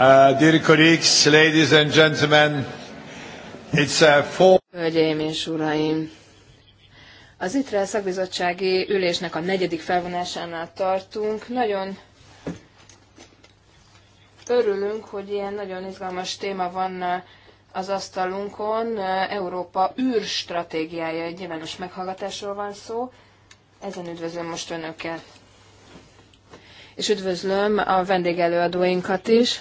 Uh, dear colleagues, ladies and gentlemen, it's a uh, four... Hölgyeim és uraim! Az ITREL szakbizottsági ülésnek a negyedik felvonásánál tartunk. Nagyon örülünk, hogy ilyen nagyon izgalmas téma van uh, az asztalunkon. Európa űrstratégiája egy nyilvános meghallgatásról van szó. Ezen üdvözlöm most önöket. És üdvözlöm a vendégelőadóinkat is.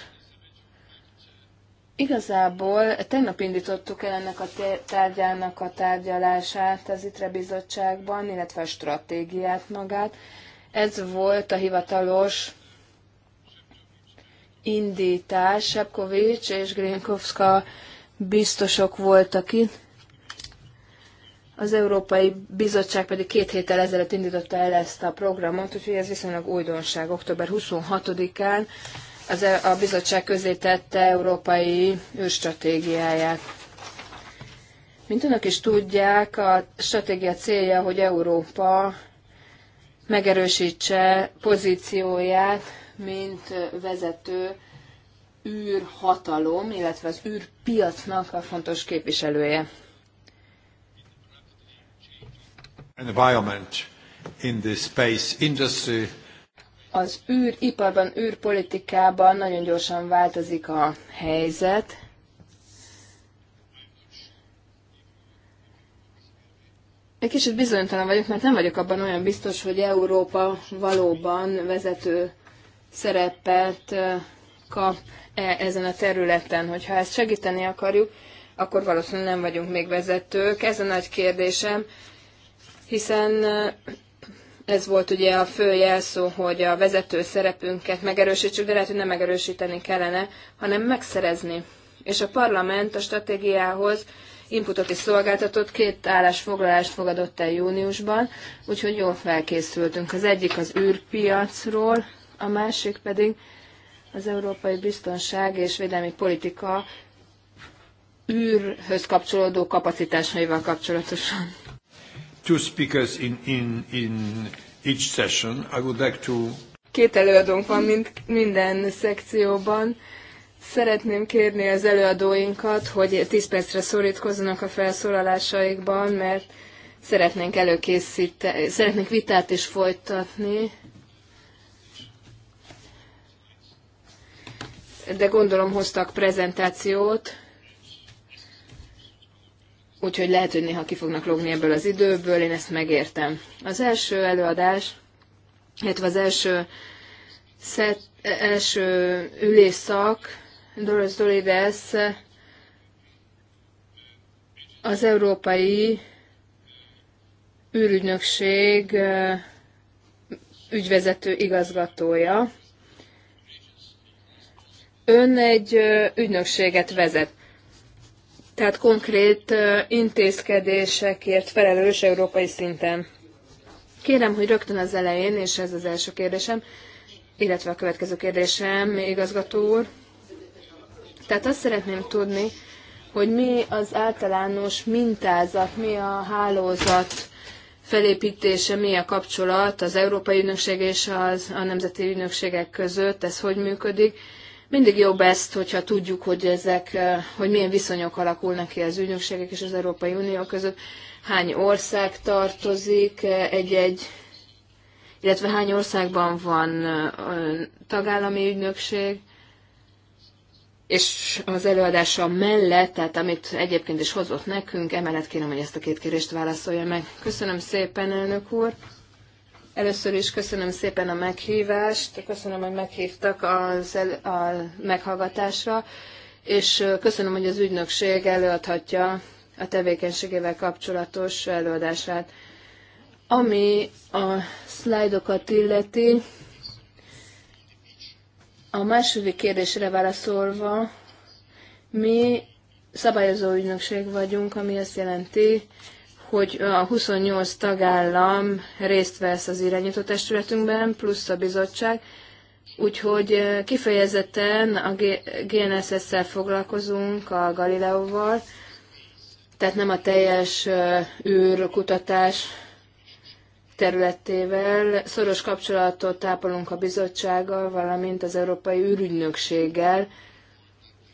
Igazából tegnap indítottuk el ennek a tárgyának a tárgyalását az ITRE bizottságban, illetve a stratégiát magát. Ez volt a hivatalos indítás. Sepkovics és Grinkovska biztosok voltak itt. Az Európai Bizottság pedig két héttel ezelőtt indította el ezt a programot, úgyhogy ez viszonylag újdonság. Október 26-án az, e- a bizottság közé tette európai űrstratégiáját. Mint önök is tudják, a stratégia célja, hogy Európa megerősítse pozícióját, mint vezető űrhatalom, illetve az űrpiacnak a fontos képviselője. Environment in space industry az űriparban, űrpolitikában nagyon gyorsan változik a helyzet. Egy kicsit bizonytalan vagyok, mert nem vagyok abban olyan biztos, hogy Európa valóban vezető szerepet kap -e ezen a területen. Hogyha ezt segíteni akarjuk, akkor valószínűleg nem vagyunk még vezetők. Ez a nagy kérdésem, hiszen ez volt ugye a fő jelszó, hogy a vezető szerepünket megerősítsük, de lehet, hogy nem megerősíteni kellene, hanem megszerezni. És a parlament a stratégiához inputot is szolgáltatott, két állásfoglalást fogadott el júniusban, úgyhogy jól felkészültünk. Az egyik az űrpiacról, a másik pedig az európai biztonság és védelmi politika űrhöz kapcsolódó kapacitásaival kapcsolatosan two speakers in, in, in each session. I would like to... Két előadónk van mind, minden szekcióban. Szeretném kérni az előadóinkat, hogy 10 percre szorítkozzanak a felszólalásaikban, mert szeretnénk előkészíteni, szeretnénk vitát is folytatni. De gondolom hoztak prezentációt, úgyhogy lehet, hogy néha ki fognak logni ebből az időből, én ezt megértem. Az első előadás, illetve az első, szet, első ülésszak, Doris Dolides az Európai űrügynökség ügyvezető igazgatója. Ön egy ügynökséget vezet tehát konkrét intézkedésekért felelős európai szinten. Kérem, hogy rögtön az elején, és ez az első kérdésem, illetve a következő kérdésem, igazgató úr. Tehát azt szeretném tudni, hogy mi az általános mintázat, mi a hálózat felépítése, mi a kapcsolat az Európai Ügynökség és az, a Nemzeti Ügynökségek között, ez hogy működik, mindig jobb ezt, hogyha tudjuk, hogy ezek, eh, hogy milyen viszonyok alakulnak ki az ügynökségek és az Európai Unió között, hány ország tartozik eh, egy-egy, illetve hány országban van eh, tagállami ügynökség, és az előadása mellett, tehát amit egyébként is hozott nekünk, emellett kérem, hogy ezt a két kérést válaszolja meg. Köszönöm szépen, elnök úr! Először is köszönöm szépen a meghívást, köszönöm, hogy meghívtak az el, a meghallgatásra, és köszönöm, hogy az ügynökség előadhatja a tevékenységével kapcsolatos előadását. Ami a szlájdokat illeti, a második kérdésre válaszolva, mi szabályozó ügynökség vagyunk, ami azt jelenti, hogy a 28 tagállam részt vesz az irányító testületünkben, plusz a bizottság, úgyhogy eh, kifejezetten a GNSS-szel foglalkozunk, a Galileóval, tehát nem a teljes eh, űrkutatás területével. Szoros kapcsolatot tápolunk a bizottsággal, valamint az Európai űrügynökséggel,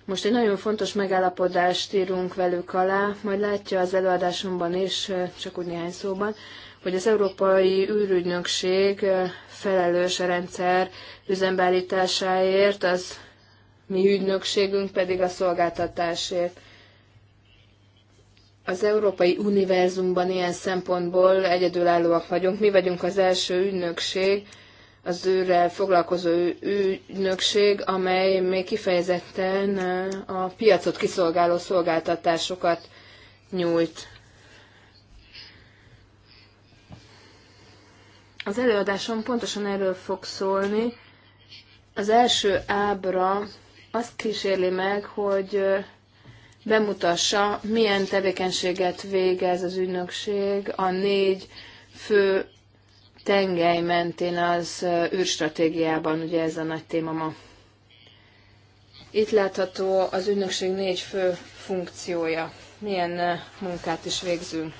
most egy nagyon fontos megállapodást írunk velük alá, majd látja az előadásomban is, csak úgy néhány szóban, hogy az Európai űrügynökség felelős a rendszer üzembeállításáért, az mi ügynökségünk pedig a szolgáltatásért. Az európai univerzumban ilyen szempontból egyedülállóak vagyunk. Mi vagyunk az első ügynökség, az őrrel foglalkozó ügynökség, amely még kifejezetten a piacot kiszolgáló szolgáltatásokat nyújt. Az előadásom pontosan erről fog szólni. Az első ábra azt kísérli meg, hogy bemutassa, milyen tevékenységet végez az ügynökség a négy fő tengely mentén az űrstratégiában, ugye ez a nagy téma ma. Itt látható az ügynökség négy fő funkciója. Milyen munkát is végzünk.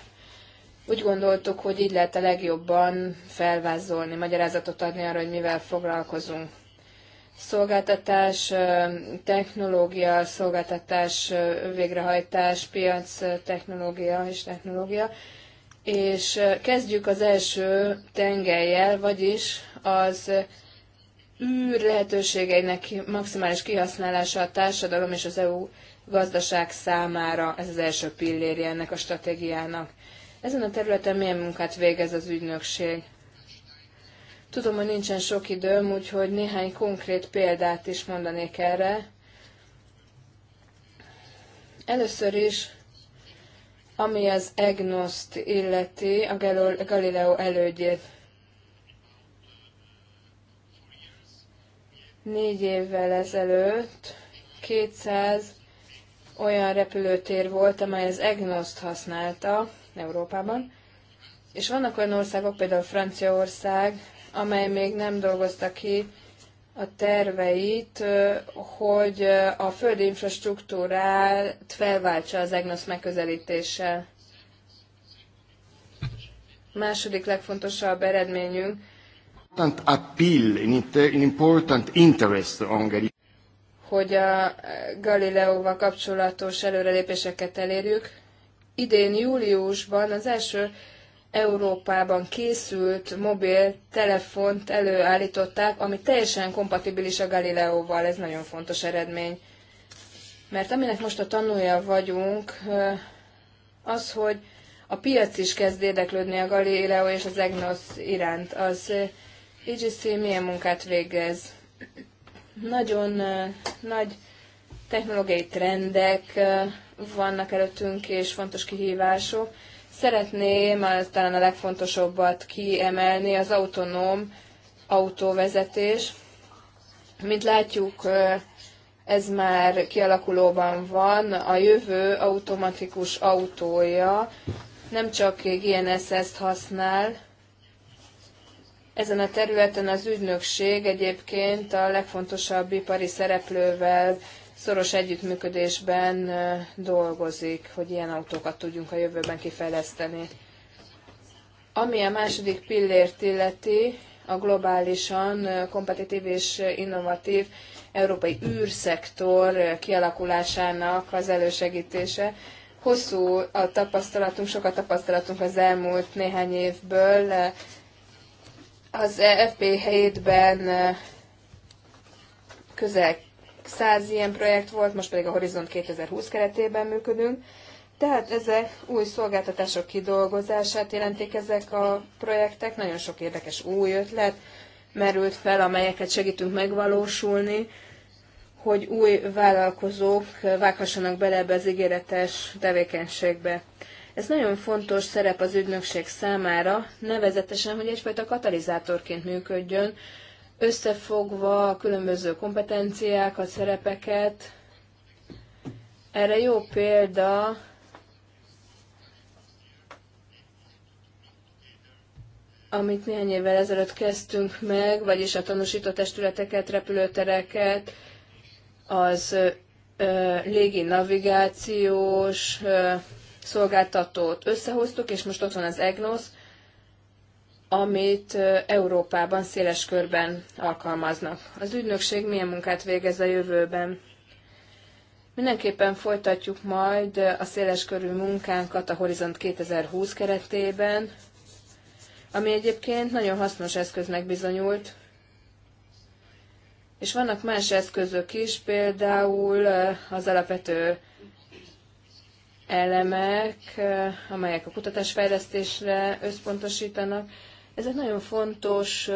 Úgy gondoltuk, hogy így lehet a legjobban felvázolni, magyarázatot adni arra, hogy mivel foglalkozunk. Szolgáltatás, technológia, szolgáltatás, végrehajtás, piac, technológia és technológia. És kezdjük az első tengelyel, vagyis az űr lehetőségeinek maximális kihasználása a társadalom és az EU gazdaság számára. Ez az első pillérje ennek a stratégiának. Ezen a területen milyen munkát végez az ügynökség? Tudom, hogy nincsen sok időm, úgyhogy néhány konkrét példát is mondanék erre. Először is ami az egnoszt illeti, a Galileo elődjét. Négy évvel ezelőtt 200 olyan repülőtér volt, amely az egnoszt használta Európában, és vannak olyan országok, például Franciaország, amely még nem dolgozta ki a terveit, hogy a földi infrastruktúrát felváltsa az EGNOSZ megközelítéssel. Második legfontosabb eredményünk, hogy a Galileóval kapcsolatos előrelépéseket elérjük. Idén júliusban az első Európában készült mobiltelefont előállították, ami teljesen kompatibilis a Galileóval. Ez nagyon fontos eredmény. Mert aminek most a tanulja vagyunk, az, hogy a piac is kezd érdeklődni a Galileo és az EGNOS iránt. Az EGC milyen munkát végez? Nagyon nagy technológiai trendek vannak előttünk, és fontos kihívások Szeretném talán a legfontosabbat kiemelni, az autonóm autóvezetés. Mint látjuk, ez már kialakulóban van, a jövő automatikus autója nem csak GNS ezt használ, ezen a területen az ügynökség egyébként a legfontosabb ipari szereplővel szoros együttműködésben dolgozik, hogy ilyen autókat tudjunk a jövőben kifejleszteni. Ami a második pillért illeti, a globálisan kompetitív és innovatív európai űrszektor kialakulásának az elősegítése. Hosszú a tapasztalatunk, sokat tapasztalatunk az elmúlt néhány évből. Az e FP7-ben közel száz ilyen projekt volt, most pedig a Horizont 2020 keretében működünk. Tehát ezek új szolgáltatások kidolgozását jelentik ezek a projektek, nagyon sok érdekes új ötlet merült fel, amelyeket segítünk megvalósulni, hogy új vállalkozók vághassanak bele ebbe az ígéretes tevékenységbe. Ez nagyon fontos szerep az ügynökség számára, nevezetesen, hogy egyfajta katalizátorként működjön összefogva a különböző kompetenciákat, szerepeket. Erre jó példa amit néhány évvel ezelőtt kezdtünk meg, vagyis a tanúsító testületeket, repülőtereket, az ö, légi navigációs ö, szolgáltatót összehoztuk, és most ott van az EGNOSZ, amit Európában széles körben alkalmaznak. Az ügynökség milyen munkát végez a jövőben? Mindenképpen folytatjuk majd a széles körű munkánkat a Horizont 2020 keretében, ami egyébként nagyon hasznos eszköznek bizonyult, és vannak más eszközök is, például az alapvető elemek, amelyek a kutatásfejlesztésre összpontosítanak, ezek nagyon fontos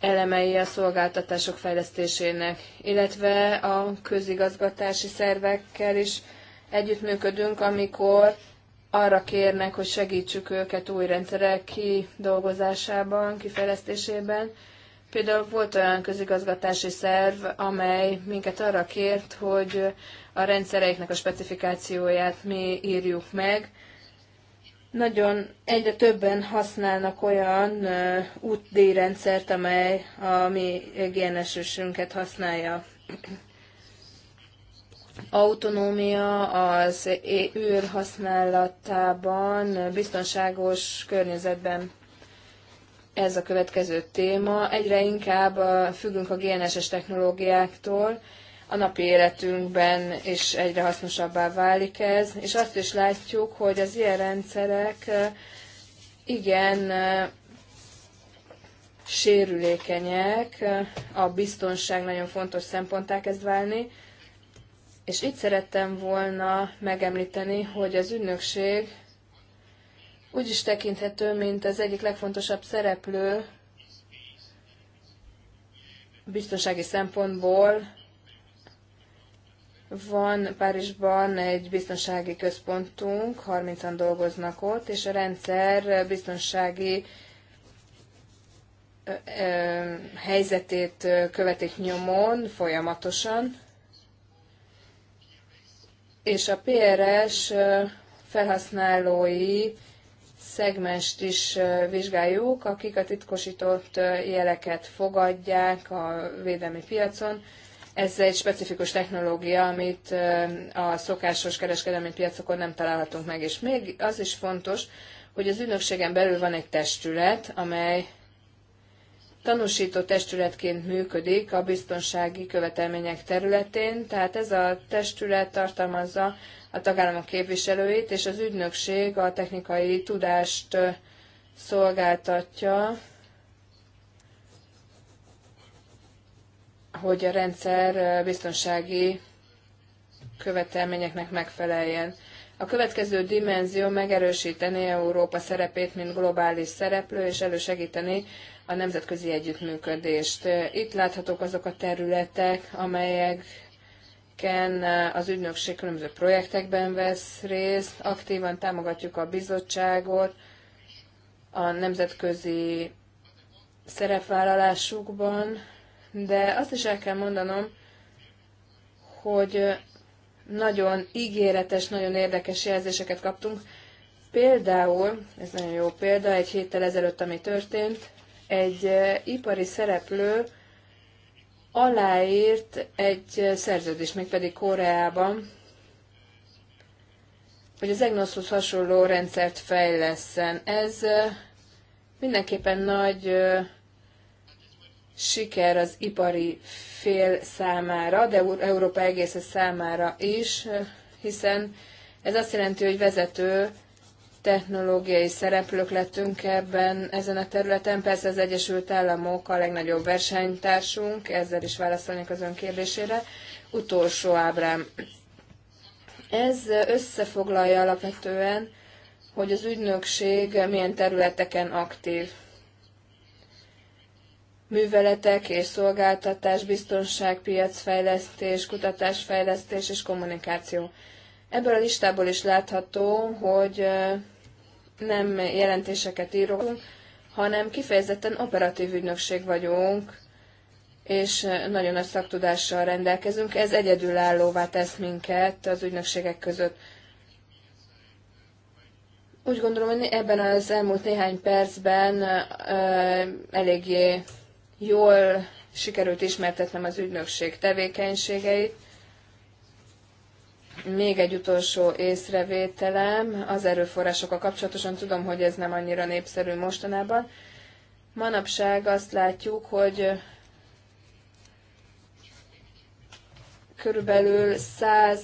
elemei a szolgáltatások fejlesztésének, illetve a közigazgatási szervekkel is együttműködünk, amikor arra kérnek, hogy segítsük őket új rendszerek kidolgozásában, kifejlesztésében. Például volt olyan közigazgatási szerv, amely minket arra kért, hogy a rendszereiknek a specifikációját mi írjuk meg, nagyon egyre többen használnak olyan útdíjrendszert, amely a mi GNS-ösünket használja. Autonómia az űr használatában, biztonságos környezetben ez a következő téma. Egyre inkább függünk a GNSS technológiáktól, a napi életünkben is egyre hasznosabbá válik ez, és azt is látjuk, hogy az ilyen rendszerek eh, igen eh, sérülékenyek, eh, a biztonság nagyon fontos szemponttá kezd válni, és itt szerettem volna megemlíteni, hogy az ügynökség úgy is tekinthető, mint az egyik legfontosabb szereplő biztonsági szempontból van Párizsban egy biztonsági központunk, 30-an dolgoznak ott, és a rendszer biztonsági helyzetét követik nyomon folyamatosan, és a PRS felhasználói szegmest is vizsgáljuk, akik a titkosított jeleket fogadják a védelmi piacon, ez egy specifikus technológia, amit a szokásos kereskedelmi piacokon nem találhatunk meg. És még az is fontos, hogy az ügynökségen belül van egy testület, amely tanúsító testületként működik a biztonsági követelmények területén, tehát ez a testület tartalmazza a tagállamok képviselőit, és az ügynökség a technikai tudást szolgáltatja hogy a rendszer biztonsági követelményeknek megfeleljen. A következő dimenzió megerősíteni Európa szerepét, mint globális szereplő, és elősegíteni a nemzetközi együttműködést. Itt láthatók azok a területek, amelyek az ügynökség különböző projektekben vesz részt, aktívan támogatjuk a bizottságot a nemzetközi szerepvállalásukban, de azt is el kell mondanom, hogy nagyon ígéretes, nagyon érdekes jelzéseket kaptunk. Például, ez nagyon jó példa, egy héttel ezelőtt, ami történt, egy ipari szereplő aláírt egy szerződést, mégpedig Koreában, hogy az Egnoszhoz hasonló rendszert fejleszen. Ez mindenképpen nagy siker az ipari fél számára, de Európa egész számára is, hiszen ez azt jelenti, hogy vezető technológiai szereplők lettünk ebben ezen a területen. Persze az Egyesült Államok a legnagyobb versenytársunk, ezzel is válaszolnék az ön kérdésére. Utolsó ábrám. Ez összefoglalja alapvetően, hogy az ügynökség milyen területeken aktív műveletek és szolgáltatás, biztonság, piacfejlesztés, kutatásfejlesztés és kommunikáció. Ebből a listából is látható, hogy nem jelentéseket írunk, hanem kifejezetten operatív ügynökség vagyunk, és nagyon nagy szaktudással rendelkezünk. Ez egyedülállóvá tesz minket az ügynökségek között. Úgy gondolom, hogy ebben az elmúlt néhány percben eléggé jól sikerült ismertetnem az ügynökség tevékenységeit. Még egy utolsó észrevételem az erőforrásokkal kapcsolatosan. Tudom, hogy ez nem annyira népszerű mostanában. Manapság azt látjuk, hogy körülbelül 100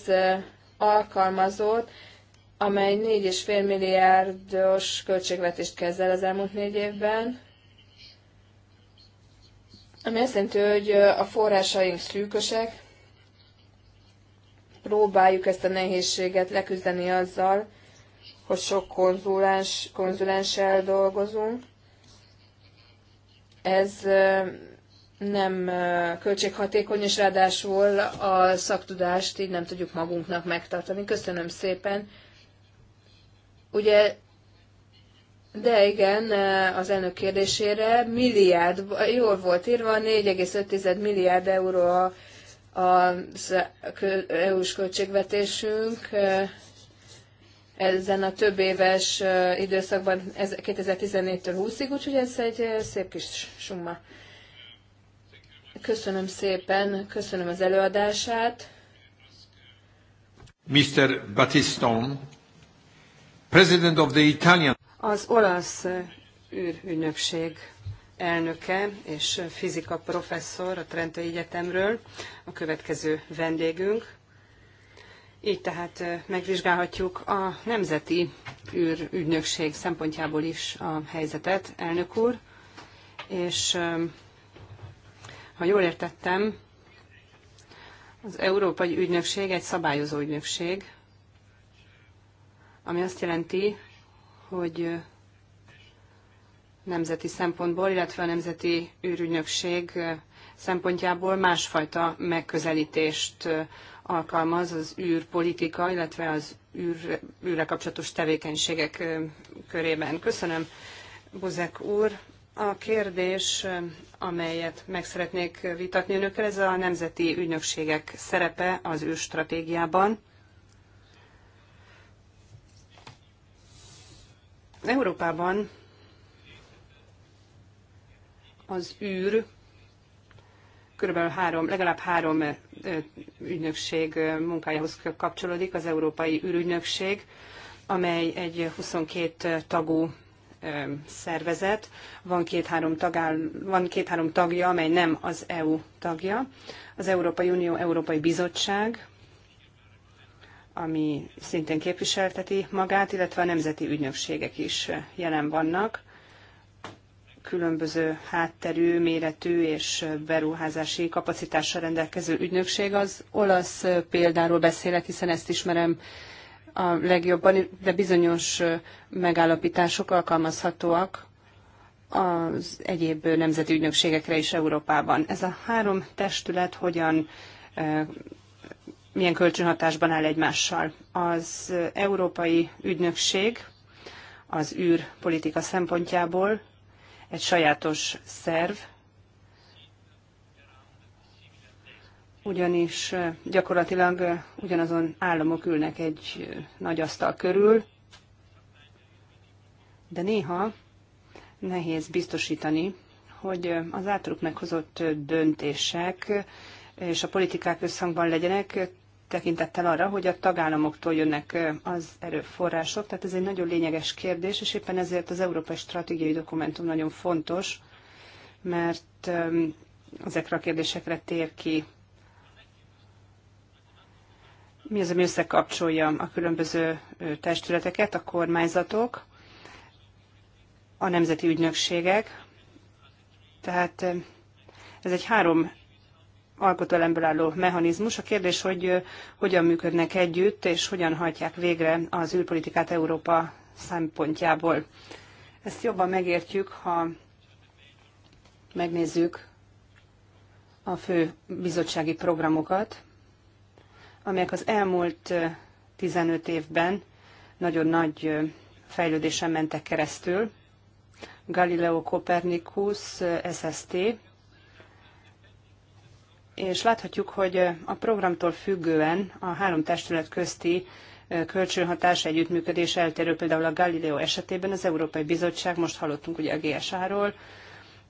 alkalmazott, amely 4,5 milliárdos költségvetést kezel az elmúlt négy évben, ami azt jelenti, hogy a forrásaink szűkösek, próbáljuk ezt a nehézséget leküzdeni azzal, hogy sok konzulens, konzulenssel dolgozunk. Ez nem költséghatékony, és ráadásul a szaktudást így nem tudjuk magunknak megtartani. Köszönöm szépen. Ugye de igen, az elnök kérdésére milliárd, jól volt írva, 4,5 milliárd euró a, a EU-s költségvetésünk. Ezen a több éves időszakban 2014-től 20-ig, úgyhogy ez egy szép kis summa. Köszönöm szépen, köszönöm az előadását. Mr. Battiston, President of the Italian az olasz űrügynökség elnöke és fizika professzor a Trento Egyetemről a következő vendégünk. Így tehát megvizsgálhatjuk a Nemzeti űrügynökség szempontjából is a helyzetet, elnök úr, és ha jól értettem, az Európai Ügynökség egy szabályozó ügynökség, ami azt jelenti, hogy nemzeti szempontból, illetve a Nemzeti űrügynökség szempontjából másfajta megközelítést alkalmaz az űrpolitika, illetve az űr, űrre kapcsolatos tevékenységek körében. Köszönöm, Buzek úr. A kérdés, amelyet meg szeretnék vitatni önökkel, ez a nemzeti ügynökségek szerepe az űrstratégiában. Európában az űr körülbelül három, legalább három ügynökség munkájához kapcsolódik, az Európai űrügynökség, amely egy 22 tagú szervezet, van két-három, tagáll, van két-három tagja, amely nem az EU tagja, az Európai Unió Európai Bizottság, ami szintén képviselteti magát, illetve a nemzeti ügynökségek is jelen vannak. Különböző hátterű, méretű és beruházási kapacitással rendelkező ügynökség az olasz példáról beszélek, hiszen ezt ismerem a legjobban, de bizonyos megállapítások alkalmazhatóak az egyéb nemzeti ügynökségekre is Európában. Ez a három testület hogyan eh, milyen kölcsönhatásban áll egymással. Az Európai Ügynökség az űrpolitika szempontjából egy sajátos szerv, ugyanis gyakorlatilag ugyanazon államok ülnek egy nagy asztal körül, de néha nehéz biztosítani, hogy az általuk meghozott döntések és a politikák összhangban legyenek, tekintettel arra, hogy a tagállamoktól jönnek az erőforrások, tehát ez egy nagyon lényeges kérdés, és éppen ezért az Európai Stratégiai Dokumentum nagyon fontos, mert ezekre a kérdésekre tér ki. Mi az, ami összekapcsolja a különböző testületeket, a kormányzatok, a nemzeti ügynökségek. Tehát ez egy három alkotóelemből álló mechanizmus. A kérdés, hogy hogyan működnek együtt, és hogyan hajtják végre az űrpolitikát Európa szempontjából. Ezt jobban megértjük, ha megnézzük a fő bizottsági programokat, amelyek az elmúlt 15 évben nagyon nagy fejlődésen mentek keresztül. Galileo Copernicus, SST, és láthatjuk, hogy a programtól függően a három testület közti kölcsönhatás együttműködés eltérő, például a Galileo esetében az Európai Bizottság, most hallottunk ugye a GSA-ról,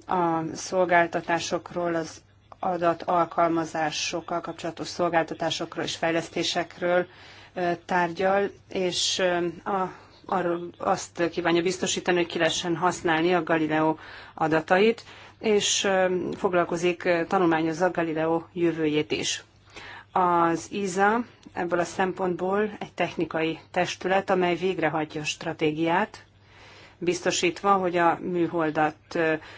a szolgáltatásokról, az adat alkalmazásokkal kapcsolatos szolgáltatásokról és fejlesztésekről tárgyal, és a, arról azt kívánja biztosítani, hogy ki lehessen használni a Galileo adatait és foglalkozik, tanulmányozza Galileo jövőjét is. Az ISA ebből a szempontból egy technikai testület, amely végrehajtja a stratégiát, biztosítva, hogy a műholdat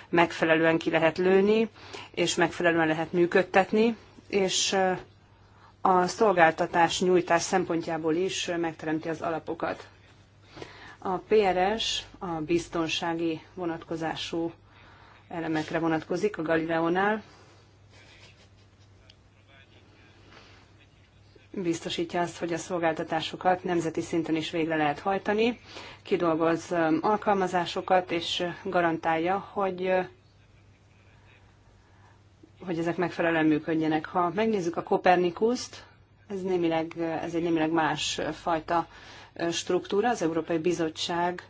megfelelően ki lehet lőni, és megfelelően lehet működtetni, és a szolgáltatás nyújtás szempontjából is megteremti az alapokat. A PRS a biztonsági vonatkozású elemekre vonatkozik a Galileónál. biztosítja azt, hogy a szolgáltatásokat nemzeti szinten is végre lehet hajtani, kidolgoz um, alkalmazásokat, és uh, garantálja, hogy uh, hogy ezek megfelelően működjenek. Ha megnézzük a Kopernikuszt, ez, némileg, uh, ez egy némileg más fajta struktúra. Az Európai Bizottság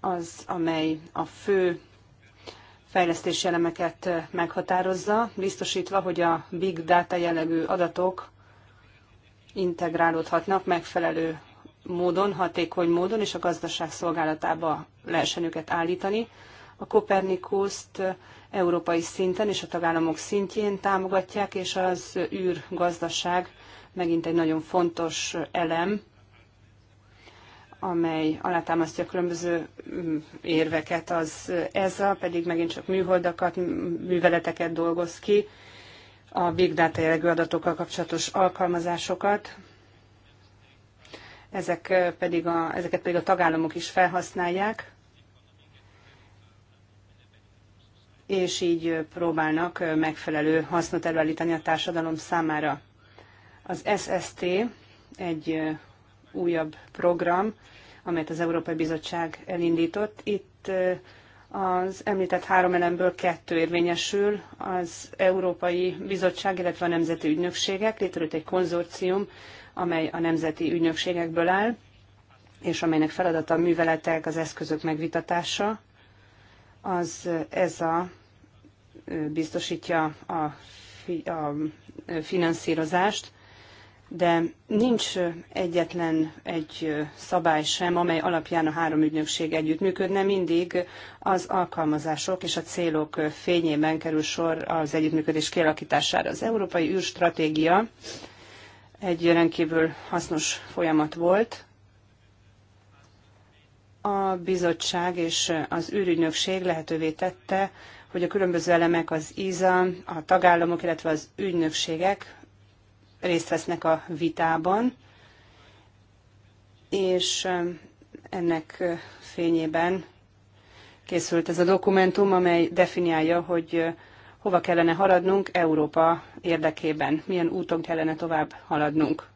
az, amely a fő fejlesztési elemeket meghatározza, biztosítva, hogy a big data jellegű adatok integrálódhatnak megfelelő módon, hatékony módon, és a gazdaság szolgálatába lehessen őket állítani. A Kopernikuszt európai szinten és a tagállamok szintjén támogatják, és az űrgazdaság megint egy nagyon fontos elem amely alátámasztja a különböző mm, érveket, az ez a pedig megint csak műholdakat, műveleteket dolgoz ki, a big data jellegű adatokkal kapcsolatos alkalmazásokat, ezek pedig a, ezeket pedig a tagállamok is felhasználják, és így próbálnak megfelelő hasznot előállítani a társadalom számára. Az SST egy újabb program, amelyet az Európai Bizottság elindított. Itt az említett három elemből kettő érvényesül, az Európai Bizottság, illetve a Nemzeti Ügynökségek. Létrejött egy konzorcium, amely a nemzeti ügynökségekből áll, és amelynek feladata a műveletek, az eszközök megvitatása. Az ez a biztosítja a, fi, a finanszírozást de nincs egyetlen egy szabály sem, amely alapján a három ügynökség együttműködne, mindig az alkalmazások és a célok fényében kerül sor az együttműködés kialakítására. Az Európai űrstratégia egy rendkívül hasznos folyamat volt. A bizottság és az űrügynökség lehetővé tette, hogy a különböző elemek, az ISA, a tagállamok, illetve az ügynökségek részt vesznek a vitában, és eh, ennek eh, fényében készült ez a dokumentum, amely definiálja, hogy eh, hova kellene haladnunk Európa érdekében, milyen úton kellene tovább haladnunk.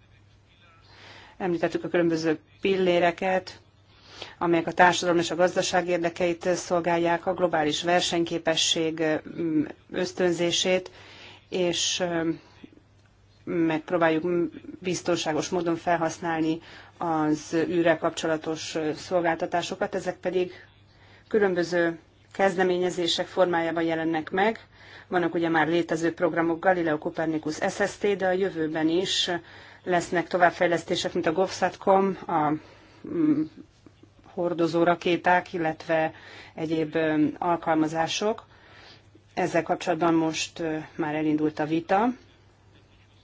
Említettük a különböző pilléreket, amelyek a társadalom és a gazdaság érdekeit szolgálják, a globális versenyképesség mm, ösztönzését, és megpróbáljuk biztonságos módon felhasználni az űrrel kapcsolatos szolgáltatásokat, ezek pedig különböző kezdeményezések formájában jelennek meg. Vannak ugye már létező programok Galileo Copernicus SST, de a jövőben is lesznek továbbfejlesztések, mint a GovSatcom, a mm, hordozó rakéták, illetve egyéb alkalmazások. Ezzel kapcsolatban most már elindult a vita,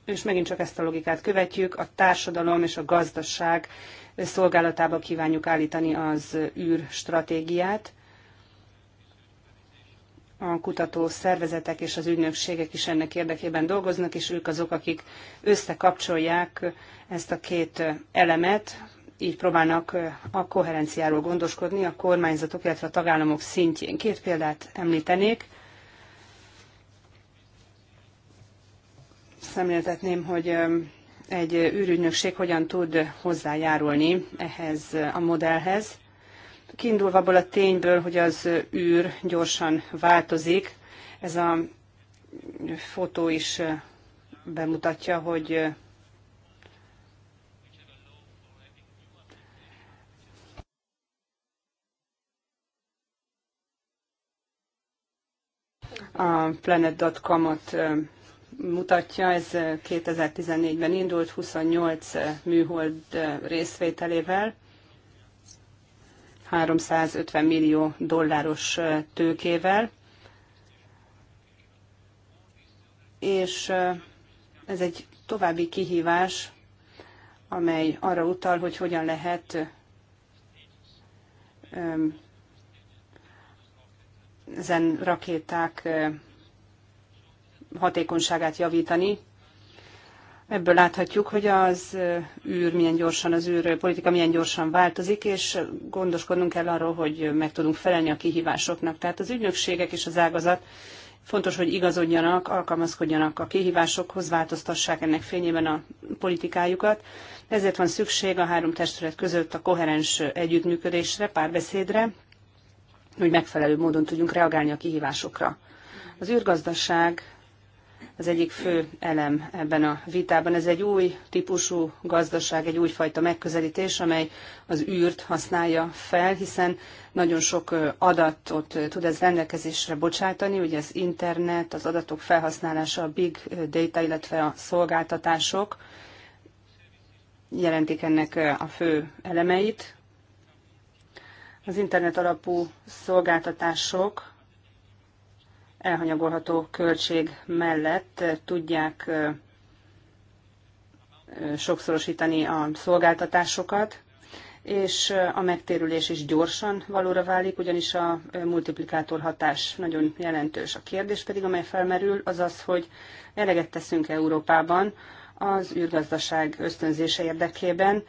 és megint csak ezt a logikát követjük, a társadalom és a gazdaság szolgálatába kívánjuk állítani az stratégiát A kutató szervezetek és az ügynökségek is ennek érdekében dolgoznak, és ők azok, akik összekapcsolják ezt a két elemet, így próbálnak a koherenciáról gondoskodni a kormányzatok, illetve a tagállamok szintjén. Két példát említenék. szemléltetném, hogy egy űrügynökség hogyan tud hozzájárulni ehhez a modellhez. Kiindulva abból a tényből, hogy az űr gyorsan változik, ez a fotó is eh, bemutatja, hogy eh, a planet.com-ot mutatja, ez 2014-ben indult 28 műhold részvételével, 350 millió dolláros tőkével, és eh, ez egy további kihívás, amely arra utal, hogy hogyan lehet eh, ehm, ezen rakéták eh, hatékonyságát javítani. Ebből láthatjuk, hogy az űr milyen gyorsan, az űr politika milyen gyorsan változik, és gondoskodnunk kell arról, hogy meg tudunk felelni a kihívásoknak. Tehát az ügynökségek és az ágazat fontos, hogy igazodjanak, alkalmazkodjanak a kihívásokhoz, változtassák ennek fényében a politikájukat. Ezért van szükség a három testület között a koherens együttműködésre, párbeszédre, hogy megfelelő módon tudjunk reagálni a kihívásokra. Az űrgazdaság az egyik fő elem ebben a vitában. Ez egy új típusú gazdaság, egy újfajta megközelítés, amely az űrt használja fel, hiszen nagyon sok adatot tud ez rendelkezésre bocsátani, ugye az internet, az adatok felhasználása, a big data, illetve a szolgáltatások jelentik ennek a fő elemeit. Az internet alapú szolgáltatások elhanyagolható költség mellett eh, tudják eh, eh, sokszorosítani a szolgáltatásokat, és a megtérülés is gyorsan valóra válik, ugyanis a multiplikátor hatás nagyon jelentős. A kérdés pedig, amely felmerül, az az, hogy eleget teszünk Európában az űrgazdaság ösztönzése érdekében,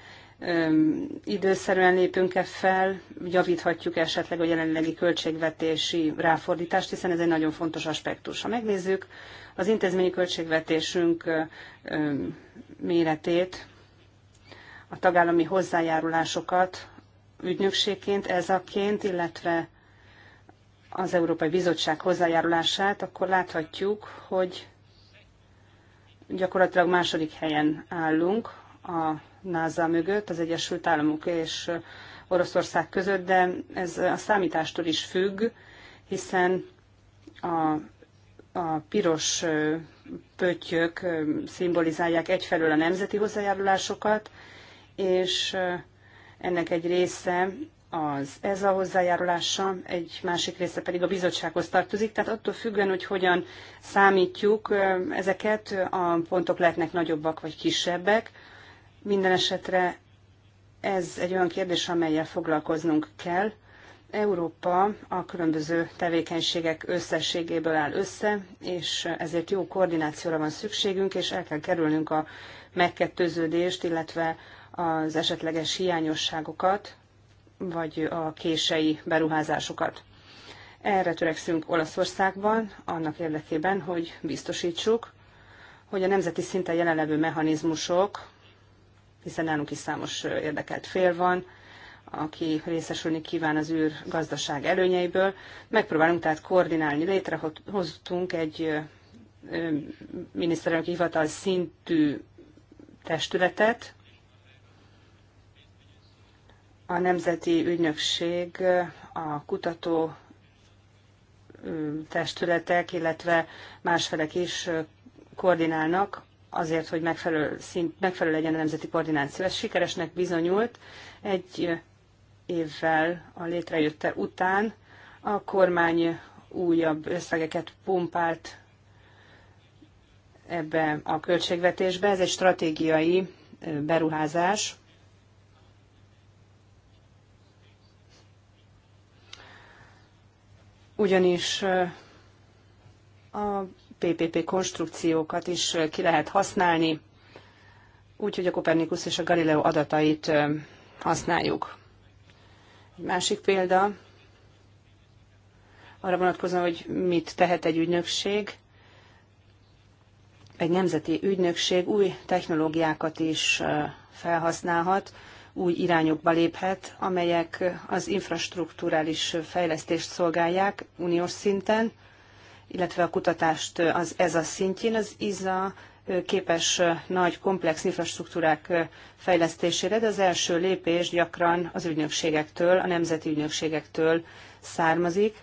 időszerűen lépünk-e fel, javíthatjuk esetleg a jelenlegi költségvetési ráfordítást, hiszen ez egy nagyon fontos aspektus. Ha megnézzük az intézményi költségvetésünk méretét, a tagállami hozzájárulásokat ügynökségként, ezaként, illetve az Európai Bizottság hozzájárulását, akkor láthatjuk, hogy gyakorlatilag második helyen állunk a NASA mögött az Egyesült Államok és Oroszország között, de ez a számítástól is függ, hiszen a, a piros pöttyök szimbolizálják egyfelől a nemzeti hozzájárulásokat, és ennek egy része az ez a hozzájárulása, egy másik része pedig a bizottsághoz tartozik, tehát attól függően, hogy hogyan számítjuk ezeket, a pontok lehetnek nagyobbak vagy kisebbek, minden esetre ez egy olyan kérdés, amelyel foglalkoznunk kell. Európa a különböző tevékenységek összességéből áll össze, és ezért jó koordinációra van szükségünk, és el kell kerülnünk a megkettőződést, illetve az esetleges hiányosságokat, vagy a kései beruházásokat. Erre törekszünk Olaszországban, annak érdekében, hogy biztosítsuk, hogy a nemzeti szinten jelenlevő mechanizmusok, hiszen nálunk is számos érdekelt fél van, aki részesülni kíván az űr gazdaság előnyeiből. Megpróbálunk tehát koordinálni. Létrehoztunk egy miniszterelnöki hivatal szintű testületet, a Nemzeti Ügynökség, a kutató testületek, illetve más felek is koordinálnak azért, hogy megfelelő, szint, megfelelő legyen a nemzeti koordináció. Ez sikeresnek bizonyult egy évvel a létrejötte után a kormány újabb összegeket pumpált ebbe a költségvetésbe. Ez egy stratégiai beruházás. Ugyanis a PPP konstrukciókat is ki lehet használni, úgyhogy a Kopernikus és a Galileo adatait használjuk. Egy másik példa, arra vonatkozóan, hogy mit tehet egy ügynökség, egy nemzeti ügynökség új technológiákat is felhasználhat, új irányokba léphet, amelyek az infrastruktúrális fejlesztést szolgálják uniós szinten, illetve a kutatást az ez a szintjén. Az ISA képes nagy, komplex infrastruktúrák fejlesztésére, de az első lépés gyakran az ügynökségektől, a nemzeti ügynökségektől származik.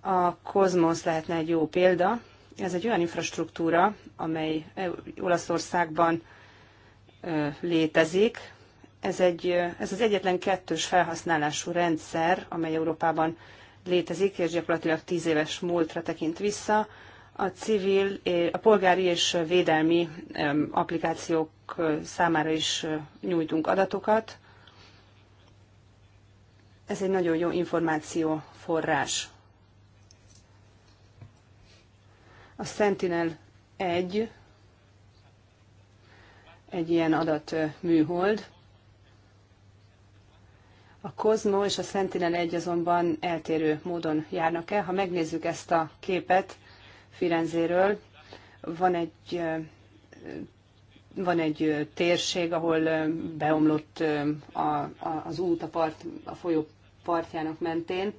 A Kozmosz lehetne egy jó példa. Ez egy olyan infrastruktúra, amely e Olaszországban létezik. Ez, egy, ez az egyetlen kettős felhasználású rendszer, amely Európában létezik, és gyakorlatilag tíz éves múltra tekint vissza. A civil, a polgári és védelmi applikációk számára is nyújtunk adatokat. Ez egy nagyon jó információforrás. A Sentinel-1 egy ilyen adatműhold, a Kozmo és a Sentinel-1 azonban eltérő módon járnak el. Ha megnézzük ezt a képet Firenzéről, van egy van egy térség, ahol beomlott a, a, az út a, part, a folyó partjának mentén,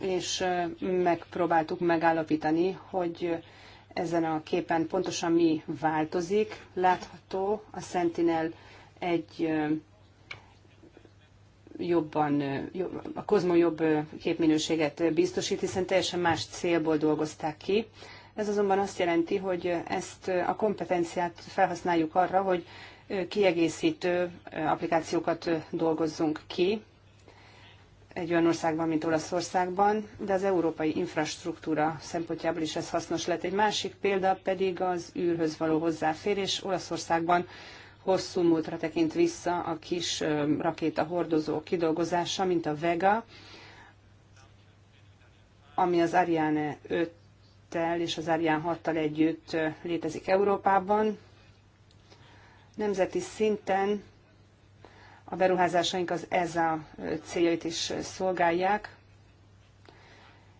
és megpróbáltuk megállapítani, hogy ezen a képen pontosan mi változik. Látható a Sentinel egy jobban, a Kozmo jobb képminőséget biztosít, hiszen teljesen más célból dolgozták ki. Ez azonban azt jelenti, hogy ezt a kompetenciát felhasználjuk arra, hogy kiegészítő applikációkat dolgozzunk ki egy olyan országban, mint Olaszországban, de az európai infrastruktúra szempontjából is ez hasznos lett. Egy másik példa pedig az űrhöz való hozzáférés. Olaszországban hosszú múltra tekint vissza a kis rakétahordozó kidolgozása, mint a Vega, ami az Ariane 5-tel és az Ariane 6-tal együtt létezik Európában. Nemzeti szinten a beruházásaink az ESA céljait is szolgálják,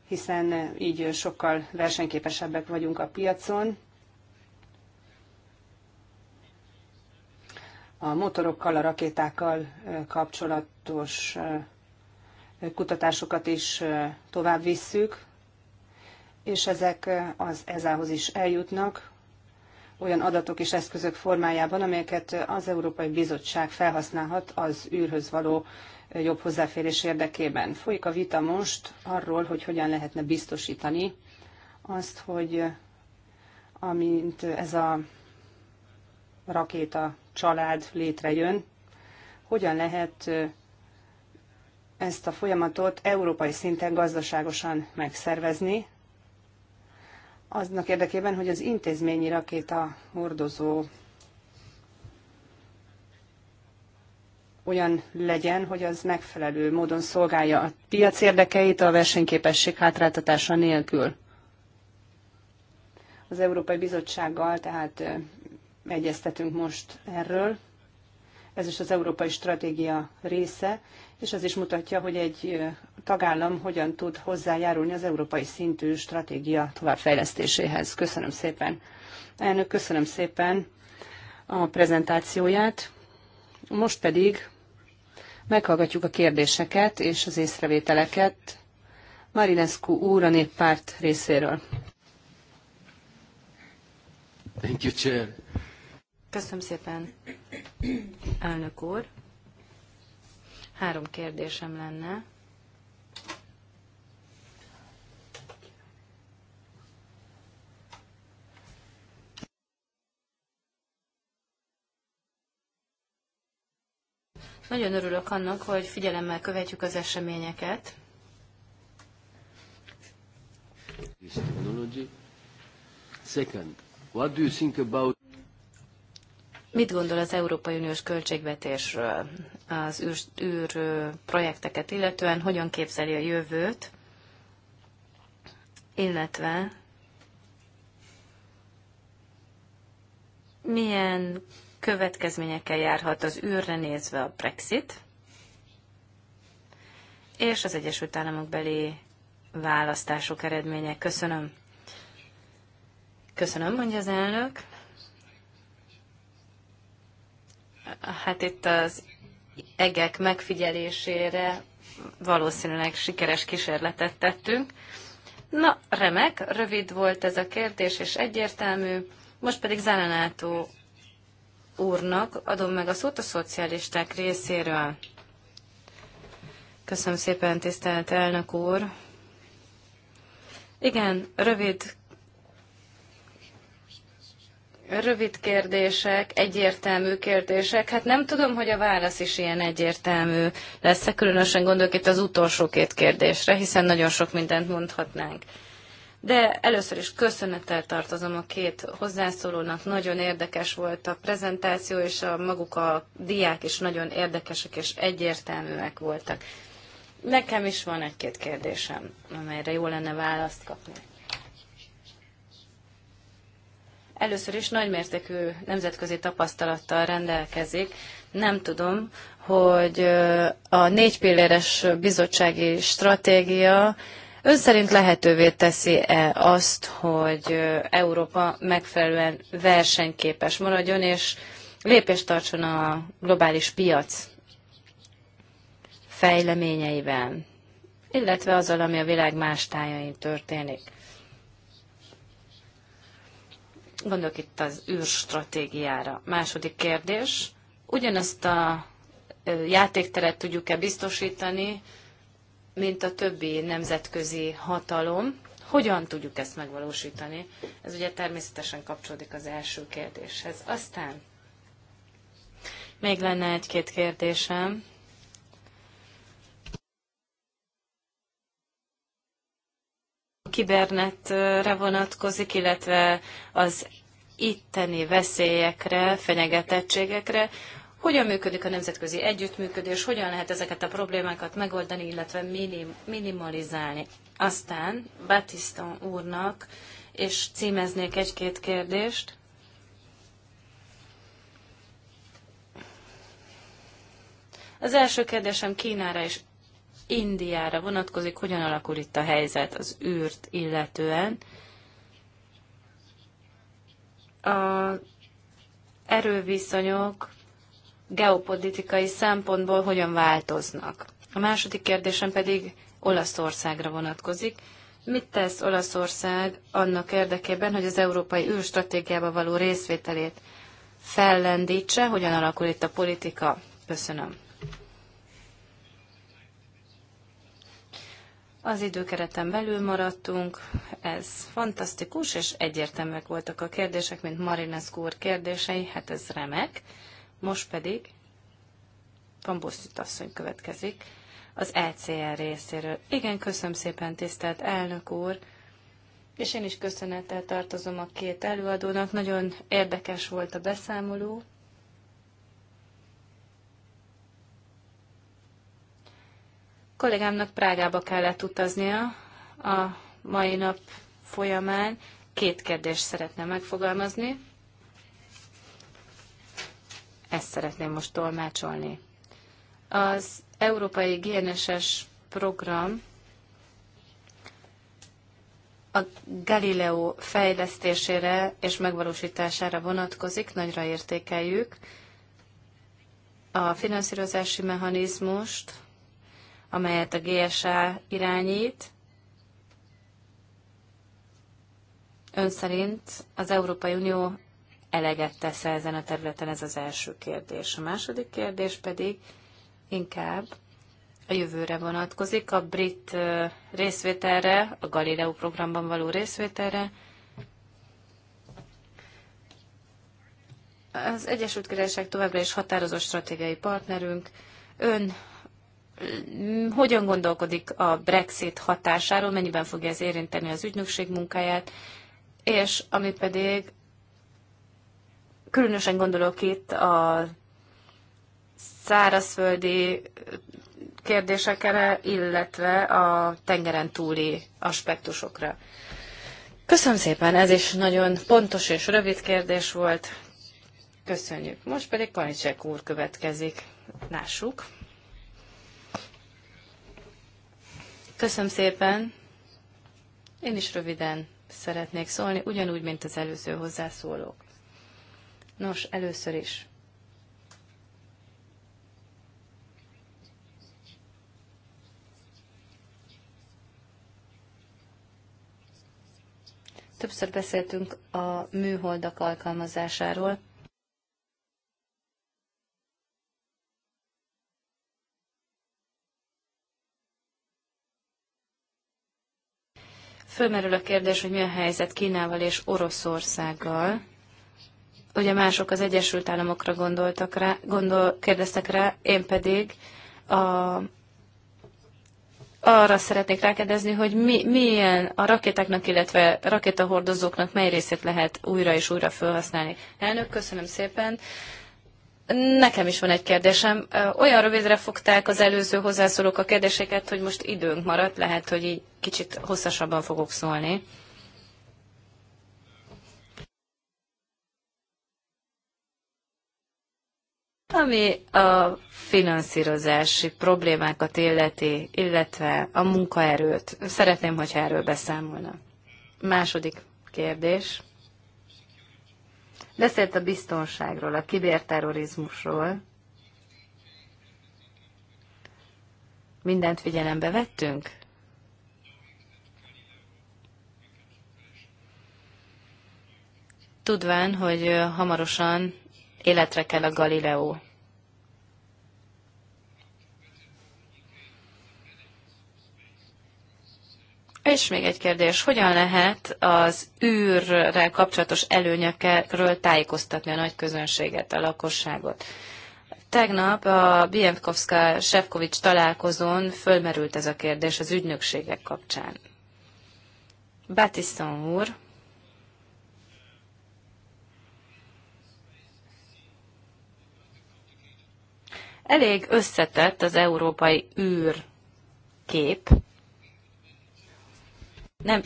hiszen így sokkal versenyképesebbek vagyunk a piacon, a motorokkal, a rakétákkal kapcsolatos kutatásokat is tovább visszük, és ezek az ezához is eljutnak, olyan adatok és eszközök formájában, amelyeket az Európai Bizottság felhasználhat az űrhöz való jobb hozzáférés érdekében. Folyik a vita most arról, hogy hogyan lehetne biztosítani azt, hogy amint ez a rakéta család létrejön, hogyan lehet ezt a folyamatot európai szinten gazdaságosan megszervezni, aznak érdekében, hogy az intézményi rakéta hordozó olyan legyen, hogy az megfelelő módon szolgálja a piac érdekeit a versenyképesség hátráltatása nélkül. Az Európai Bizottsággal tehát egyeztetünk most erről. Ez is az európai stratégia része, és az is mutatja, hogy egy tagállam hogyan tud hozzájárulni az európai szintű stratégia továbbfejlesztéséhez. Köszönöm szépen. Elnök, köszönöm szépen a prezentációját. Most pedig meghallgatjuk a kérdéseket és az észrevételeket Marinescu úr a néppárt részéről. Thank you, Chair. Köszönöm szépen, elnök úr. Három kérdésem lenne. Nagyon örülök annak, hogy figyelemmel követjük az eseményeket. Second, what do you think about Mit gondol az Európai Uniós költségvetésről az űr, űr projekteket, illetően hogyan képzeli a jövőt, illetve milyen következményekkel járhat az űrre nézve a Brexit és az Egyesült Államok beli választások eredménye. Köszönöm. Köszönöm, mondja az elnök. Hát itt az egek megfigyelésére valószínűleg sikeres kísérletet tettünk. Na, remek, rövid volt ez a kérdés, és egyértelmű. Most pedig Zelenátó úrnak adom meg a szót a szocialisták részéről. Köszönöm szépen, tisztelt elnök úr. Igen, rövid rövid kérdések, egyértelmű kérdések. Hát nem tudom, hogy a válasz is ilyen egyértelmű lesz-e, különösen gondolok itt az utolsó két kérdésre, hiszen nagyon sok mindent mondhatnánk. De először is köszönettel tartozom a két hozzászólónak, nagyon érdekes volt a prezentáció, és a maguk a diák is nagyon érdekesek és egyértelműek voltak. Nekem is van egy-két kérdésem, amelyre jó lenne választ kapni. először is nagymértékű nemzetközi tapasztalattal rendelkezik. Nem tudom, hogy a négy pilléres bizottsági stratégia ön szerint lehetővé teszi-e azt, hogy Európa megfelelően versenyképes maradjon, és lépést tartson a globális piac fejleményeivel, illetve azzal, ami a világ más tájain történik. Gondolok itt az űrstratégiára. Második kérdés. ugyanazt a játékteret tudjuk-e biztosítani, mint a többi nemzetközi hatalom? Hogyan tudjuk ezt megvalósítani? Ez ugye természetesen kapcsolódik az első kérdéshez. Aztán még lenne egy-két kérdésem kibernetre vonatkozik, illetve az itteni veszélyekre, fenyegetettségekre. Hogyan működik a nemzetközi együttműködés, hogyan lehet ezeket a problémákat megoldani, illetve minim, minimalizálni. Aztán Batiston úrnak, és címeznék egy-két kérdést. Az első kérdésem Kínára és Indiára vonatkozik, hogyan alakul itt a helyzet az űrt illetően. A erőviszonyok geopolitikai szempontból hogyan változnak. A második kérdésem pedig Olaszországra vonatkozik. Mit tesz Olaszország annak érdekében, hogy az európai űrstratégiába való részvételét fellendítse, hogyan alakul itt a politika? Köszönöm. Az időkereten belül maradtunk, ez fantasztikus, és egyértelműek voltak a kérdések, mint Marines úr kérdései, hát ez remek. Most pedig Pambusztit asszony következik az ECR részéről. Igen, köszönöm szépen, tisztelt elnök úr, és én is köszönettel tartozom a két előadónak. Nagyon érdekes volt a beszámoló. kollégámnak Prágába kellett utaznia a mai nap folyamán. Két kérdést szeretne megfogalmazni. Ezt szeretném most tolmácsolni. Az Európai GNSS program a Galileo fejlesztésére és megvalósítására vonatkozik, nagyra értékeljük a finanszírozási mechanizmust, amelyet a GSA irányít. Ön szerint az Európai Unió eleget tesz -e ezen a területen, ez az első kérdés. A második kérdés pedig inkább a jövőre vonatkozik, a brit részvételre, a Galileo programban való részvételre. Az Egyesült Királyság továbbra is határozott stratégiai partnerünk. Ön Mm, hogyan gondolkodik a Brexit hatásáról, mennyiben fogja ez érinteni az ügynökség munkáját, és ami pedig különösen gondolok itt a szárazföldi kérdésekre, illetve a tengeren túli aspektusokra. Köszönöm szépen, ez is nagyon pontos és rövid kérdés volt. Köszönjük. Most pedig Panicek úr következik. Lássuk. Köszönöm szépen. Én is röviden szeretnék szólni, ugyanúgy, mint az előző hozzászólók. Nos, először is. Többször beszéltünk a műholdak alkalmazásáról, Fölmerül a kérdés, hogy mi a helyzet Kínával és Oroszországgal. Ugye mások az Egyesült Államokra gondoltak rá, gondol, kérdeztek rá, én pedig a, arra szeretnék rákérdezni, hogy mi, milyen a rakétáknak, illetve rakétahordozóknak mely részét lehet újra és újra felhasználni. Elnök, köszönöm szépen. Nekem is van egy kérdésem. Olyan rövidre fogták az előző hozzászólók a kérdéseket, hogy most időnk maradt, lehet, hogy így kicsit hosszasabban fogok szólni. Ami a finanszírozási problémákat illeti, illetve a munkaerőt. Szeretném, hogyha erről beszámolna. Második kérdés. Beszélt a biztonságról, a kiberterrorizmusról. Mindent figyelembe vettünk? Tudván, hogy hamarosan életre kell a Galileo És még egy kérdés, hogyan lehet az űrrel kapcsolatos előnyökről tájékoztatni a nagy közönséget, a lakosságot? Tegnap a Bienkowska Sefkovics találkozón fölmerült ez a kérdés az ügynökségek kapcsán. Batisson úr, elég összetett az európai űr kép nem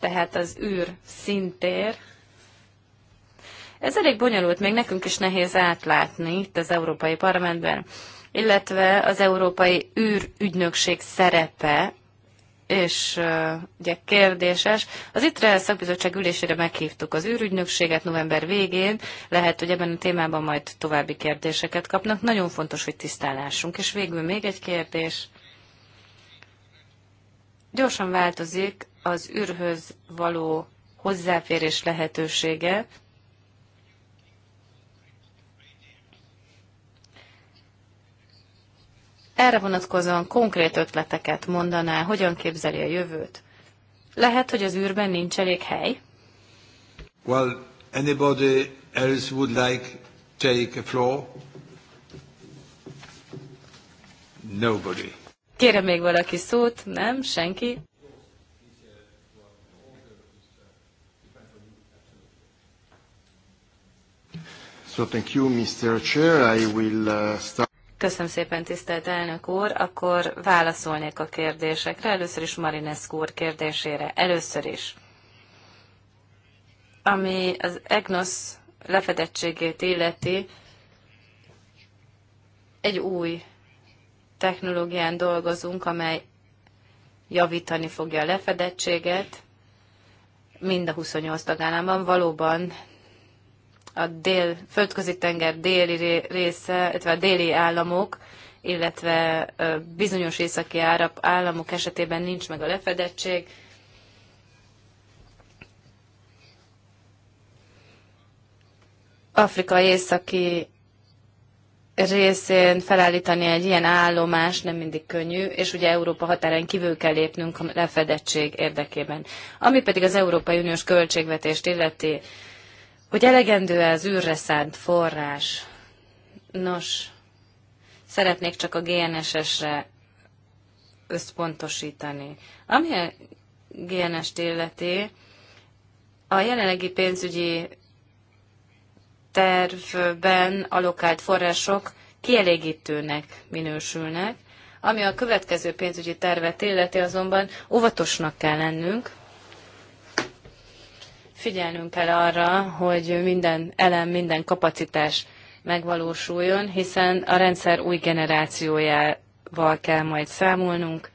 tehát az űr szintér. Ez elég bonyolult, még nekünk is nehéz átlátni itt az Európai Parlamentben, illetve az Európai űrügynökség szerepe, és ugye kérdéses. Az ITRE szakbizottság ülésére meghívtuk az űrügynökséget november végén, lehet, hogy ebben a témában majd további kérdéseket kapnak. Nagyon fontos, hogy tisztálásunk. És végül még egy kérdés. Gyorsan változik az űrhöz való hozzáférés lehetősége. Erre vonatkozóan konkrét ötleteket mondaná, hogyan képzeli a jövőt. Lehet, hogy az űrben nincs elég hely? Well, anybody else would like take a floor? Nobody. Kérem még valaki szót? Nem? Senki? So thank you, Mr. Chair. I will uh, start. Köszönöm szépen, tisztelt elnök úr. Akkor válaszolnék a kérdésekre. Először is Marinesz úr kérdésére. Először is. Ami az EGNOS lefedettségét illeti, egy új technológián dolgozunk, amely javítani fogja a lefedettséget mind a 28 tagállamban. Valóban a dél, földközi tenger déli része, illetve a déli államok, illetve bizonyos északi árab államok esetében nincs meg a lefedettség. Afrika északi részén felállítani egy ilyen állomás nem mindig könnyű, és ugye Európa határán kívül kell lépnünk a lefedettség érdekében. Ami pedig az Európai Uniós költségvetést illeti, hogy elegendő -e az űrre szánt forrás. Nos, szeretnék csak a GNSS-re összpontosítani. Ami a GNS-t illeti, a jelenlegi pénzügyi tervben alokált források kielégítőnek minősülnek. Ami a következő pénzügyi tervet illeti, azonban óvatosnak kell lennünk. Figyelnünk kell arra, hogy minden elem, minden kapacitás megvalósuljon, hiszen a rendszer új generációjával kell majd számolnunk,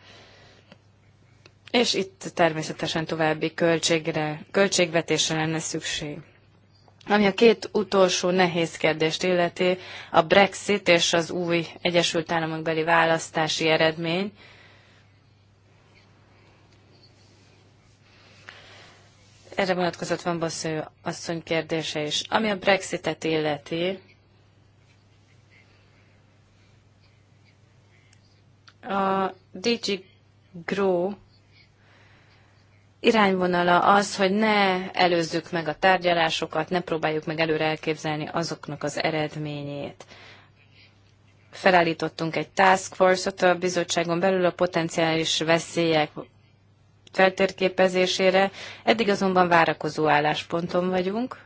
és itt természetesen további költségre, költségvetésre lenne szükség. Ami a két utolsó nehéz kérdést illeti, a Brexit és az új Egyesült Államok beli választási eredmény. Erre vonatkozott van Bossző asszony kérdése is. Ami a Brexitet illeti, a DG Grow irányvonala az, hogy ne előzzük meg a tárgyalásokat, ne próbáljuk meg előre elképzelni azoknak az eredményét. Felállítottunk egy task force-ot a bizottságon belül a potenciális veszélyek feltérképezésére. Eddig azonban várakozó állásponton vagyunk.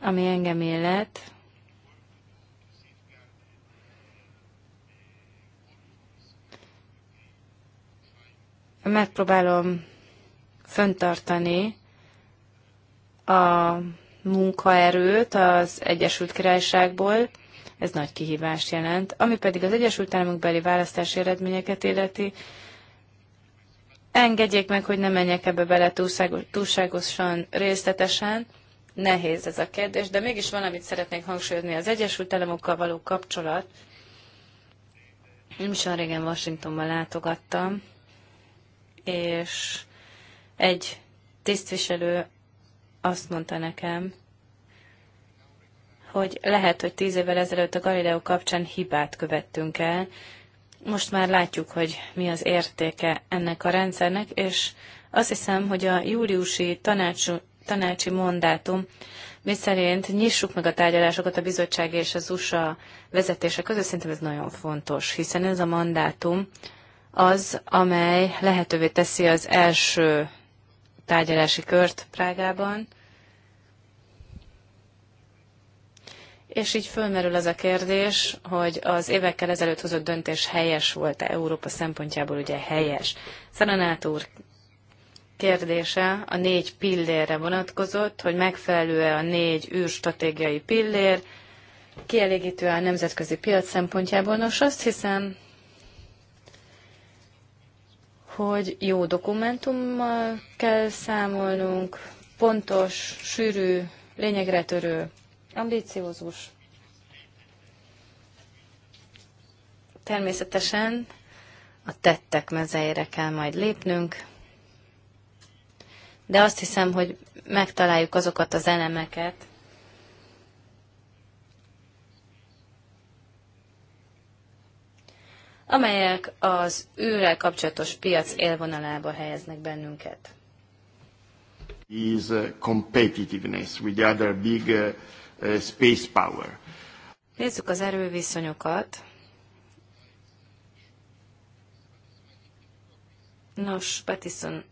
Ami engem illet, megpróbálom föntartani a munkaerőt az Egyesült Királyságból, ez nagy kihívást jelent. Ami pedig az Egyesült Államok beli választási eredményeket illeti, engedjék meg, hogy ne menjek ebbe bele túlságosan részletesen. Nehéz ez a kérdés, de mégis valamit szeretnék hangsúlyozni. Az Egyesült Államokkal való kapcsolat, nem is régen Washingtonban látogattam, és egy tisztviselő azt mondta nekem, hogy lehet, hogy tíz évvel ezelőtt a Galileo kapcsán hibát követtünk el. Most már látjuk, hogy mi az értéke ennek a rendszernek, és azt hiszem, hogy a júliusi tanács, tanácsi mandátum, mi szerint nyissuk meg a tárgyalásokat a bizottság és az USA vezetése között, szerintem ez nagyon fontos, hiszen ez a mandátum az, amely lehetővé teszi az első tárgyalási kört Prágában. És így fölmerül az a kérdés, hogy az évekkel ezelőtt hozott döntés helyes volt-e Európa szempontjából, ugye helyes. Szerenát úr kérdése a négy pillérre vonatkozott, hogy megfelelő-e a négy űrstratégiai pillér, kielégítő a nemzetközi piac szempontjából. Nos, azt hiszem, hogy jó dokumentummal kell számolnunk, pontos, sűrű, lényegre törő, ambíciózus. Természetesen a tettek mezeire kell majd lépnünk, de azt hiszem, hogy megtaláljuk azokat az elemeket, amelyek az űrrel kapcsolatos piac élvonalába helyeznek bennünket. Is uh, competitiveness with the other big uh, uh, space power. Nézzük az erőviszonyokat. Nos, Pattison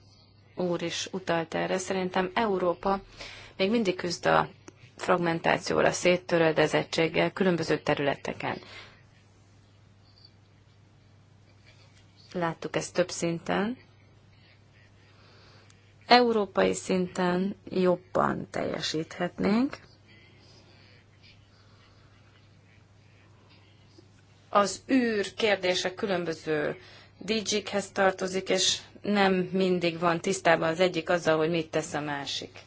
úr is utalt erre. Szerintem Európa még mindig küzd a fragmentációra, széttöröldezettséggel különböző területeken. láttuk ezt több szinten. Európai szinten jobban teljesíthetnénk. Az űr kérdése különböző dj khez tartozik, és nem mindig van tisztában az egyik azzal, hogy mit tesz a másik.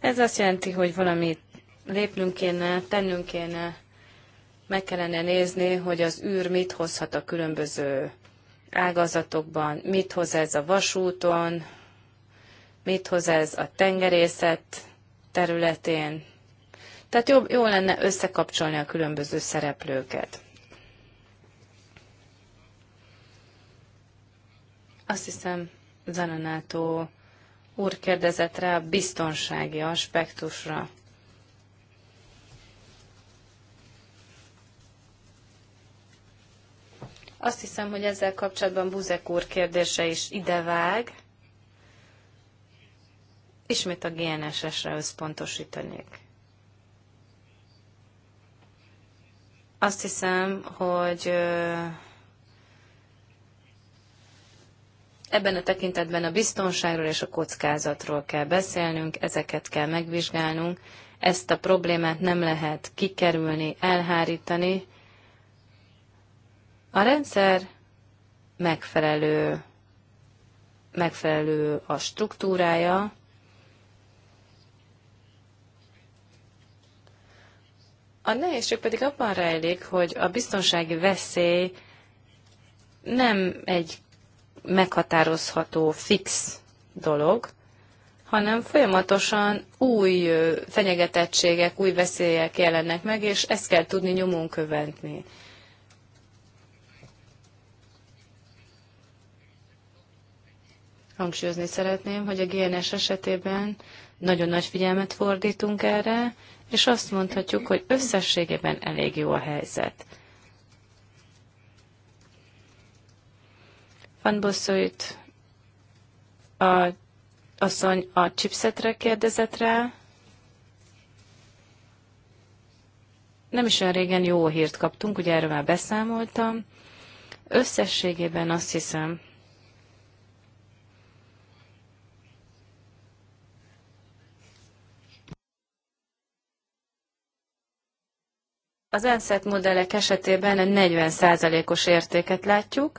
Ez azt jelenti, hogy valamit lépnünk kéne, tennünk kéne, meg kellene nézni, hogy az űr mit hozhat a különböző ágazatokban, mit hoz ez a vasúton, mit hoz ez a tengerészet területén. Tehát jobb, jó lenne összekapcsolni a különböző szereplőket. Azt hiszem, Zananátó úr kérdezett rá a biztonsági aspektusra. Azt hiszem, hogy ezzel kapcsolatban Buzek úr kérdése is idevág. Ismét a GNSS-re összpontosítanék. Azt hiszem, hogy Ebben a tekintetben a biztonságról és a kockázatról kell beszélnünk, ezeket kell megvizsgálnunk. Ezt a problémát nem lehet kikerülni, elhárítani. A rendszer megfelelő, megfelelő a struktúrája, A nehézség pedig abban rejlik, hogy a biztonsági veszély nem egy meghatározható, fix dolog, hanem folyamatosan új fenyegetettségek, új veszélyek jelennek meg, és ezt kell tudni nyomon követni. hangsúlyozni szeretném, hogy a GNS esetében nagyon nagy figyelmet fordítunk erre, és azt mondhatjuk, hogy összességében elég jó a helyzet. Van Bosszújt a asszony a chipsetre kérdezett rá. Nem is olyan régen jó hírt kaptunk, ugye erről már beszámoltam. Összességében azt hiszem, Az ENSZET modellek esetében 40%-os értéket látjuk,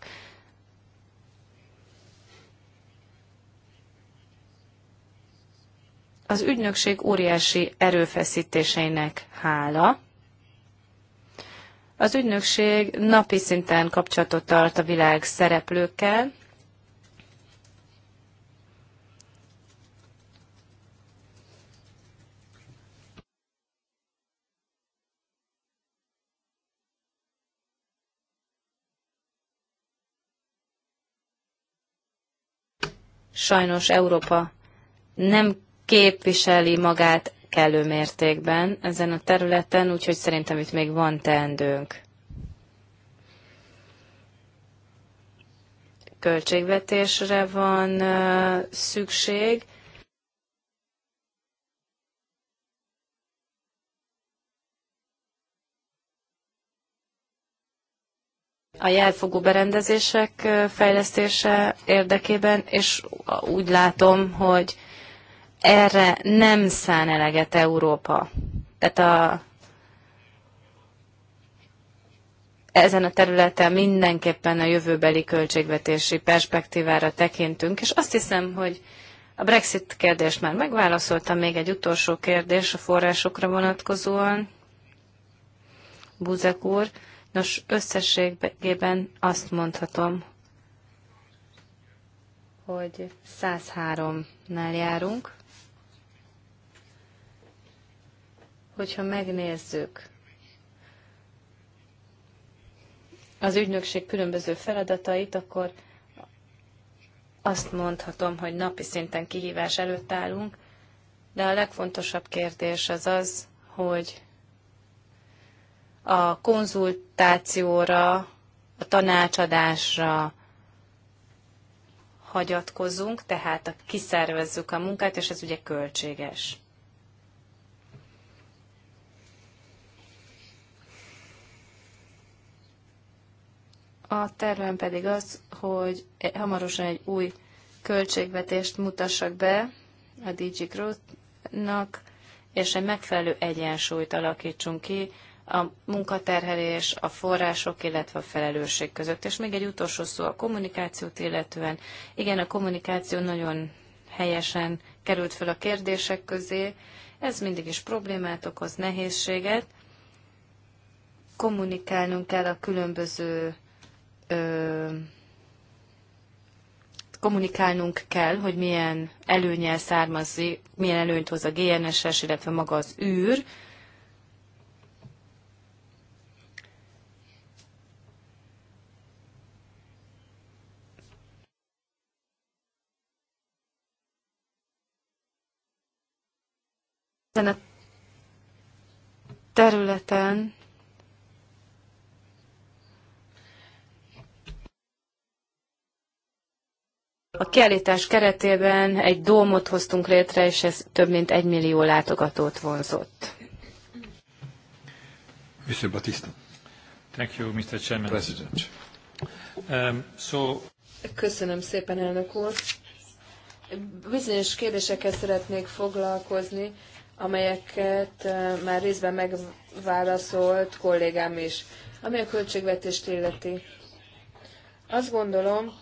az ügynökség óriási erőfeszítéseinek hála. Az ügynökség napi szinten kapcsolatot tart a világ szereplőkkel, Sajnos Európa nem képviseli magát kellő mértékben ezen a területen, úgyhogy szerintem itt még van teendőnk. Költségvetésre van szükség, a jelfogó berendezések fejlesztése érdekében, és úgy látom, hogy erre nem szán eleget Európa. Tehát a, ezen a területen mindenképpen a jövőbeli költségvetési perspektívára tekintünk, és azt hiszem, hogy a Brexit kérdést már megválaszoltam, még egy utolsó kérdés a forrásokra vonatkozóan. Buzek úr, Nos, összességében azt mondhatom, hogy 103-nál járunk. Hogyha megnézzük az ügynökség különböző feladatait, akkor azt mondhatom, hogy napi szinten kihívás előtt állunk, de a legfontosabb kérdés az az, hogy a konzultációra, a tanácsadásra hagyatkozunk, tehát a, kiszervezzük a munkát, és ez ugye költséges. A tervem pedig az, hogy hamarosan egy új költségvetést mutassak be a DG Growth-nak, és egy megfelelő egyensúlyt alakítsunk ki a munkaterhelés, a források, illetve a felelősség között. És még egy utolsó szó a kommunikációt illetően. Igen, a kommunikáció nagyon helyesen került fel a kérdések közé. Ez mindig is problémát okoz, nehézséget. Kommunikálnunk kell a különböző ö, kommunikálnunk kell, hogy milyen előnyel származik, milyen előnyt hoz a GNSS, illetve maga az űr, ezen a területen A kiállítás keretében egy dómot hoztunk létre, és ez több mint egy millió látogatót vonzott. Mr. Batista. Thank you, Mr. Chairman. President. Um, so... Köszönöm szépen, elnök úr. Bizonyos kérdésekkel szeretnék foglalkozni, amelyeket már részben megválaszolt kollégám is, ami a költségvetést illeti. Azt gondolom,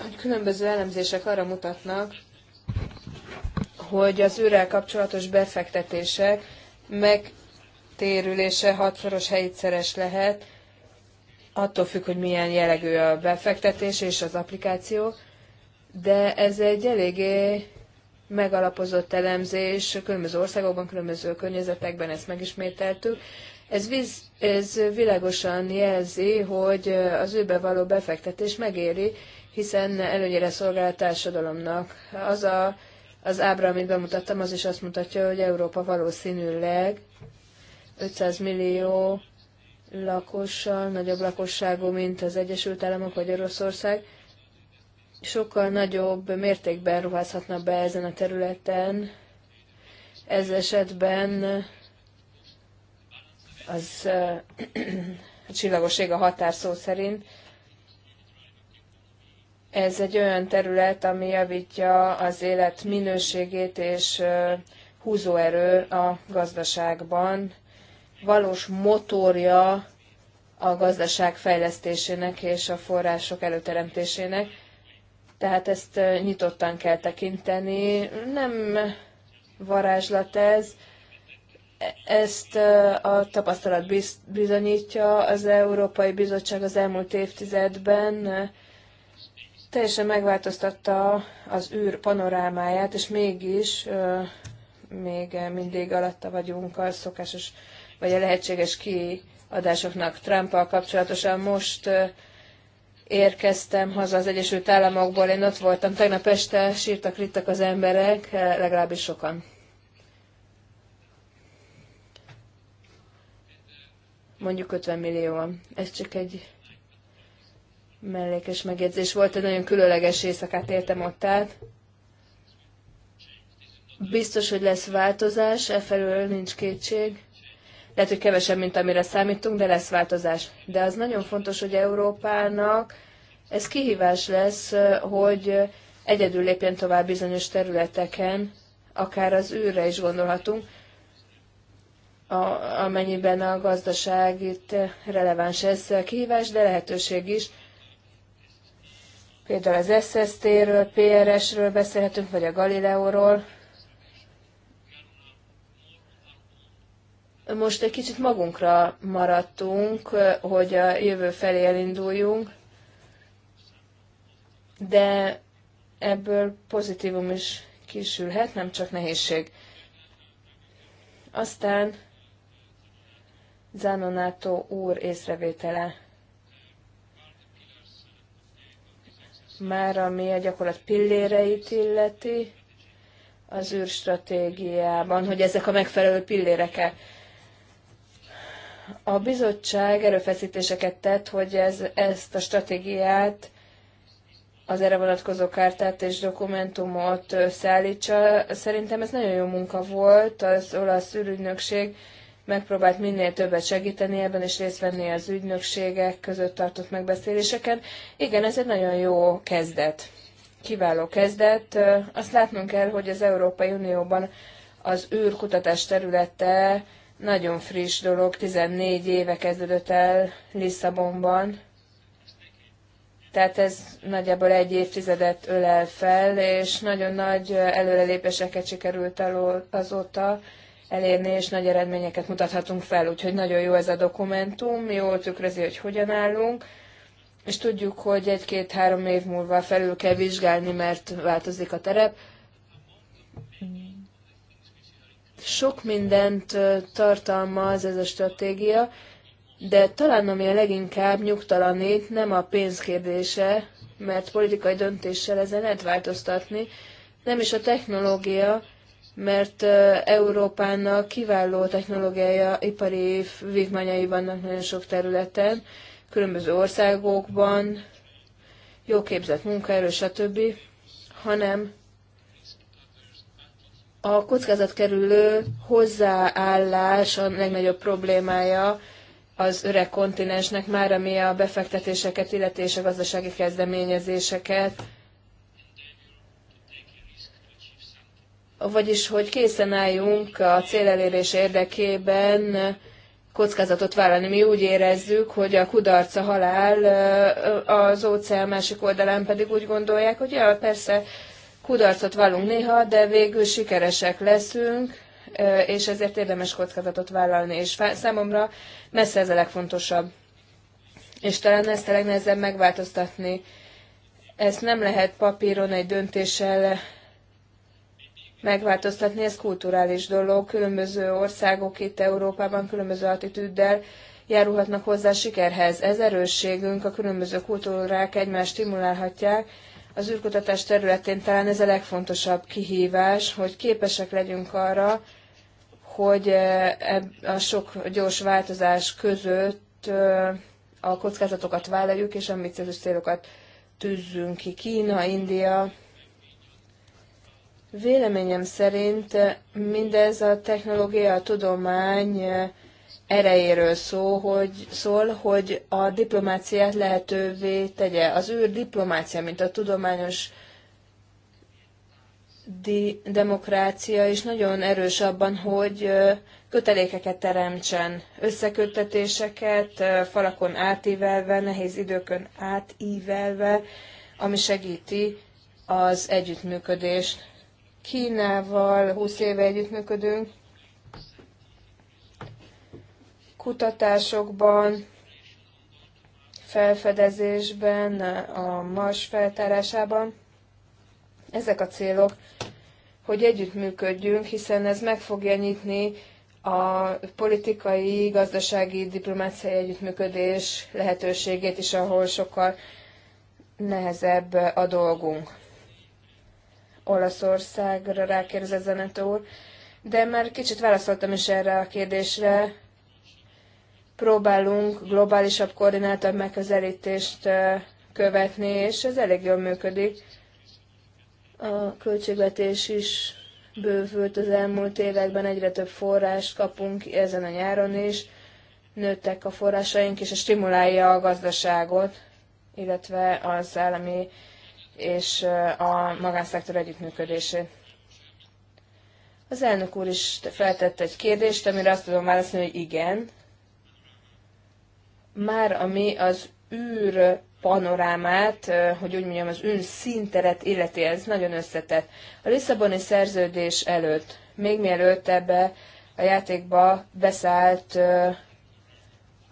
hogy különböző elemzések arra mutatnak, hogy az űrrel kapcsolatos befektetések megtérülése hatszoros helyszeres lehet, attól függ, hogy milyen jellegű a befektetés és az applikáció, de ez egy eléggé megalapozott elemzés különböző országokban, különböző környezetekben, ezt megismételtük. Ez, víz, ez világosan jelzi, hogy az őbe való befektetés megéri, hiszen előnyére szolgál a társadalomnak. Az a, az ábra, amit bemutattam, az is azt mutatja, hogy Európa valószínűleg 500 millió lakossal, nagyobb lakosságú, mint az Egyesült Államok vagy Oroszország, sokkal nagyobb mértékben ruházhatna be ezen a területen. Ez esetben az eh, a csillagoség a határ szó szerint. Ez egy olyan terület, ami javítja az élet minőségét és eh, húzóerő a gazdaságban, valós motorja a gazdaság fejlesztésének és a források előteremtésének. Tehát ezt nyitottan kell tekinteni. Nem varázslat ez, e-, ezt a tapasztalat bizonyítja az Európai Bizottság az elmúlt évtizedben teljesen megváltoztatta az űr panorámáját, és mégis még mindig alatta vagyunk a szokásos vagy a lehetséges kiadásoknak Trump-al kapcsolatosan. Most érkeztem haza az Egyesült Államokból, én ott voltam, tegnap este sírtak, rittak az emberek, legalábbis sokan. Mondjuk 50 millióan. Ez csak egy mellékes megjegyzés volt, egy nagyon különleges éjszakát éltem ott át. Biztos, hogy lesz változás, e felől nincs kétség. Lehet, hogy kevesebb, mint amire számítunk, de lesz változás. De az nagyon fontos, hogy Európának ez kihívás lesz, hogy egyedül lépjen tovább bizonyos területeken, akár az űrre is gondolhatunk, a, amennyiben a gazdaság itt releváns ez kihívás, de lehetőség is. Például az SST-ről, PRS-ről beszélhetünk, vagy a Galileóról, most egy kicsit magunkra maradtunk, hogy a jövő felé elinduljunk, de ebből pozitívum is kisülhet, nem csak nehézség. Aztán Zanonato úr észrevétele. Már ami a gyakorlat pilléreit illeti, az űrstratégiában, hogy ezek a megfelelő pillérek -e. A bizottság erőfeszítéseket tett, hogy ez, ezt a stratégiát, az erre vonatkozó kártát és dokumentumot szállítsa. Szerintem ez nagyon jó munka volt, az olasz ürügynökség megpróbált minél többet segíteni ebben, és részt venni az ügynökségek között tartott megbeszéléseken. Igen, ez egy nagyon jó kezdet. Kiváló kezdet. Azt látnunk kell, hogy az Európai Unióban az űrkutatás területe nagyon friss dolog, 14 éve kezdődött el Lisszabonban, tehát ez nagyjából egy évtizedet ölel fel, és nagyon nagy előrelépéseket sikerült el azóta elérni, és nagy eredményeket mutathatunk fel, úgyhogy nagyon jó ez a dokumentum, jól tükrözi, hogy hogyan állunk, és tudjuk, hogy egy-két-három év múlva felül kell vizsgálni, mert változik a terep, sok mindent tartalmaz ez a stratégia, de talán ami a leginkább nyugtalanít, nem a pénz kérdése, mert politikai döntéssel ezen lehet változtatni, nem is a technológia, mert Európának kiváló technológiája, ipari vívmányai vannak nagyon sok területen, különböző országokban, jó képzett munkaerő, stb., hanem a kerülő hozzáállás a legnagyobb problémája az öreg kontinensnek, már ami a befektetéseket, illeti a gazdasági kezdeményezéseket. Vagyis, hogy készen álljunk a cél elérés érdekében kockázatot vállalni. Mi úgy érezzük, hogy a kudarc a halál, az óceán másik oldalán pedig úgy gondolják, hogy ja, persze kudarcot vallunk néha, de végül sikeresek leszünk, és ezért érdemes kockázatot vállalni, és számomra messze ez a legfontosabb. És talán ezt a legnehezebb megváltoztatni. Ezt nem lehet papíron egy döntéssel megváltoztatni, ez kulturális dolog. Különböző országok itt Európában különböző attitűddel járulhatnak hozzá sikerhez. Ez erősségünk, a különböző kultúrák egymást stimulálhatják, az űrkutatás területén talán ez a legfontosabb kihívás, hogy képesek legyünk arra, hogy eh, a sok gyors változás között eh, a kockázatokat vállaljuk, és ambiciózus célokat tűzzünk ki. Kína, India. Véleményem szerint eh, mindez a technológia, a tudomány erejéről szó, hogy, szól, hogy a diplomáciát lehetővé tegye. Az ő diplomácia, mint a tudományos di- demokrácia is nagyon erős abban, hogy kötelékeket teremtsen, összeköttetéseket, falakon átívelve, nehéz időkön átívelve, ami segíti az együttműködést. Kínával 20 éve együttműködünk, kutatásokban, felfedezésben, a Mars feltárásában. Ezek a célok, hogy együttműködjünk, hiszen ez meg fogja nyitni a politikai, gazdasági, diplomáciai együttműködés lehetőségét is, ahol sokkal nehezebb a dolgunk. Olaszországra rákérdezett a úr, de már kicsit válaszoltam is erre a kérdésre, próbálunk globálisabb, koordináltabb megközelítést követni, és ez elég jól működik. A költségvetés is bővült az elmúlt években, egyre több forrást kapunk ezen a nyáron is, nőttek a forrásaink, és ez stimulálja a gazdaságot, illetve az állami és a magánszektor együttműködését. Az elnök úr is feltette egy kérdést, amire azt tudom válaszolni, hogy igen, már ami az űr panorámát, hogy úgy mondjam, az űr színteret illeti, ez nagyon összetett. A Lisszaboni szerződés előtt, még mielőtt ebbe a játékba beszállt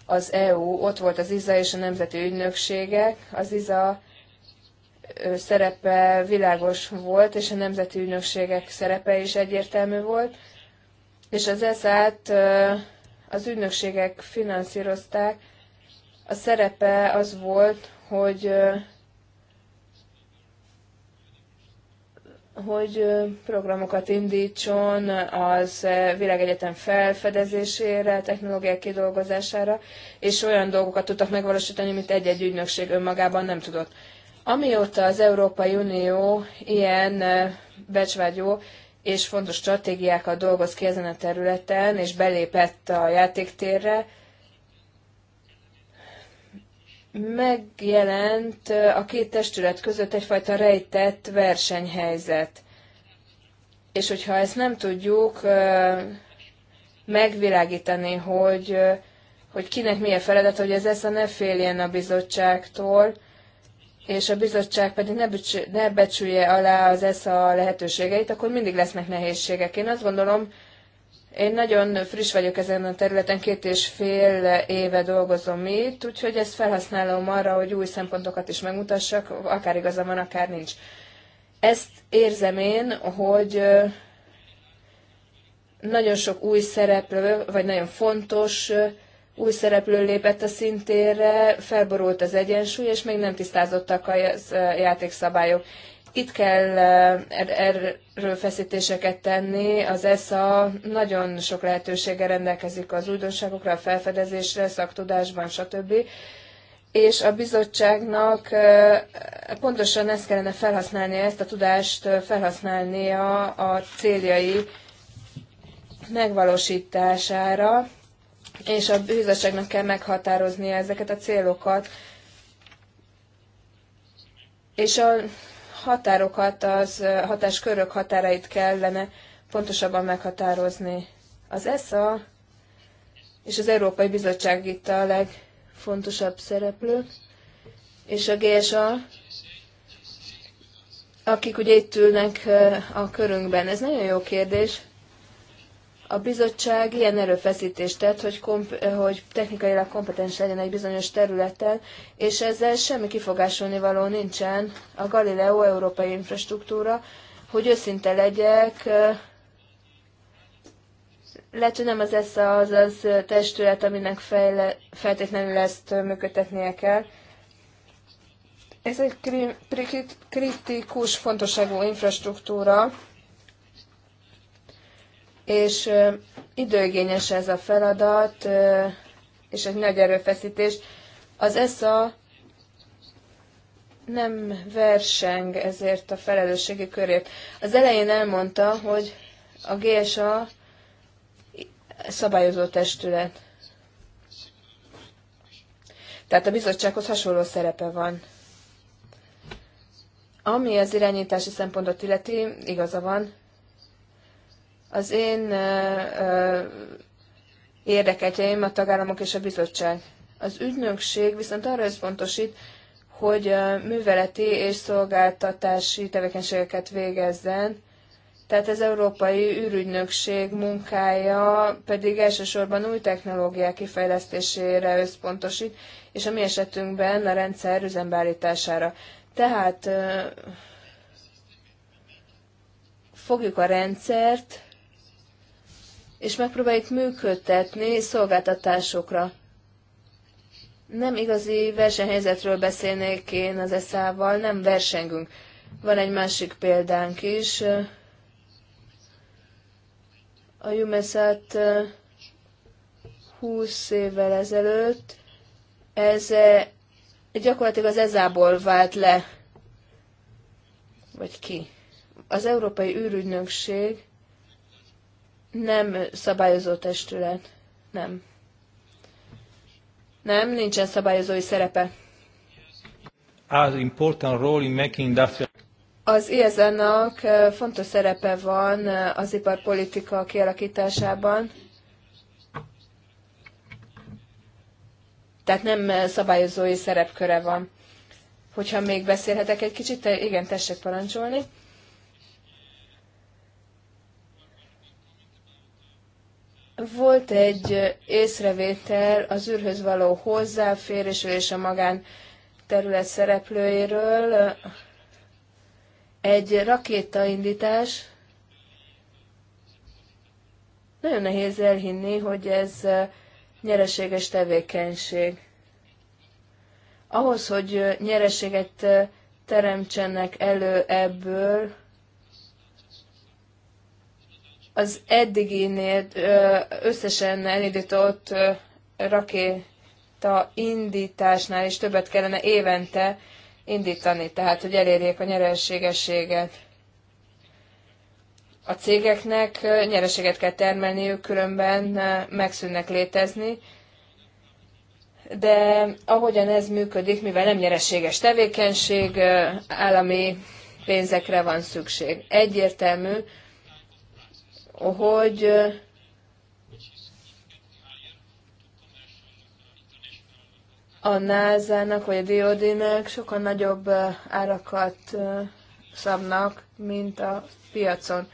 az EU, ott volt az IZA és a Nemzeti Ügynökségek. Az IZA szerepe világos volt, és a Nemzeti Ügynökségek szerepe is egyértelmű volt. És az ESZ-t az ügynökségek finanszírozták, a szerepe az volt, hogy hogy programokat indítson az világegyetem felfedezésére, technológiák kidolgozására, és olyan dolgokat tudtak megvalósítani, amit egy-egy ügynökség önmagában nem tudott. Amióta az Európai Unió ilyen becsvágyó és fontos stratégiákat dolgoz ki ezen a területen, és belépett a játéktérre, megjelent a két testület között egyfajta rejtett versenyhelyzet. És hogyha ezt nem tudjuk megvilágítani, hogy, hogy kinek milyen feladat, hogy ezt a ne féljen a bizottságtól, és a bizottság pedig ne, becsülje alá az ESZA lehetőségeit, akkor mindig lesznek nehézségek. Én azt gondolom, én nagyon friss vagyok ezen a területen, két és fél éve dolgozom itt, úgyhogy ezt felhasználom arra, hogy új szempontokat is megmutassak, akár igaza van, akár nincs. Ezt érzem én, hogy nagyon sok új szereplő, vagy nagyon fontos új szereplő lépett a szintérre, felborult az egyensúly, és még nem tisztázottak a játékszabályok. Itt kell eh, er-, erőfeszítéseket tenni. Az ESA nagyon sok lehetősége rendelkezik az újdonságokra, a felfedezésre, szaktudásban, stb. És a bizottságnak eh, pontosan ezt kellene felhasználni, ezt a tudást eh, felhasználnia a céljai megvalósítására, és a bizottságnak kell meghatároznia ezeket a célokat. És a határokat, az hatáskörök határait kellene pontosabban meghatározni. Az ESA és az Európai Bizottság itt a legfontosabb szereplők, és a GSA, akik ugye itt ülnek a körünkben. Ez nagyon jó kérdés. A bizottság ilyen erőfeszítést tett, hogy, komp- hogy technikailag kompetens legyen egy bizonyos területen, és ezzel semmi kifogásolni való nincsen. A Galileo európai infrastruktúra, hogy őszinte legyek, lehet, hogy nem az ez az az testület, aminek fejle, feltétlenül ezt működtetnie kell. Ez egy kritikus fontosságú infrastruktúra, és időigényes ez a feladat, és egy nagy erőfeszítés. Az ESA nem verseng ezért a felelősségi körért. Az elején elmondta, hogy a GSA szabályozó testület. Tehát a bizottsághoz hasonló szerepe van. Ami az irányítási szempontot illeti, igaza van, az én érdekeltjeim a tagállamok és a bizottság. Az ügynökség viszont arra összpontosít, hogy műveleti és szolgáltatási tevékenységeket végezzen, tehát az Európai űrügynökség munkája pedig elsősorban új technológiák kifejlesztésére összpontosít, és a mi esetünkben a rendszer üzembeállítására. Tehát fogjuk a rendszert, és megpróbáljuk működtetni szolgáltatásokra. Nem igazi versenyhelyzetről beszélnék én az eszával, nem versengünk. Van egy másik példánk is. A Jumeszát 20 évvel ezelőtt, ez gyakorlatilag az ezából vált le, vagy ki. Az Európai űrügynökség nem szabályozó testület. Nem. Nem, nincsen szabályozói szerepe. Az important role in making industrial... Az ISN-nak eh, fontos szerepe van eh, az iparpolitika kialakításában. Tehát nem eh, szabályozói szerepköre van. Hogyha még beszélhetek egy kicsit, igen, tessék parancsolni. Volt egy észrevétel az űrhöz való hozzáférésről és a magán terület szereplőiről. Egy rakétaindítás. Nagyon nehéz elhinni, hogy ez nyereséges tevékenység. Ahhoz, hogy nyereséget teremtsenek elő ebből, az eddiginél összesen elindított rakéta indításnál is többet kellene évente indítani, tehát hogy elérjék a nyereségességet. A cégeknek nyereséget kell termelniük, különben megszűnnek létezni, de ahogyan ez működik, mivel nem nyereséges tevékenység, állami pénzekre van szükség. Egyértelmű, hogy a NASA-nak vagy a DOD-nek sokkal nagyobb árakat szabnak, mint a piacon.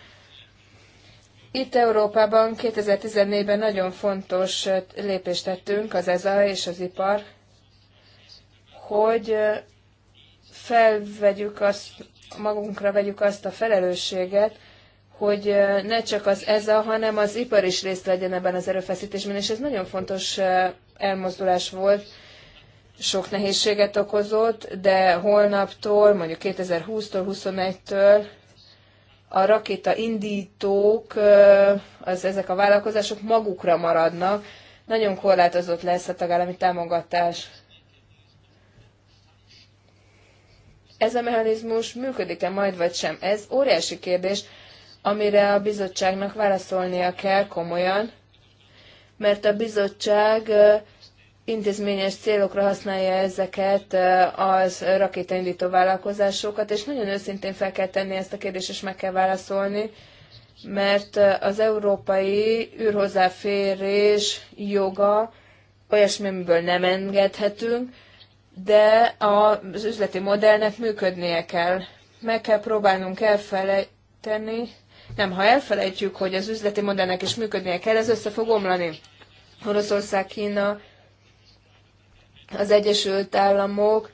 Itt Európában 2014-ben nagyon fontos lépést tettünk az EZA és az ipar, hogy felvegyük azt, magunkra vegyük azt a felelősséget, hogy ne csak az EZA, hanem az ipar is részt legyen ebben az erőfeszítésben, és ez nagyon fontos elmozdulás volt, sok nehézséget okozott, de holnaptól, mondjuk 2020-tól, 21-től a rakéta indítók, az, ezek a vállalkozások magukra maradnak, nagyon korlátozott lesz a tagállami támogatás. Ez a mechanizmus működik-e majd vagy sem? Ez óriási kérdés, amire a bizottságnak válaszolnia kell komolyan, mert a bizottság intézményes célokra használja ezeket az rakétaindító vállalkozásokat, és nagyon őszintén fel kell tenni ezt a kérdést, és meg kell válaszolni, mert az európai űrhozzáférés joga olyasmi, amiből nem engedhetünk, de az üzleti modellnek működnie kell. Meg kell próbálnunk elfelejteni nem, ha elfelejtjük, hogy az üzleti modellnek is működnie kell, ez össze fog omlani. Oroszország, Kína, az Egyesült Államok,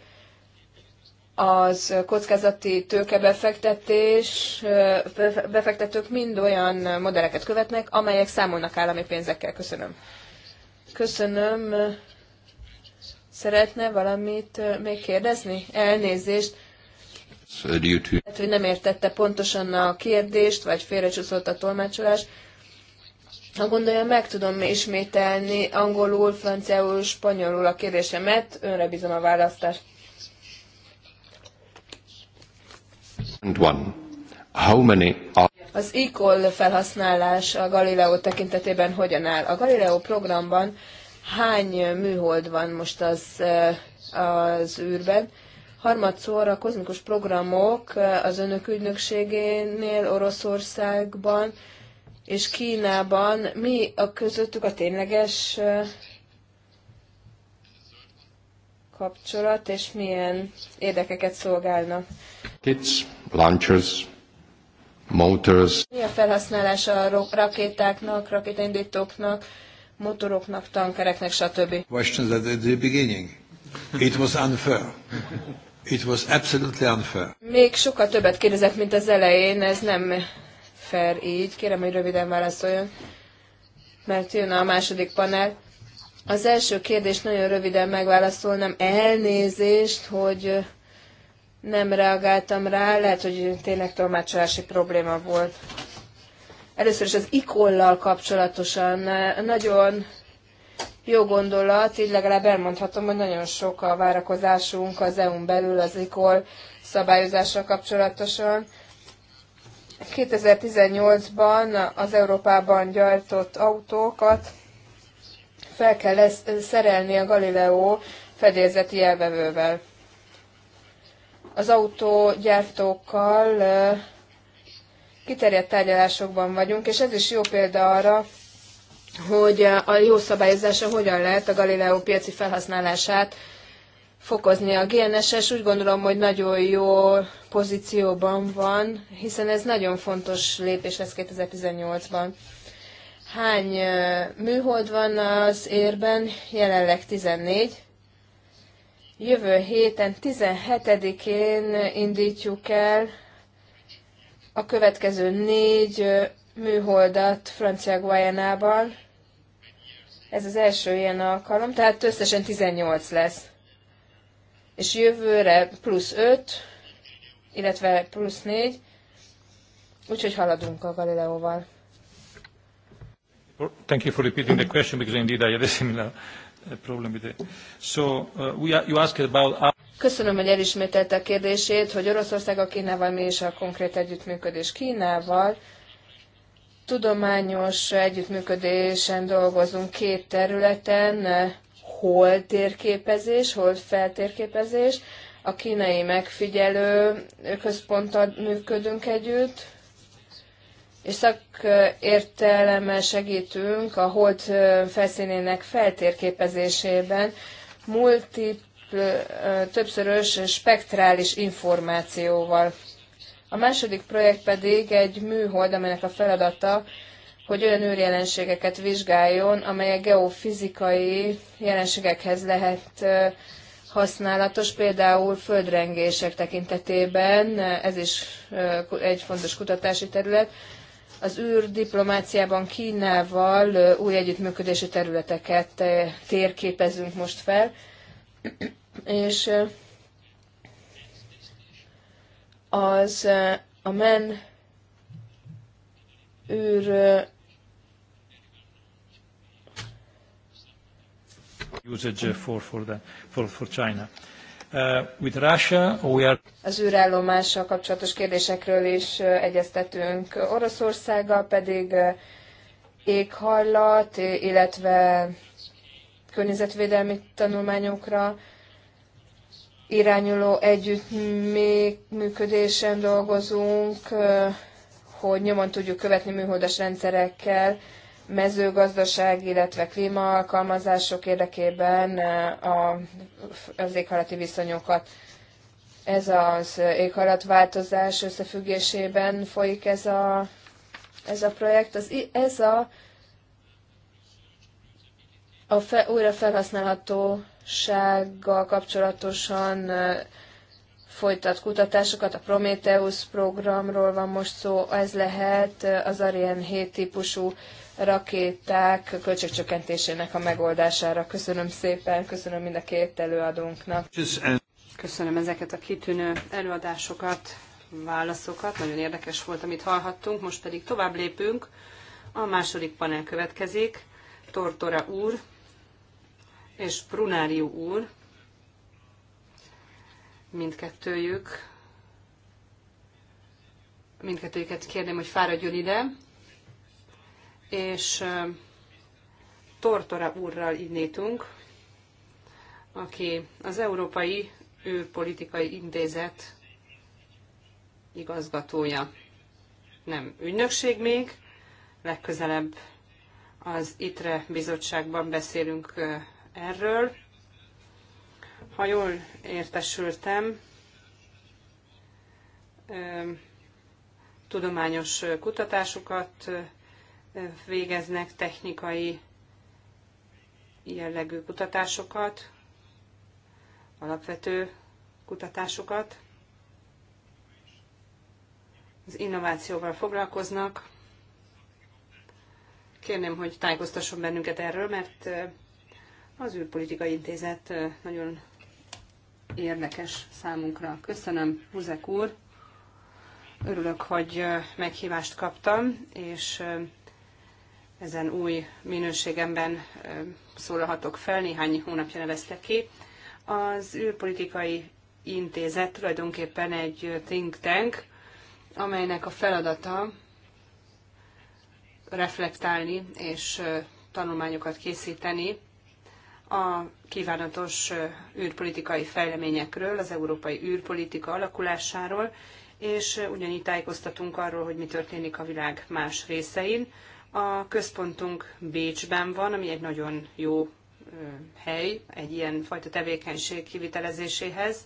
az kockázati tőkebefektetés, befektetők mind olyan modelleket követnek, amelyek számolnak állami pénzekkel. Köszönöm. Köszönöm. Szeretne valamit még kérdezni? Elnézést. Hát, hogy nem értette pontosan a kérdést, vagy félrecsúszott a tolmácsolás. Ha gondolja, meg tudom ismételni angolul, franciául, spanyolul a kérdésemet, önre bízom a választást. And one. How many are... Az e felhasználás a Galileo tekintetében hogyan áll? A Galileo programban hány műhold van most az, eh, az űrben? Harmadszor a kozmikus programok eh, az önök ügynökségénél Oroszországban és Kínában mi a közöttük a tényleges eh, kapcsolat, és milyen érdekeket szolgálnak. Kits, launchers, motors. Mi a felhasználása a rakétáknak, rakétaindítóknak, motoroknak, tankereknek, stb. Questions at the beginning. It was unfair. It was absolutely unfair. Még sokkal többet kérdezett, mint az elején, ez nem fair így. Kérem, hogy röviden válaszoljon, mert jön a második panel. Az első kérdés nagyon röviden megválaszolnám. Elnézést, hogy nem reagáltam rá, lehet, hogy tényleg tolmácsolási probléma volt. Először is az ikollal kapcsolatosan nagyon jó gondolat, így legalább elmondhatom, hogy nagyon sok a várakozásunk az EU-n belül az ikol szabályozással kapcsolatosan. 2018-ban az Európában gyártott autókat fel kell szerelni a Galileo fedélzeti jelvevővel. Az autógyártókkal kiterjedt tárgyalásokban vagyunk, és ez is jó példa arra, hogy a jó szabályozása hogyan lehet a Galileo piaci felhasználását fokozni. A GNSS úgy gondolom, hogy nagyon jó pozícióban van, hiszen ez nagyon fontos lépés lesz 2018-ban. Hány műhold van az érben? Jelenleg 14. Jövő héten 17-én indítjuk el a következő négy műholdat Francia Guayanában. Ez az első ilyen alkalom, tehát összesen 18 lesz. És jövőre plusz 5, illetve plusz 4, úgyhogy haladunk a Galileóval. Thank you for repeating the question because indeed I had a similar uh, problem with it. So uh, we are, you asked about uh, Köszönöm, hogy elismételte a kérdését, hogy Oroszország a Kínával mi is a konkrét együttműködés Kínával. Tudományos együttműködésen dolgozunk két területen, hol térképezés, hol feltérképezés. A kínai megfigyelő központtal működünk együtt, és szakértelemmel segítünk a hold felszínének feltérképezésében multi többszörös spektrális információval. A második projekt pedig egy műhold, amelynek a feladata, hogy olyan űrjelenségeket vizsgáljon, amelyek geofizikai jelenségekhez lehet használatos, például földrengések tekintetében, ez is egy fontos kutatási terület, az űrdiplomáciában Kínával új együttműködési területeket térképezünk most fel, és az a men űr usage uh, for, for, the, for, for China. Uh, with Russia, we are... Az űrállomással kapcsolatos kérdésekről is egyeztetünk. Oroszországgal pedig éghajlat, illetve környezetvédelmi tanulmányokra irányuló együttműködésen dolgozunk, hogy nyomon tudjuk követni műholdas rendszerekkel mezőgazdaság, illetve klímaalkalmazások érdekében az éghajlati viszonyokat. Ez az éghajlatváltozás összefüggésében folyik ez a, ez a projekt. Az, ez a a fe, újra felhasználhatósággal kapcsolatosan folytat kutatásokat, a Prometheus programról van most szó, ez lehet az Ariane 7 típusú rakéták költségcsökkentésének a megoldására. Köszönöm szépen, köszönöm mind a két előadónknak. Köszönöm ezeket a kitűnő előadásokat, válaszokat, nagyon érdekes volt, amit hallhattunk, most pedig tovább lépünk. A második panel következik. Tortora úr, és Brunáriú úr, mindkettőjük, mindkettőjüket kérném, hogy fáradjon ide, és Tortora úrral innétünk, aki az Európai Politikai Intézet igazgatója. Nem ügynökség még, legközelebb az ITRE bizottságban beszélünk erről. Ha jól értesültem, tudományos kutatásokat végeznek, technikai jellegű kutatásokat, alapvető kutatásokat. Az innovációval foglalkoznak. Kérném, hogy tájékoztasson bennünket erről, mert az űrpolitikai intézet nagyon érdekes számunkra. Köszönöm, Buzek úr. Örülök, hogy meghívást kaptam, és ezen új minőségemben szólhatok fel. Néhány hónapja nevezte ki. Az űrpolitikai intézet tulajdonképpen egy think tank, amelynek a feladata reflektálni és tanulmányokat készíteni a kívánatos űrpolitikai fejleményekről, az európai űrpolitika alakulásáról, és ugyanígy tájékoztatunk arról, hogy mi történik a világ más részein. A központunk Bécsben van, ami egy nagyon jó hely egy ilyen fajta tevékenység kivitelezéséhez,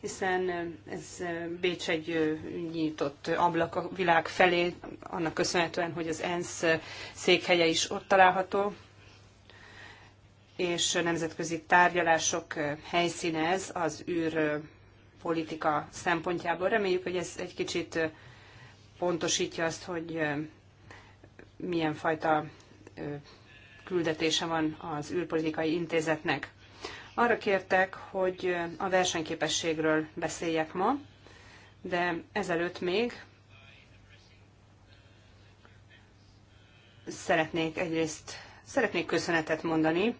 hiszen ez Bécs egy nyitott ablak a világ felé, annak köszönhetően, hogy az ENSZ székhelye is ott található, és nemzetközi tárgyalások helyszíne ez az űr politika szempontjából. Reméljük, hogy ez egy kicsit pontosítja azt, hogy milyen fajta küldetése van az űrpolitikai intézetnek. Arra kértek, hogy a versenyképességről beszéljek ma, de ezelőtt még szeretnék egyrészt szeretnék köszönetet mondani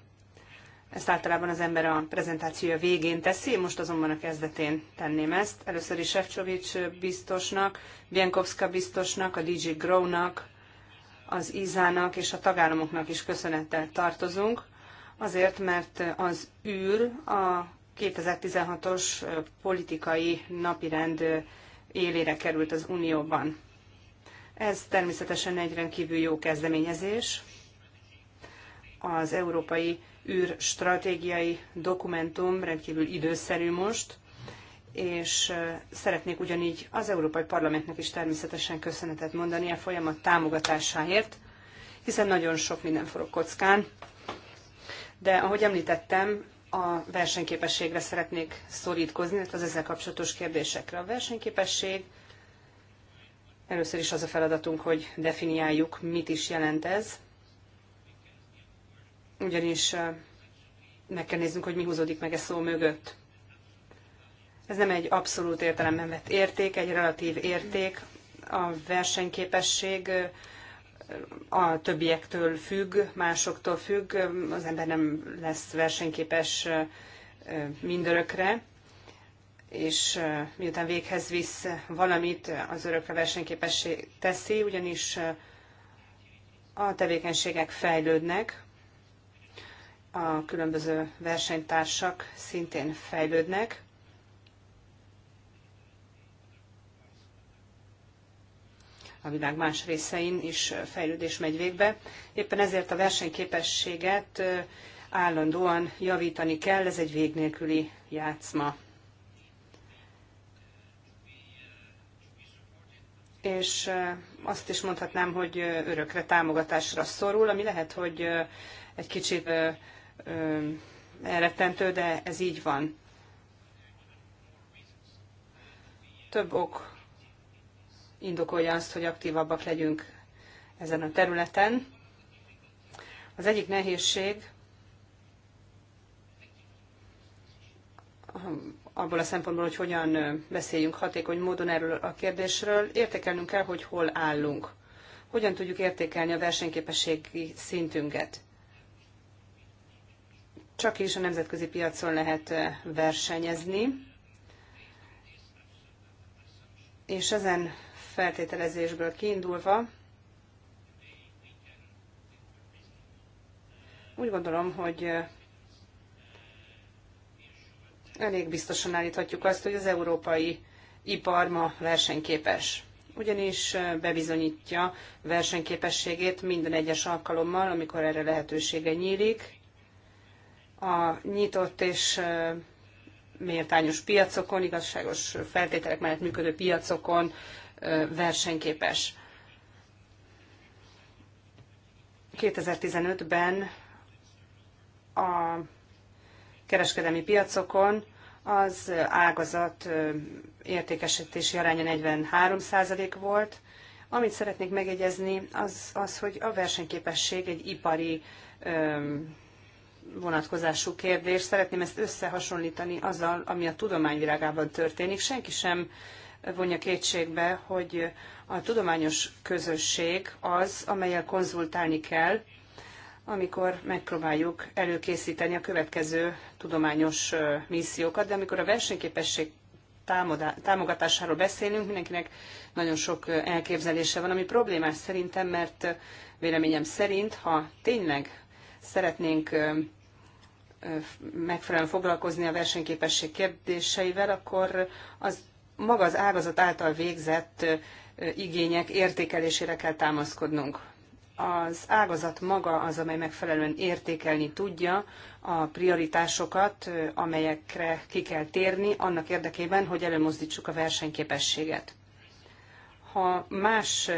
ezt általában az ember a prezentációja végén teszi, most azonban a kezdetén tenném ezt. Először is Sefcsovics biztosnak, Bienkowska biztosnak, a DJ Grow-nak, az Izának és a tagállamoknak is köszönettel tartozunk, azért, mert az űr a 2016-os politikai napirend élére került az Unióban. Ez természetesen egy rendkívül jó kezdeményezés. Az európai űrstratégiai stratégiai dokumentum rendkívül időszerű most, és szeretnék ugyanígy az Európai Parlamentnek is természetesen köszönetet mondani a folyamat támogatásáért, hiszen nagyon sok minden forog kockán. De ahogy említettem, a versenyképességre szeretnék szorítkozni, tehát az ezzel kapcsolatos kérdésekre. A versenyképesség először is az a feladatunk, hogy definiáljuk, mit is jelent ez, ugyanis meg kell néznünk, hogy mi húzódik meg e szó mögött. Ez nem egy abszolút értelemben vett érték, egy relatív érték. A versenyképesség a többiektől függ, másoktól függ, az ember nem lesz versenyképes mindörökre, és miután véghez visz valamit, az örökre versenyképessé teszi, ugyanis a tevékenységek fejlődnek, a különböző versenytársak szintén fejlődnek. A világ más részein is fejlődés megy végbe. Éppen ezért a versenyképességet állandóan javítani kell, ez egy vég nélküli játszma. És azt is mondhatnám, hogy örökre támogatásra szorul, ami lehet, hogy egy kicsit elrettentő, de ez így van. Több ok indokolja azt, hogy aktívabbak legyünk ezen a területen. Az egyik nehézség abból a szempontból, hogy hogyan beszéljünk hatékony módon erről a kérdésről, értékelnünk kell, hogy hol állunk. Hogyan tudjuk értékelni a versenyképességi szintünket csak is a nemzetközi piacon lehet versenyezni, és ezen feltételezésből kiindulva úgy gondolom, hogy elég biztosan állíthatjuk azt, hogy az európai ipar ma versenyképes. Ugyanis bebizonyítja versenyképességét minden egyes alkalommal, amikor erre lehetősége nyílik, a nyitott és méltányos piacokon, igazságos feltételek mellett működő piacokon versenyképes. 2015-ben a kereskedelmi piacokon az ágazat értékesítési aránya 43 volt. Amit szeretnék megjegyezni, az, az, hogy a versenyképesség egy ipari öm, vonatkozású kérdés. Szeretném ezt összehasonlítani azzal, ami a tudományvilágában történik. Senki sem vonja kétségbe, hogy a tudományos közösség az, amelyel konzultálni kell, amikor megpróbáljuk előkészíteni a következő tudományos missziókat, de amikor a versenyképesség támogatásáról beszélünk, mindenkinek nagyon sok elképzelése van, ami problémás szerintem, mert véleményem szerint, ha tényleg szeretnénk megfelelően foglalkozni a versenyképesség kérdéseivel, akkor az maga az ágazat által végzett igények értékelésére kell támaszkodnunk. Az ágazat maga az, amely megfelelően értékelni tudja a prioritásokat, amelyekre ki kell térni, annak érdekében, hogy előmozdítsuk a versenyképességet. Ha más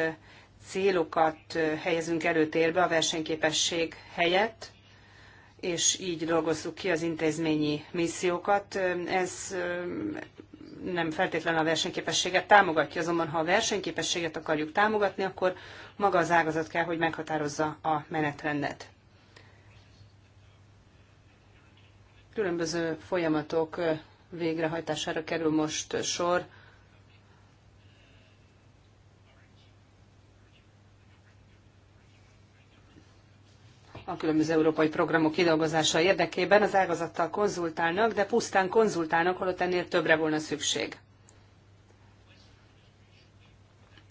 célokat helyezünk előtérbe a versenyképesség helyett, és így dolgozzuk ki az intézményi missziókat. Ez nem feltétlenül a versenyképességet támogatja, azonban ha a versenyképességet akarjuk támogatni, akkor maga az ágazat kell, hogy meghatározza a menetrendet. Különböző folyamatok végrehajtására kerül most sor a különböző európai programok kidolgozása érdekében az ágazattal konzultálnak, de pusztán konzultálnak, holott ennél többre volna szükség.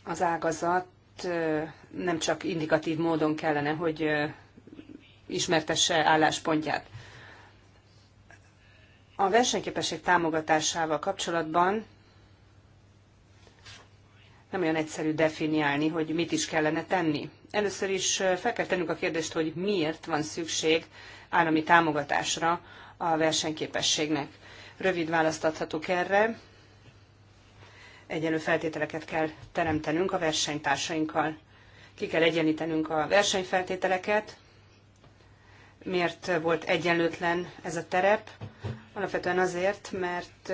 Az ágazat nem csak indikatív módon kellene, hogy ismertesse álláspontját. A versenyképesség támogatásával kapcsolatban nem olyan egyszerű definiálni, hogy mit is kellene tenni. Először is fel kell tennünk a kérdést, hogy miért van szükség állami támogatásra a versenyképességnek. Rövid választ adhatok erre. Egyenlő feltételeket kell teremtenünk a versenytársainkkal. Ki kell egyenlítenünk a versenyfeltételeket. Miért volt egyenlőtlen ez a terep? Alapvetően azért, mert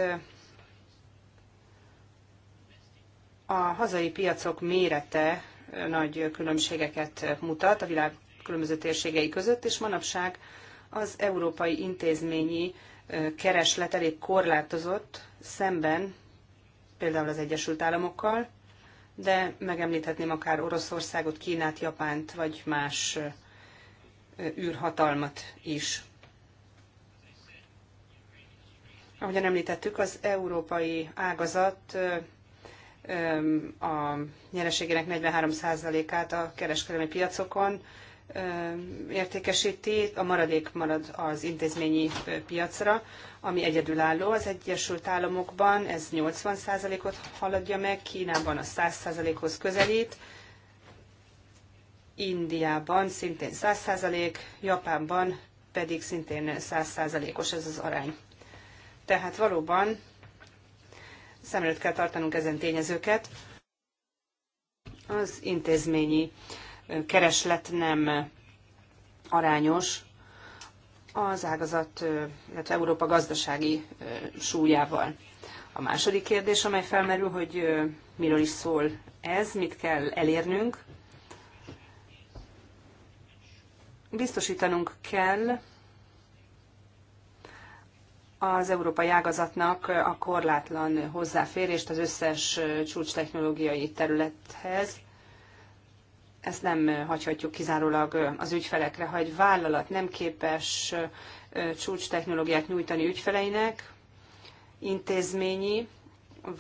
a hazai piacok mérete nagy különbségeket mutat a világ különböző térségei között, és manapság az európai intézményi kereslet elég korlátozott szemben például az Egyesült Államokkal, de megemlíthetném akár Oroszországot, Kínát, Japánt vagy más űrhatalmat is. Ahogyan említettük, az európai ágazat a nyereségének 43%-át a kereskedelmi piacokon értékesíti, a maradék marad az intézményi piacra, ami egyedülálló az Egyesült Államokban, ez 80%-ot haladja meg, Kínában a 100%-hoz közelít, Indiában szintén 100%, Japánban pedig szintén 100%-os ez az arány. Tehát valóban szem előtt kell tartanunk ezen tényezőket. Az intézményi kereslet nem arányos az ágazat, illetve Európa gazdasági súlyával. A második kérdés, amely felmerül, hogy miről is szól ez, mit kell elérnünk. Biztosítanunk kell, az európai ágazatnak a korlátlan hozzáférést az összes csúcstechnológiai területhez. Ezt nem hagyhatjuk kizárólag az ügyfelekre. Ha egy vállalat nem képes csúcstechnológiát nyújtani ügyfeleinek, intézményi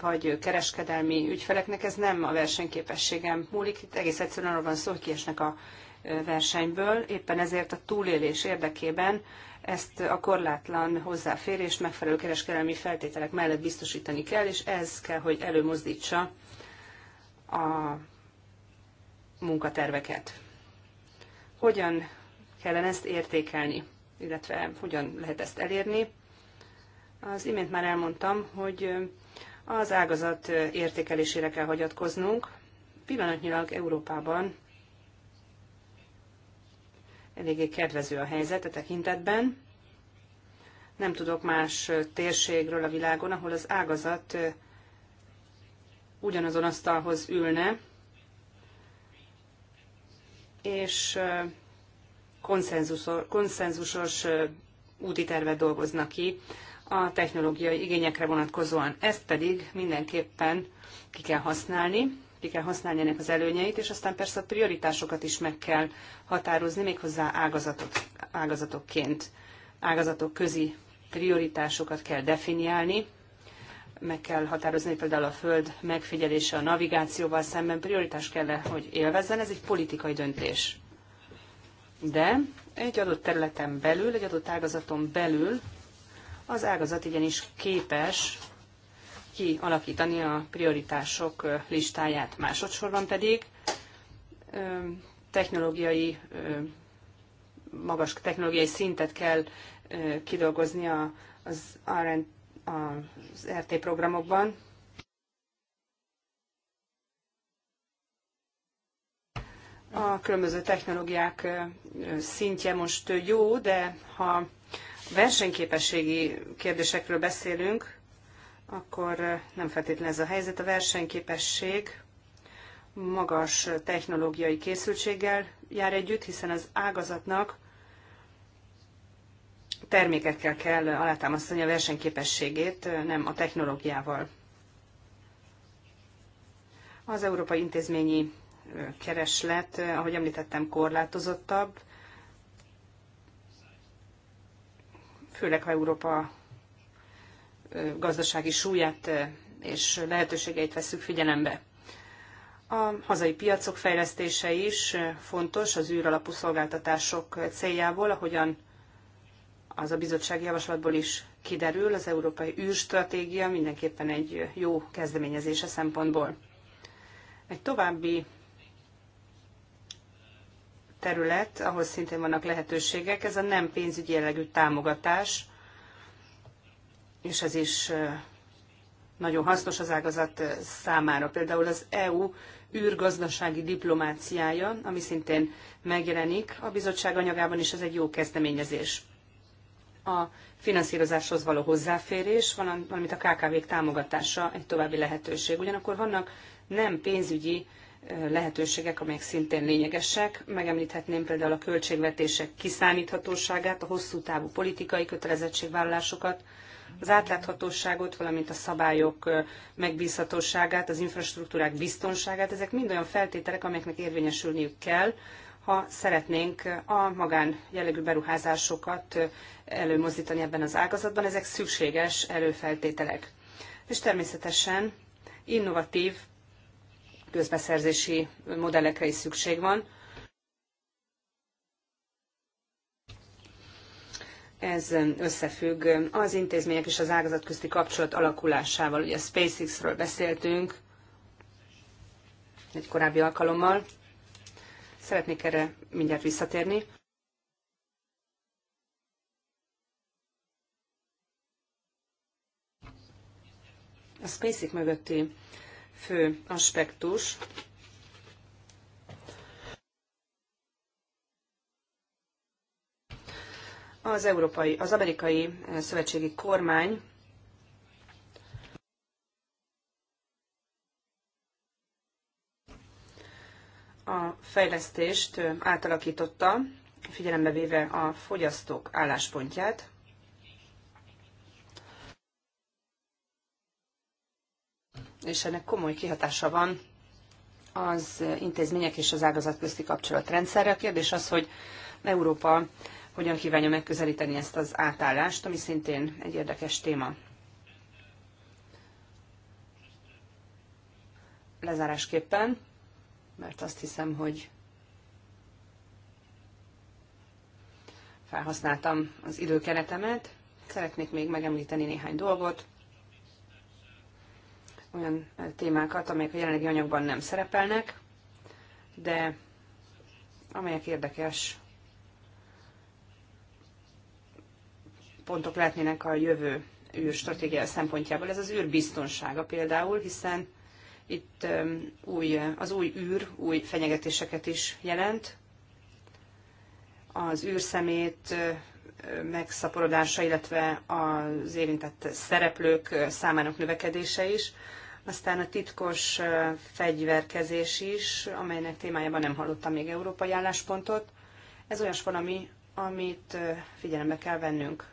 vagy kereskedelmi ügyfeleknek, ez nem a versenyképességem múlik. Itt egész egyszerűen arról van szó, hogy kiesnek a versenyből. Éppen ezért a túlélés érdekében ezt a korlátlan hozzáférést megfelelő kereskedelmi feltételek mellett biztosítani kell, és ez kell, hogy előmozdítsa a munkaterveket. Hogyan kellene ezt értékelni, illetve hogyan lehet ezt elérni? Az imént már elmondtam, hogy az ágazat értékelésére kell hagyatkoznunk. Pillanatnyilag Európában eléggé kedvező a helyzet a tekintetben. Nem tudok más térségről a világon, ahol az ágazat ugyanazon asztalhoz ülne, és konszenzusos úti tervet dolgoznak ki a technológiai igényekre vonatkozóan. Ezt pedig mindenképpen ki kell használni, ki kell használni ennek az előnyeit, és aztán persze a prioritásokat is meg kell határozni, méghozzá ágazatok, ágazatokként, ágazatok közi prioritásokat kell definiálni, meg kell határozni, például a föld megfigyelése a navigációval szemben prioritás kell -e, hogy élvezzen, ez egy politikai döntés. De egy adott területen belül, egy adott ágazaton belül az ágazat igenis képes kialakítani a prioritások listáját. Másodszorban pedig technológiai, magas technológiai szintet kell kidolgozni az, az RT programokban, a különböző technológiák szintje most jó, de ha versenyképességi kérdésekről beszélünk, akkor eh, nem feltétlenül ez a helyzet. A versenyképesség magas technológiai készültséggel jár együtt, hiszen az ágazatnak termékekkel kell alátámasztani a versenyképességét, eh, nem a technológiával. Az európai intézményi eh, kereslet, ahogy említettem, korlátozottabb, főleg ha Európa gazdasági súlyát és lehetőségeit vesszük figyelembe. A hazai piacok fejlesztése is fontos az űralapú szolgáltatások céljából, ahogyan az a bizottsági javaslatból is kiderül, az Európai űrstratégia mindenképpen egy jó kezdeményezése szempontból. Egy további terület, ahol szintén vannak lehetőségek, ez a nem pénzügyi jellegű támogatás, és ez is nagyon hasznos az ágazat számára. Például az EU űrgazdasági diplomáciája, ami szintén megjelenik a bizottság anyagában, és ez egy jó kezdeményezés. A finanszírozáshoz való hozzáférés, valamint a KKV-k támogatása egy további lehetőség. Ugyanakkor vannak nem pénzügyi lehetőségek, amelyek szintén lényegesek. Megemlíthetném például a költségvetések kiszámíthatóságát, a hosszú távú politikai kötelezettségvállalásokat, az átláthatóságot, valamint a szabályok megbízhatóságát, az infrastruktúrák biztonságát, ezek mind olyan feltételek, amelyeknek érvényesülniük kell, ha szeretnénk a magán jellegű beruházásokat előmozdítani ebben az ágazatban, ezek szükséges előfeltételek. És természetesen innovatív közbeszerzési modellekre is szükség van, ez um, összefügg um, az intézmények és az ágazat közti kapcsolat alakulásával. Ugye a SpaceX-ről beszéltünk egy korábbi alkalommal. Szeretnék erre mindjárt visszatérni. A SpaceX mögötti fő aspektus Az, európai, az amerikai eh, szövetségi kormány a fejlesztést eh, átalakította, figyelembe véve a fogyasztók álláspontját. És ennek komoly kihatása van az intézmények és az ágazat közti kapcsolatrendszerre. A kérdés az, hogy Európa hogyan kívánja megközelíteni ezt az átállást, ami szintén egy érdekes téma. Lezárásképpen, mert azt hiszem, hogy felhasználtam az időkeretemet, szeretnék még megemlíteni néhány dolgot, olyan témákat, amelyek a jelenlegi anyagban nem szerepelnek, de amelyek érdekes pontok lehetnének a jövő űrstratégia szempontjából. Ez az űrbiztonsága például, hiszen itt új, az új űr új fenyegetéseket is jelent. Az űrszemét megszaporodása, illetve az érintett szereplők számának növekedése is. Aztán a titkos fegyverkezés is, amelynek témájában nem hallottam még európai álláspontot. Ez olyas valami, amit figyelembe kell vennünk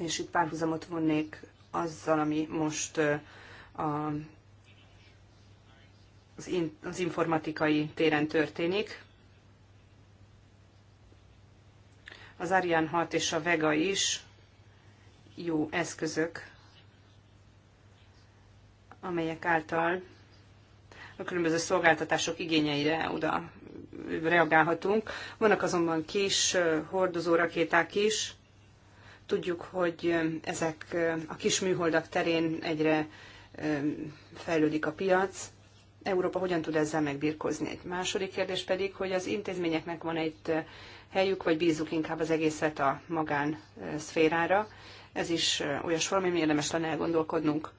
és itt párhuzamot vonnék azzal, ami most a, az, in, az informatikai téren történik. Az Ariane 6 és a Vega is jó eszközök, amelyek által a különböző szolgáltatások igényeire oda reagálhatunk. Vannak azonban kis hordozórakéták is, Tudjuk, hogy ezek a kis műholdak terén egyre fejlődik a piac. Európa hogyan tud ezzel megbírkozni? Egy második kérdés pedig, hogy az intézményeknek van egy helyük, vagy bízzuk inkább az egészet a magán szférára. Ez is olyas ami érdemes lenne elgondolkodnunk.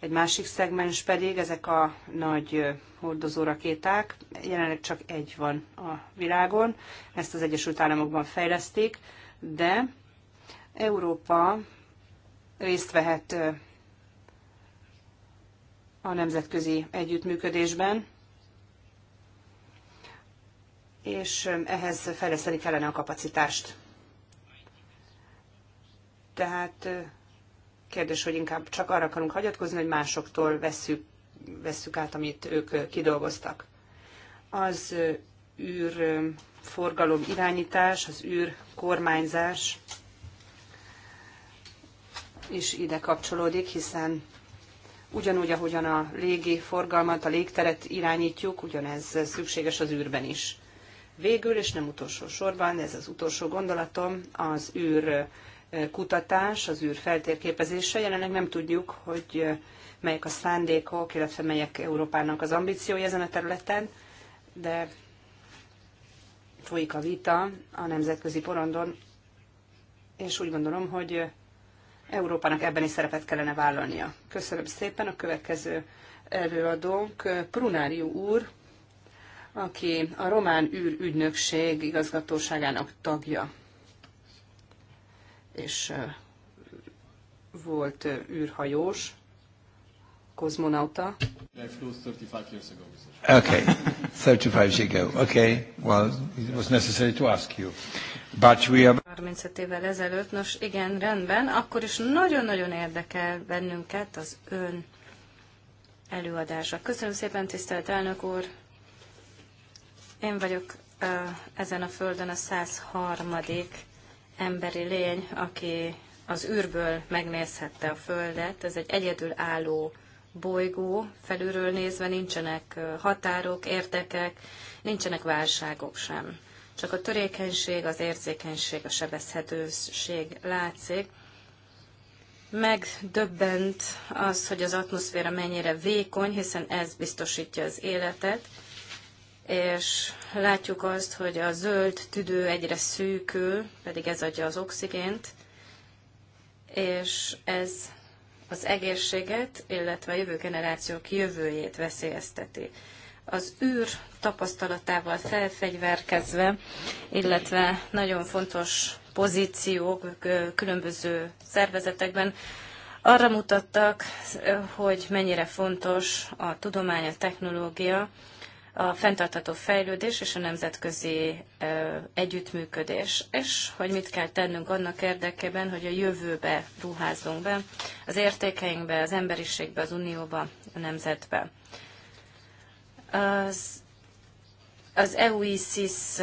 Egy másik szegmens pedig ezek a nagy hordozórakéták. Jelenleg csak egy van a világon, ezt az Egyesült Államokban fejleszték, de Európa részt vehet a nemzetközi együttműködésben, és ehhez fejleszteni kellene a kapacitást. Tehát kérdés, hogy inkább csak arra akarunk hagyatkozni, hogy másoktól vesszük, vesszük át, amit ők kidolgoztak. Az űrforgalom irányítás, az űr kormányzás is ide kapcsolódik, hiszen ugyanúgy, ahogyan a légi forgalmat, a légteret irányítjuk, ugyanez szükséges az űrben is. Végül, és nem utolsó sorban, ez az utolsó gondolatom, az űr eh, kutatás, az űr feltérképezése. Jelenleg nem tudjuk, hogy eh, melyek a szándékok, illetve melyek Európának az ambíciói ezen a területen, de folyik a vita a nemzetközi porondon, és úgy gondolom, hogy eh, Európának ebben is szerepet kellene vállalnia. Köszönöm szépen. A következő előadónk Prunáriu úr, aki a Román űrügynökség igazgatóságának tagja, és volt űrhajós, kozmonauta. Okay, 35 years ago. Okay, well, it was necessary to ask you. But we are... 35 évvel ezelőtt. Nos, igen, rendben. Akkor is nagyon-nagyon érdekel bennünket az ön előadása. Köszönöm szépen, tisztelt elnök úr. Én vagyok ezen a földön a 103. emberi lény, aki az űrből megnézhette a Földet. Ez egy álló bolygó, felülről nézve nincsenek határok, értekek, nincsenek válságok sem csak a törékenység, az érzékenység, a sebezhetőség látszik. Megdöbbent az, hogy az atmoszféra mennyire vékony, hiszen ez biztosítja az életet, és látjuk azt, hogy a zöld tüdő egyre szűkül, pedig ez adja az oxigént, és ez az egészséget, illetve a jövő generációk jövőjét veszélyezteti az űr tapasztalatával felfegyverkezve, illetve nagyon fontos pozíciók különböző szervezetekben arra mutattak, hogy mennyire fontos a tudomány, a technológia, a fenntartható fejlődés és a nemzetközi együttműködés, és hogy mit kell tennünk annak érdekében, hogy a jövőbe ruházzunk be, az értékeinkbe, az emberiségbe, az unióba, a nemzetbe. Az, az EUISIS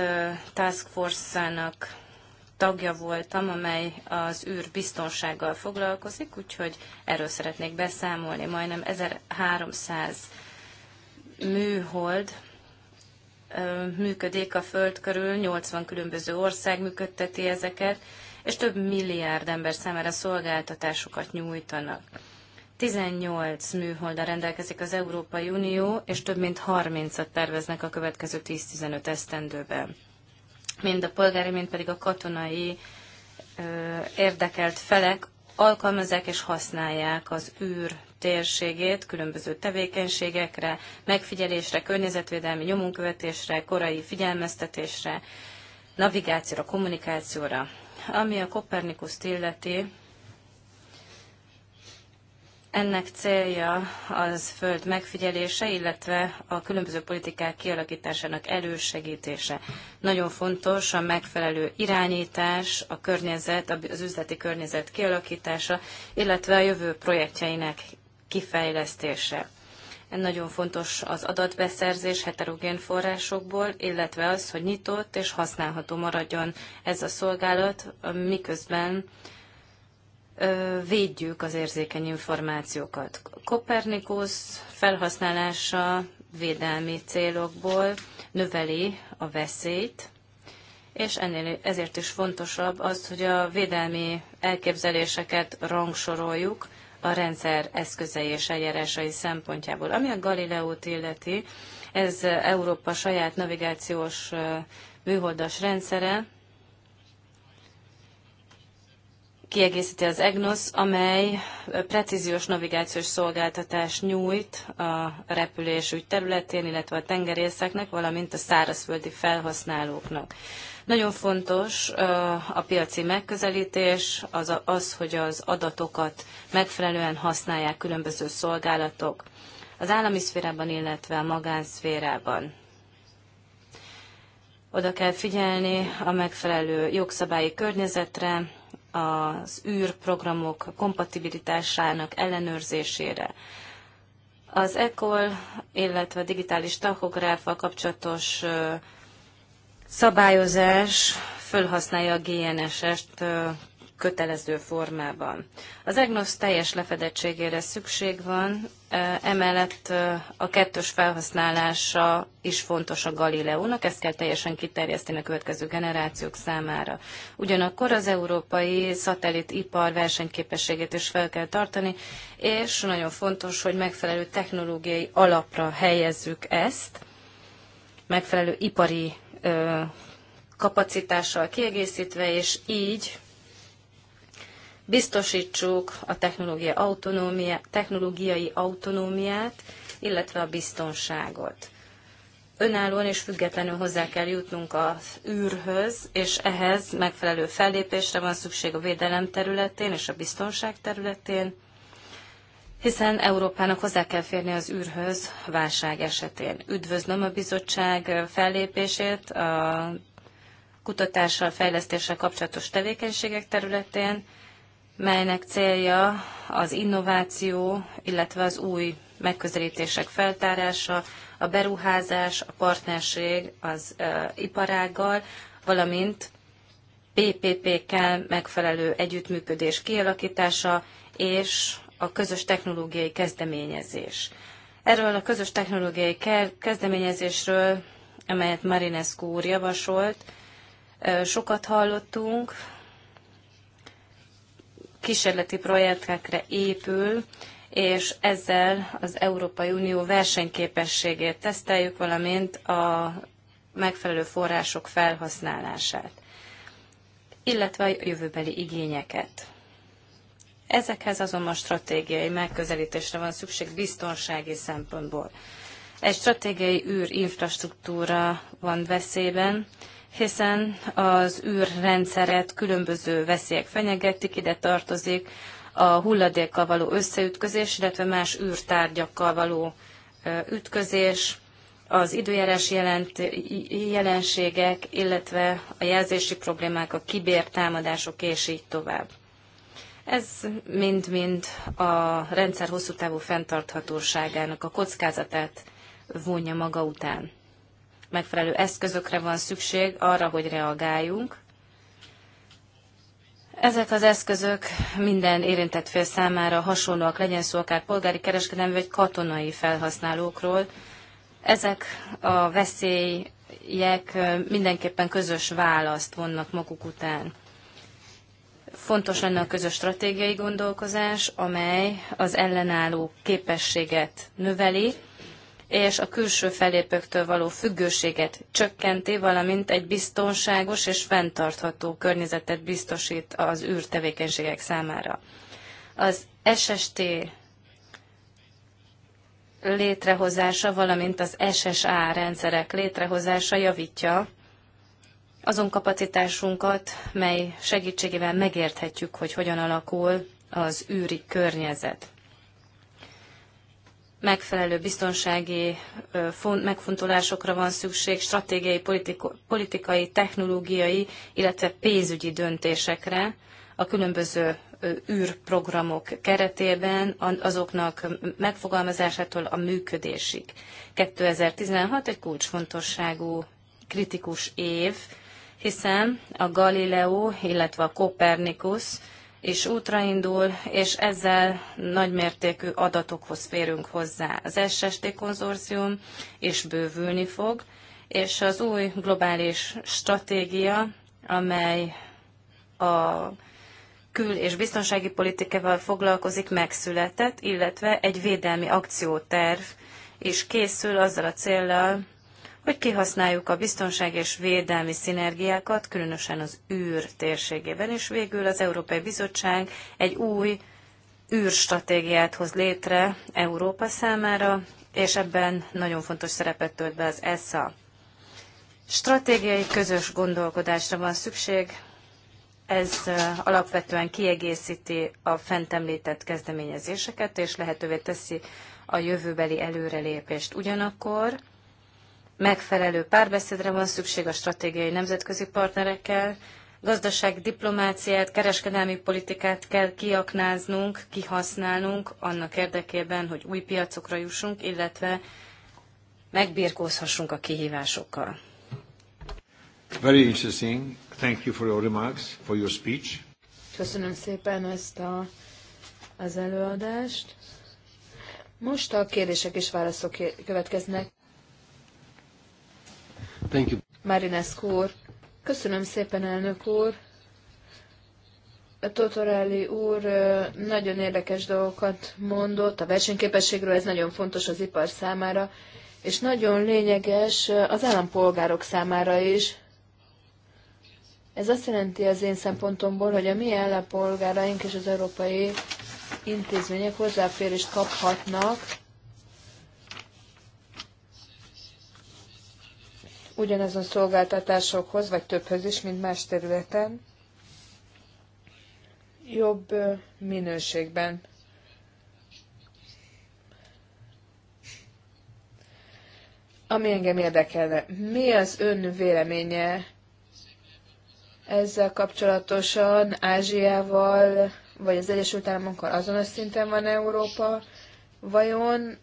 Task Force-ának tagja voltam, amely az űr biztonsággal foglalkozik, úgyhogy erről szeretnék beszámolni. Majdnem 1300 műhold működik a Föld körül, 80 különböző ország működteti ezeket, és több milliárd ember számára szolgáltatásokat nyújtanak. 18 műholda rendelkezik az Európai Unió, és több mint 30-at terveznek a következő 10-15 esztendőben. Mind a polgári, mind pedig a katonai ö, érdekelt felek alkalmazzák és használják az űr térségét különböző tevékenységekre, megfigyelésre, környezetvédelmi nyomonkövetésre, korai figyelmeztetésre, navigációra, kommunikációra. Ami a Kopernikus illeti, ennek célja az föld megfigyelése, illetve a különböző politikák kialakításának elősegítése. Nagyon fontos a megfelelő irányítás, a környezet, az üzleti környezet kialakítása, illetve a jövő projektjeinek kifejlesztése. Nagyon fontos az adatbeszerzés heterogén forrásokból, illetve az, hogy nyitott és használható maradjon ez a szolgálat, miközben védjük az érzékeny információkat. Kopernikus felhasználása védelmi célokból növeli a veszélyt, és ennél ezért is fontosabb az, hogy a védelmi elképzeléseket rangsoroljuk a rendszer eszközei és eljárásai szempontjából. Ami a Galileót illeti, ez Európa saját navigációs műholdas rendszere, kiegészíti az EGNOS, amely precíziós navigációs szolgáltatás nyújt a repülés ügy területén, illetve a tengerészeknek, valamint a szárazföldi felhasználóknak. Nagyon fontos a piaci megközelítés, az, az, hogy az adatokat megfelelően használják különböző szolgálatok az állami szférában, illetve a magánszférában. Oda kell figyelni a megfelelő jogszabályi környezetre, az űrprogramok kompatibilitásának ellenőrzésére. Az ECOL, illetve a digitális tachográfa kapcsolatos szabályozás fölhasználja a GNSS-t kötelező formában. Az EGNOSZ teljes lefedettségére szükség van, e, emellett e, a kettős felhasználása is fontos a Galileónak, ezt kell teljesen kiterjeszteni a következő generációk számára. Ugyanakkor az európai szatellitipar versenyképességét is fel kell tartani, és nagyon fontos, hogy megfelelő technológiai alapra helyezzük ezt, megfelelő ipari kapacitással kiegészítve, és így biztosítsuk a technológia autonómia, technológiai autonómiát, illetve a biztonságot. Önállóan és függetlenül hozzá kell jutnunk az űrhöz, és ehhez megfelelő fellépésre van szükség a védelem területén és a biztonság területén, hiszen Európának hozzá kell férni az űrhöz válság esetén. Üdvözlöm a bizottság fellépését a kutatással, fejlesztéssel kapcsolatos tevékenységek területén, melynek célja az innováció, illetve az új megközelítések feltárása, a beruházás, a partnerség az iparággal, valamint PPP-kkel megfelelő együttműködés kialakítása és a közös technológiai kezdeményezés. Erről a közös technológiai kezdeményezésről, amelyet Marinescu úr javasolt, sokat hallottunk, kísérleti projektekre épül, és ezzel az Európai Unió versenyképességét teszteljük, valamint a megfelelő források felhasználását, illetve a jövőbeli igényeket. Ezekhez azonban stratégiai megközelítésre van szükség biztonsági szempontból. Egy stratégiai űrinfrastruktúra van veszélyben, hiszen az űrrendszeret különböző veszélyek fenyegetik, ide tartozik a hulladékkal való összeütközés, illetve más űrtárgyakkal való ütközés, az időjárás jelent, jelenségek, illetve a jelzési problémák, a kibértámadások és így tovább. Ez mind-mind a rendszer hosszú távú fenntarthatóságának a kockázatát vonja maga után megfelelő eszközökre van szükség arra, hogy reagáljunk. Ezek az eszközök minden érintett fél számára hasonlóak, legyen szó akár polgári, kereskedelmi vagy katonai felhasználókról. Ezek a veszélyek mindenképpen közös választ vonnak maguk után. Fontos lenne a közös stratégiai gondolkozás, amely az ellenálló képességet növeli, és a külső felépőktől való függőséget csökkenti, valamint egy biztonságos és fenntartható környezetet biztosít az űrtevékenységek számára. Az SST létrehozása, valamint az SSA rendszerek létrehozása javítja azon kapacitásunkat, mely segítségével megérthetjük, hogy hogyan alakul az űri környezet megfelelő biztonsági megfontolásokra van szükség, stratégiai, politikai, technológiai, illetve pénzügyi döntésekre a különböző űrprogramok keretében azoknak megfogalmazásától a működésig. 2016 egy kulcsfontosságú kritikus év, hiszen a Galileo, illetve a Copernicus is útra indul, és ezzel nagymértékű adatokhoz férünk hozzá. Az SST konzorcium is bővülni fog, és az új globális stratégia, amely a kül- és biztonsági politikával foglalkozik, megszületett, illetve egy védelmi akcióterv is készül azzal a céllal, hogy kihasználjuk a biztonság és védelmi szinergiákat, különösen az űr térségében, és végül az Európai Bizottság egy új űrstratégiát hoz létre Európa számára, és ebben nagyon fontos szerepet tölt be az ESA. Stratégiai közös gondolkodásra van szükség, ez alapvetően kiegészíti a fent említett kezdeményezéseket, és lehetővé teszi a jövőbeli előrelépést. Ugyanakkor megfelelő párbeszédre van szükség a stratégiai nemzetközi partnerekkel, gazdaság diplomáciát, kereskedelmi politikát kell kiaknáznunk, kihasználnunk annak érdekében, hogy új piacokra jussunk, illetve megbírkózhassunk a kihívásokkal. Very interesting. Thank you for your remarks, for your speech. Köszönöm szépen ezt a, az előadást. Most a kérdések és válaszok következnek. Thank you. Marinescu úr. Köszönöm szépen, elnök úr. Totorelli úr nagyon érdekes dolgokat mondott a versenyképességről, ez nagyon fontos az ipar számára, és nagyon lényeges az állampolgárok számára is. Ez azt jelenti az én szempontomból, hogy a mi állampolgáraink és az európai intézmények hozzáférést kaphatnak ugyanazon szolgáltatásokhoz, vagy többhöz is, mint más területen, jobb minőségben. Ami engem érdekelne, mi az ön véleménye ezzel kapcsolatosan Ázsiával, vagy az Egyesült Államokkal azonos szinten van Európa? Vajon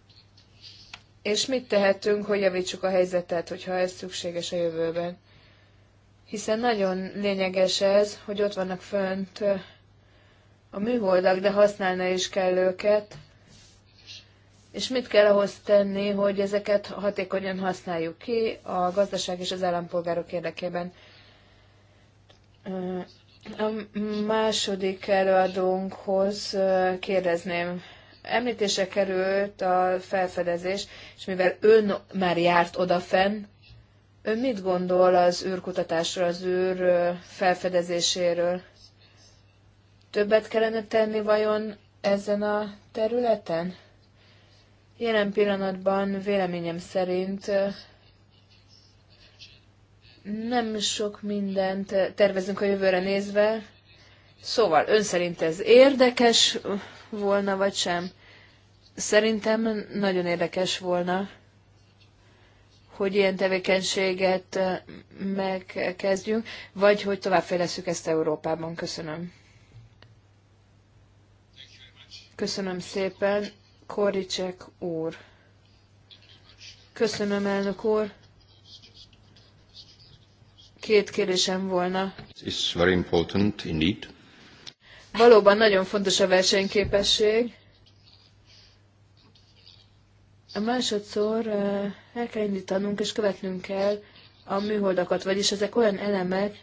és mit tehetünk, hogy javítsuk a helyzetet, hogyha ez szükséges a jövőben? Hiszen nagyon lényeges ez, hogy ott vannak fönt a műholdak, de használna is kell őket. És mit kell ahhoz tenni, hogy ezeket hatékonyan használjuk ki a gazdaság és az állampolgárok érdekében? A második előadónkhoz kérdezném Említése került a felfedezés, és mivel ön már járt odafenn, ön mit gondol az űrkutatásról, az űr felfedezéséről? Többet kellene tenni vajon ezen a területen? Jelen pillanatban véleményem szerint nem sok mindent tervezünk a jövőre nézve. Szóval ön szerint ez érdekes volna, vagy sem? Szerintem nagyon érdekes volna, hogy ilyen tevékenységet eh, megkezdjünk, vagy hogy továbbfejleszünk ezt Európában. Köszönöm. Köszönöm szépen, Koricsek úr. Köszönöm, elnök úr. Két kérdésem volna. It's very important indeed. Valóban nagyon fontos a versenyképesség. Másodszor el kell indítanunk és követnünk kell a műholdakat, vagyis ezek olyan elemek,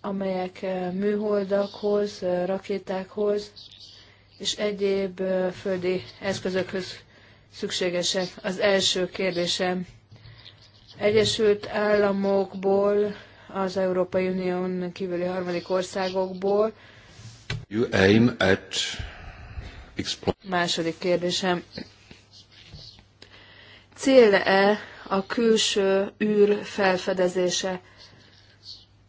amelyek műholdakhoz, rakétákhoz és egyéb földi eszközökhöz szükségesek. Az első kérdésem. Egyesült Államokból, az Európai Unión kívüli harmadik országokból. You aim at Második kérdésem cél-e a külső űr felfedezése,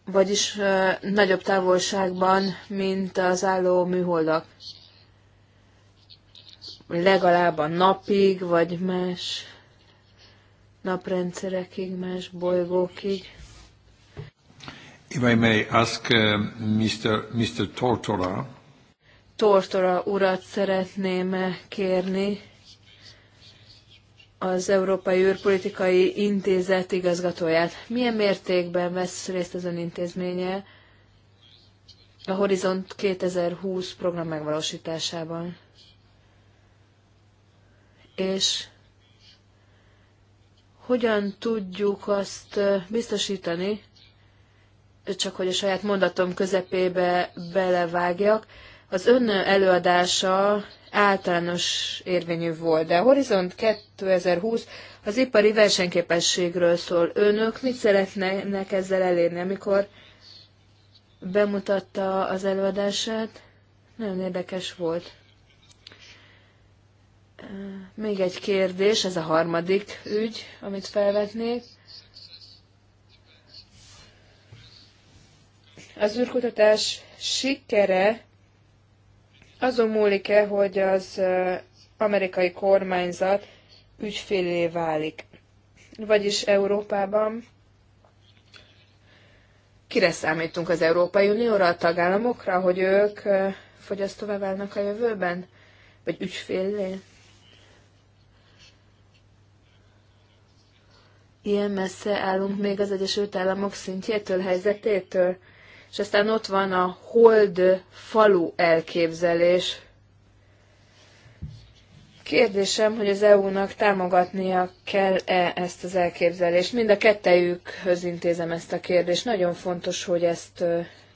vagyis nagyobb távolságban, mint az álló műholdak? Legalább a napig, vagy más naprendszerekig, más bolygókig. If I may ask uh, Mr. Mr. Tortora. Tortora urat szeretném kérni, az Európai űrpolitikai intézet igazgatóját. Milyen mértékben vesz részt az ön intézménye a Horizont 2020 program megvalósításában? És hogyan tudjuk azt biztosítani, csak hogy a saját mondatom közepébe belevágjak, az ön előadása általános érvényű volt. De a Horizont 2020 az ipari versenyképességről szól. Önök mit szeretnének ezzel elérni, amikor bemutatta az előadását? Nagyon érdekes volt. Még egy kérdés, ez a harmadik ügy, amit felvetnék. Az űrkutatás sikere azon múlik-e, hogy az amerikai kormányzat ügyfélé válik. Vagyis Európában kire számítunk az Európai Unióra, a tagállamokra, hogy ők fogyasztóvá válnak a jövőben? Vagy ügyfélé? Ilyen messze állunk még az Egyesült Államok szintjétől, helyzetétől? És aztán ott van a hold falu elképzelés. Kérdésem, hogy az EU-nak támogatnia kell-e ezt az elképzelést. Mind a kettejükhöz intézem ezt a kérdést. Nagyon fontos, hogy ezt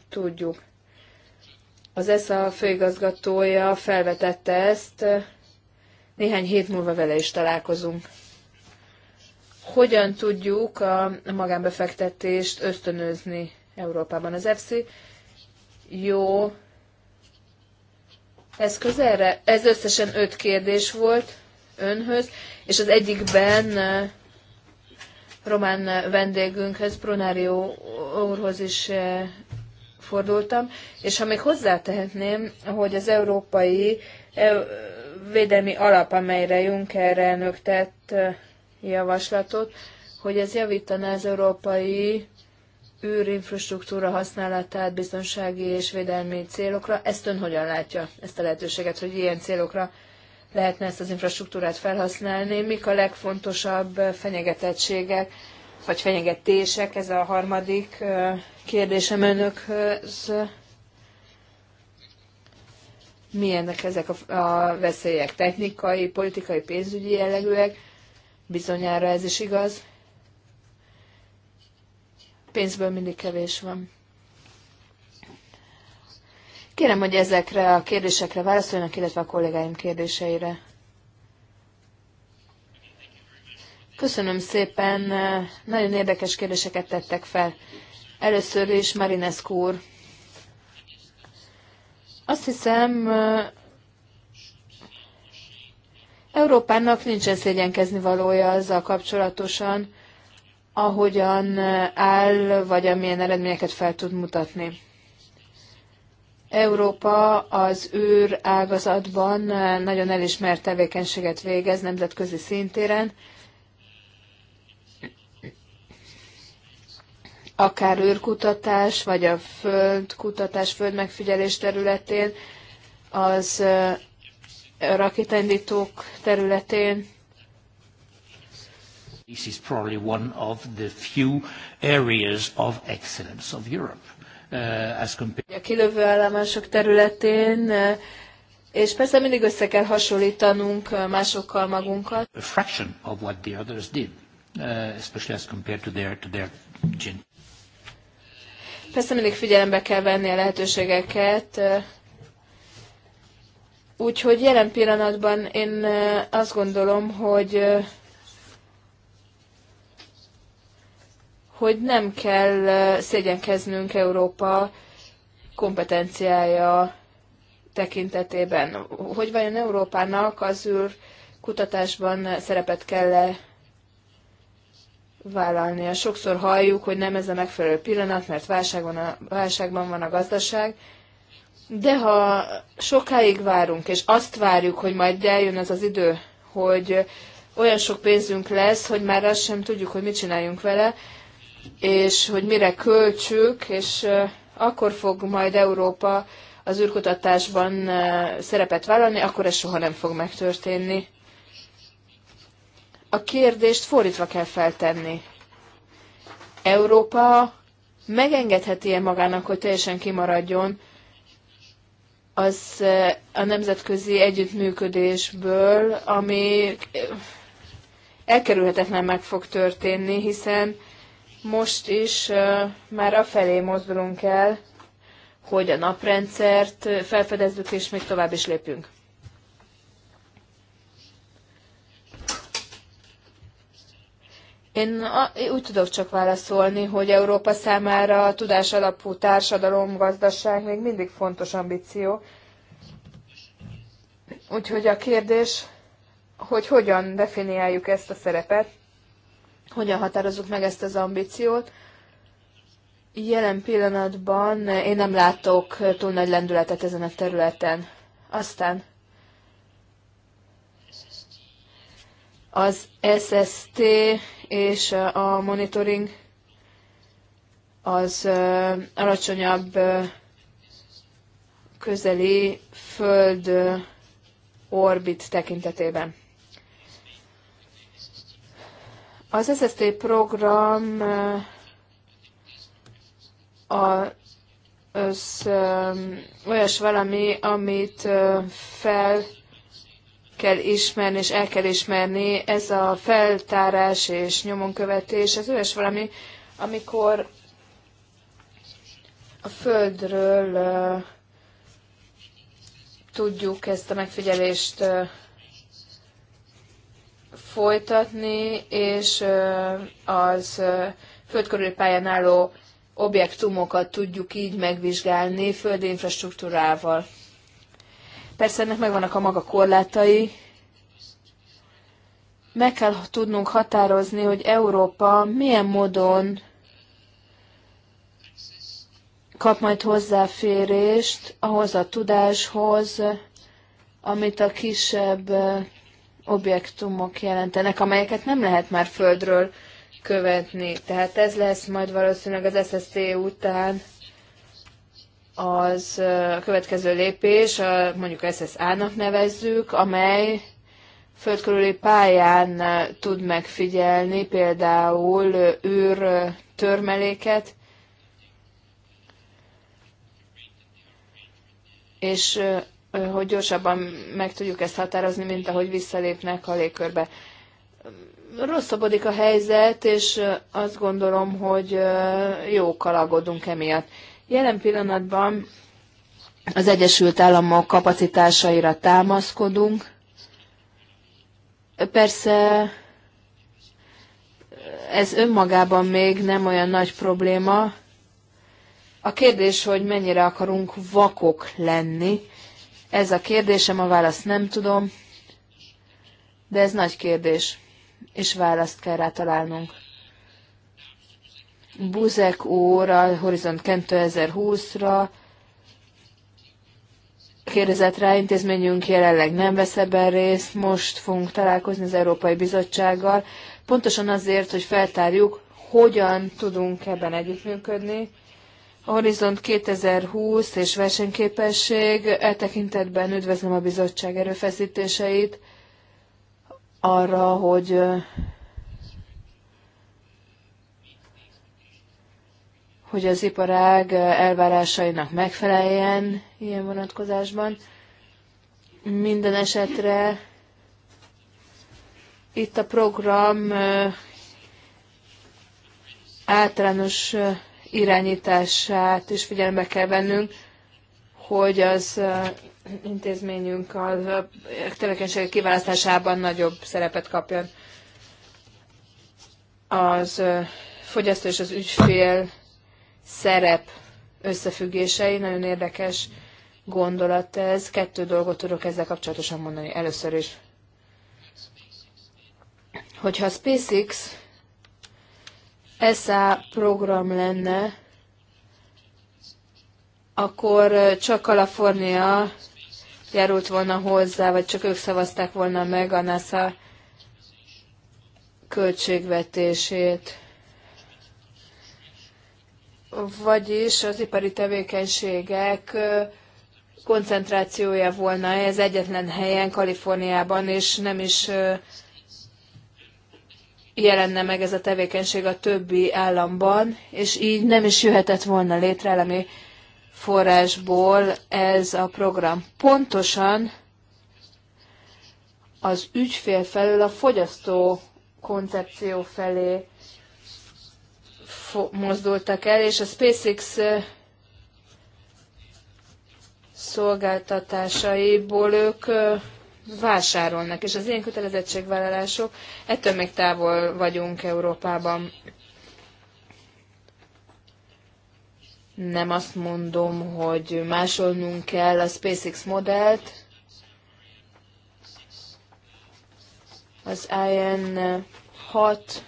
tudjuk. Az ESZA főigazgatója felvetette ezt, néhány hét múlva vele is találkozunk. Hogyan tudjuk a magánbefektetést ösztönözni? Európában. Az FC jó eszköz erre? Ez összesen öt kérdés volt önhöz, és az egyikben eh, román vendégünkhöz, Brunárió úrhoz is eh, fordultam, és ha még hozzátehetném, hogy az európai eh, védelmi alap, amelyre Juncker elnök tett javaslatot, hogy ez javítaná az európai űrinfrastruktúra használatát biztonsági és védelmi célokra. Ezt ön hogyan látja, ezt a lehetőséget, hogy ilyen célokra lehetne ezt az infrastruktúrát felhasználni? Mik a legfontosabb fenyegetettségek, vagy fenyegetések? Ez a harmadik kérdésem önökhöz. Milyenek ezek a, veszélyek? Technikai, politikai, pénzügyi jellegűek? Bizonyára ez is igaz pénzből mindig kevés van. Kérem, hogy ezekre a kérdésekre válaszoljanak, illetve a kollégáim kérdéseire. Köszönöm szépen, nagyon érdekes kérdéseket tettek fel. Először is Marinescu úr. Azt hiszem, Európának nincsen szégyenkezni valója azzal kapcsolatosan, ahogyan áll, vagy amilyen eredményeket fel tud mutatni. Európa az űr ágazatban nagyon elismert tevékenységet végez nemzetközi szintéren, akár űrkutatás, vagy a földkutatás, földmegfigyelés területén, az rakétaindítók területén, This is probably one of the few areas of excellence of Europe. Uh, as compared... A kilövő állomások területén uh, és persze mindig össze kell hasonlítanunk uh, másokkal magunkat. A fraction of what the others did, uh, especially as compared to their, to their gin. Persze mindig figyelembe kell venni a lehetőségeket, uh, úgyhogy jelen pillanatban én azt gondolom, hogy hogy nem kell szégyenkeznünk Európa kompetenciája tekintetében. Hogy vajon Európának az űr kutatásban szerepet kell -e vállalnia? Sokszor halljuk, hogy nem ez a megfelelő pillanat, mert válság van a, válságban van a gazdaság, de ha sokáig várunk, és azt várjuk, hogy majd eljön az az idő, hogy olyan sok pénzünk lesz, hogy már azt sem tudjuk, hogy mit csináljunk vele, és hogy mire költsük, és akkor fog majd Európa az űrkutatásban szerepet vállalni, akkor ez soha nem fog megtörténni. A kérdést fordítva kell feltenni. Európa megengedheti-e magának, hogy teljesen kimaradjon az a nemzetközi együttműködésből, ami elkerülhetetlen meg fog történni, hiszen most is már afelé mozdulunk el, hogy a naprendszert felfedezzük, és még tovább is lépjünk. Én úgy tudok csak válaszolni, hogy Európa számára a tudás alapú társadalom, gazdaság még mindig fontos ambíció. Úgyhogy a kérdés, hogy hogyan definiáljuk ezt a szerepet, hogyan határozzuk meg ezt az ambíciót? Jelen pillanatban én nem látok túl nagy lendületet ezen a területen. Aztán az SST és a monitoring az alacsonyabb közeli föld orbit tekintetében. Az SST program eh, az eh, olyas valami, amit eh, fel kell ismerni, és el kell ismerni. Ez a feltárás és nyomonkövetés, ez olyas valami, amikor a Földről tudjuk ezt a megfigyelést folytatni, és az földkörüli pályán álló objektumokat tudjuk így megvizsgálni földi infrastruktúrával. Persze ennek megvannak a maga korlátai. Meg kell tudnunk határozni, hogy Európa milyen módon kap majd hozzáférést ahhoz a tudáshoz, amit a kisebb objektumok jelentenek, amelyeket nem lehet már földről követni. Tehát ez lesz majd valószínűleg az SSC után az a következő lépés, a, mondjuk SSA-nak nevezzük, amely földkörüli pályán tud megfigyelni például űr törmeléket, és hogy gyorsabban meg tudjuk ezt határozni, mint ahogy visszalépnek a légkörbe. Rosszabbodik a helyzet, és azt gondolom, hogy jók alagodunk emiatt. Jelen pillanatban az Egyesült Államok kapacitásaira támaszkodunk. Persze ez önmagában még nem olyan nagy probléma. A kérdés, hogy mennyire akarunk vakok lenni, ez a kérdésem, a választ nem tudom, de ez nagy kérdés, és választ kell rá találnunk. Buzek úr a Horizont 2020-ra kérdezett rá, intézményünk jelenleg nem vesz ebben részt, most fogunk találkozni az Európai Bizottsággal, pontosan azért, hogy feltárjuk, hogyan tudunk ebben együttműködni, Horizont 2020 és versenyképesség, e tekintetben üdvözlöm a bizottság erőfeszítéseit arra, hogy hogy az iparág elvárásainak megfeleljen ilyen vonatkozásban. Minden esetre itt a program általános irányítását is figyelembe kell vennünk, hogy az intézményünk a tevékenységek kiválasztásában nagyobb szerepet kapjon. Az fogyasztó és az ügyfél szerep összefüggései nagyon érdekes gondolat ez. Kettő dolgot tudok ezzel kapcsolatosan mondani. Először is, hogyha a SpaceX SA program lenne, akkor csak Kalifornia járult volna hozzá, vagy csak ők szavazták volna meg a NASA költségvetését. Vagyis az ipari tevékenységek koncentrációja volna ez egyetlen helyen, Kaliforniában, és nem is jelenne meg ez a tevékenység a többi államban, és így nem is jöhetett volna létre elemi forrásból ez a program. Pontosan az ügyfél felől a fogyasztó koncepció felé mozdultak el, és a SpaceX szolgáltatásaiból ők vásárolnak, és az ilyen kötelezettségvállalások, ettől még távol vagyunk Európában. Nem azt mondom, hogy másolnunk kell a SpaceX modellt, az IN 6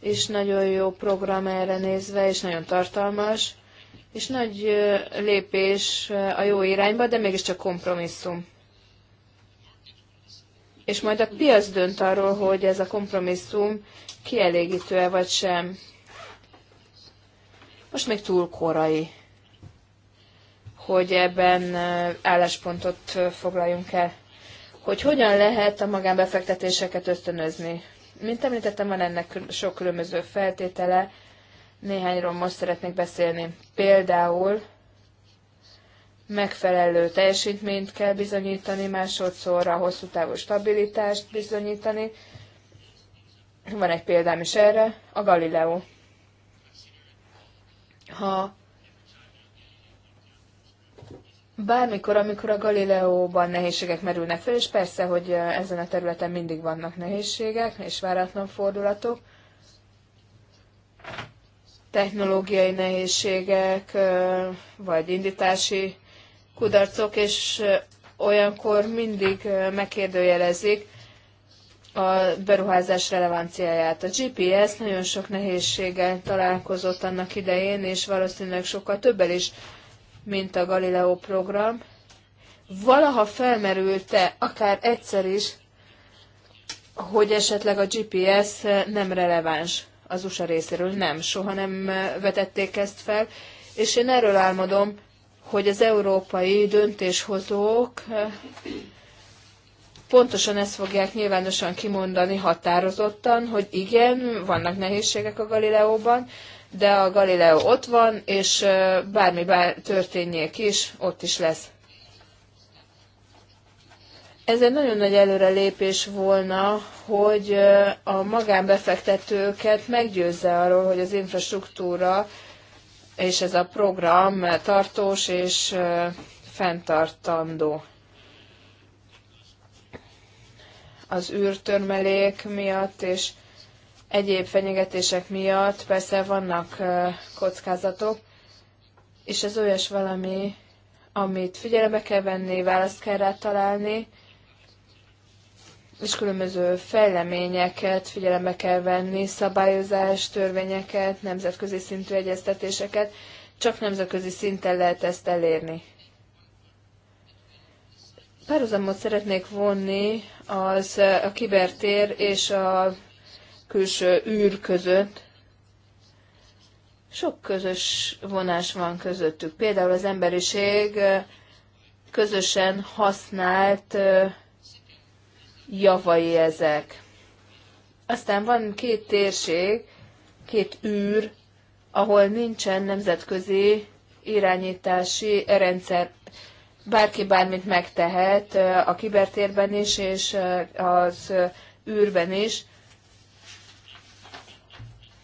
is nagyon jó program erre nézve, és nagyon tartalmas, és nagy lépés a jó irányba, de mégiscsak kompromisszum és majd a piac dönt arról, hogy ez a kompromisszum kielégítő-e vagy sem. Most még túl korai, hogy ebben álláspontot foglaljunk el. Hogy hogyan lehet a magánbefektetéseket ösztönözni? Mint említettem, van ennek sok különböző feltétele, néhányról most szeretnék beszélni. Például megfelelő teljesítményt kell bizonyítani, másodszorra hosszú távú stabilitást bizonyítani. Van egy példám is erre, a Galileo. Ha bármikor, amikor a Galileóban nehézségek merülnek fel, és persze, hogy ezen a területen mindig vannak nehézségek és váratlan fordulatok, technológiai nehézségek, vagy indítási kudarcok, és olyankor mindig megkérdőjelezik a beruházás relevanciáját. A GPS nagyon sok nehézséggel találkozott annak idején, és valószínűleg sokkal többel is, mint a Galileo program. Valaha felmerült-e, akár egyszer is, hogy esetleg a GPS nem releváns az USA részéről? Nem, soha nem vetették ezt fel, és én erről álmodom, hogy az európai döntéshozók eh, pontosan ezt fogják nyilvánosan kimondani határozottan, hogy igen, vannak nehézségek a Galileóban, de a Galileo ott van, és eh, bármi bár történjék is, ott is lesz. Ez egy nagyon nagy előrelépés volna, hogy eh, a magánbefektetőket meggyőzze arról, hogy az infrastruktúra és ez a program tartós és fenntartandó. Az űrtörmelék miatt és egyéb fenyegetések miatt persze vannak kockázatok, és ez olyas valami, amit figyelembe kell venni, választ kell rá találni, és különböző fejleményeket figyelembe kell venni, szabályozást, törvényeket, nemzetközi szintű egyeztetéseket, csak nemzetközi szinten lehet ezt elérni. Párhuzamot szeretnék vonni az a kibertér és a külső űr között. Sok közös vonás van közöttük. Például az emberiség közösen használt javai ezek. Aztán van két térség, két űr, ahol nincsen nemzetközi irányítási rendszer. Bárki bármit megtehet a kibertérben is, és az űrben is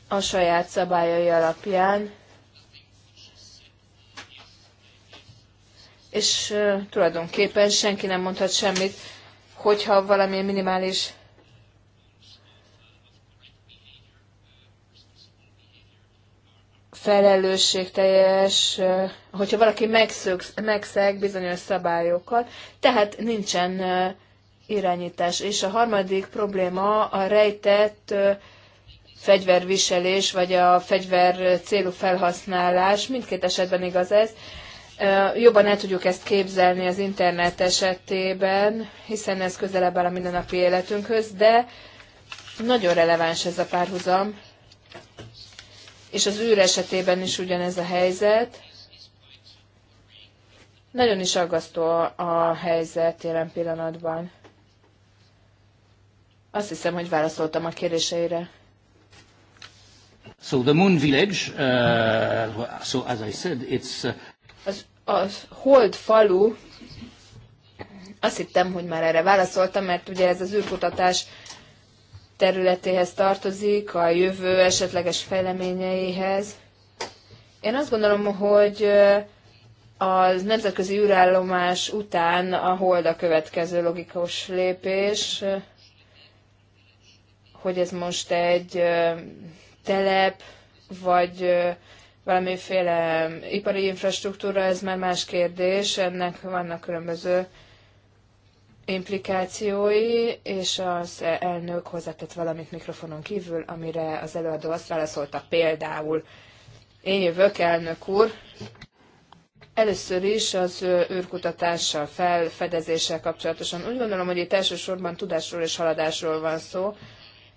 a saját szabályai alapján. És tulajdonképpen senki nem mondhat semmit hogyha valamilyen minimális teljes, eh, hogyha valaki megszög, megszeg bizonyos szabályokat, tehát nincsen eh, irányítás. És a harmadik probléma a rejtett eh, fegyverviselés, vagy a fegyver célú felhasználás, mindkét esetben igaz ez, jobban el tudjuk ezt képzelni az internet esetében, hiszen ez közelebb áll a mindennapi életünkhöz, de nagyon releváns ez a párhuzam, és az űr esetében is ugyanez a helyzet. Nagyon is aggasztó a helyzet jelen pillanatban. Azt hiszem, hogy válaszoltam a kéréseire. So the Moon Village, uh, so as I said, it's uh, a Hold falu, azt hittem, hogy már erre válaszoltam, mert ugye ez az űrkutatás területéhez tartozik, a jövő esetleges fejleményeihez. Én azt gondolom, hogy a nemzetközi űrállomás után a hold a következő logikus lépés, hogy ez most egy telep, vagy valamiféle ipari infrastruktúra, ez már más kérdés, ennek vannak különböző implikációi, és az e, elnök hozzátett valamit mikrofonon kívül, amire az előadó azt válaszolta például. Én jövök, elnök úr. Először is az űrkutatással, felfedezéssel kapcsolatosan. Úgy gondolom, hogy itt elsősorban tudásról és haladásról van szó.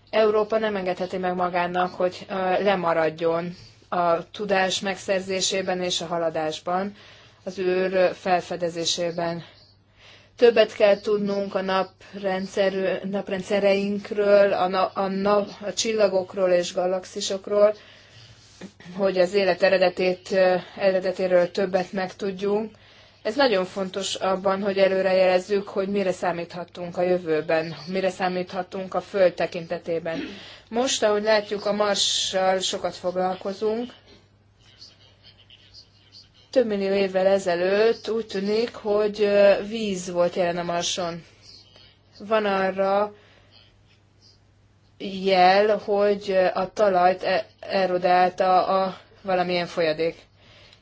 Európa nem engedheti meg magának, hogy lemaradjon a tudás megszerzésében és a haladásban, az űr felfedezésében. Többet kell tudnunk a naprendszer, naprendszereinkről, a, na, a, na, a csillagokról és galaxisokról, hogy az élet eredetét, eredetéről többet megtudjunk, ez nagyon fontos abban, hogy előrejelezzük, hogy mire számíthatunk a jövőben, mire számíthatunk a föld tekintetében. Most, ahogy látjuk, a marssal sokat foglalkozunk. Több millió évvel ezelőtt úgy tűnik, hogy víz volt jelen a marson. Van arra jel, hogy a talajt e- erodálta a valamilyen folyadék.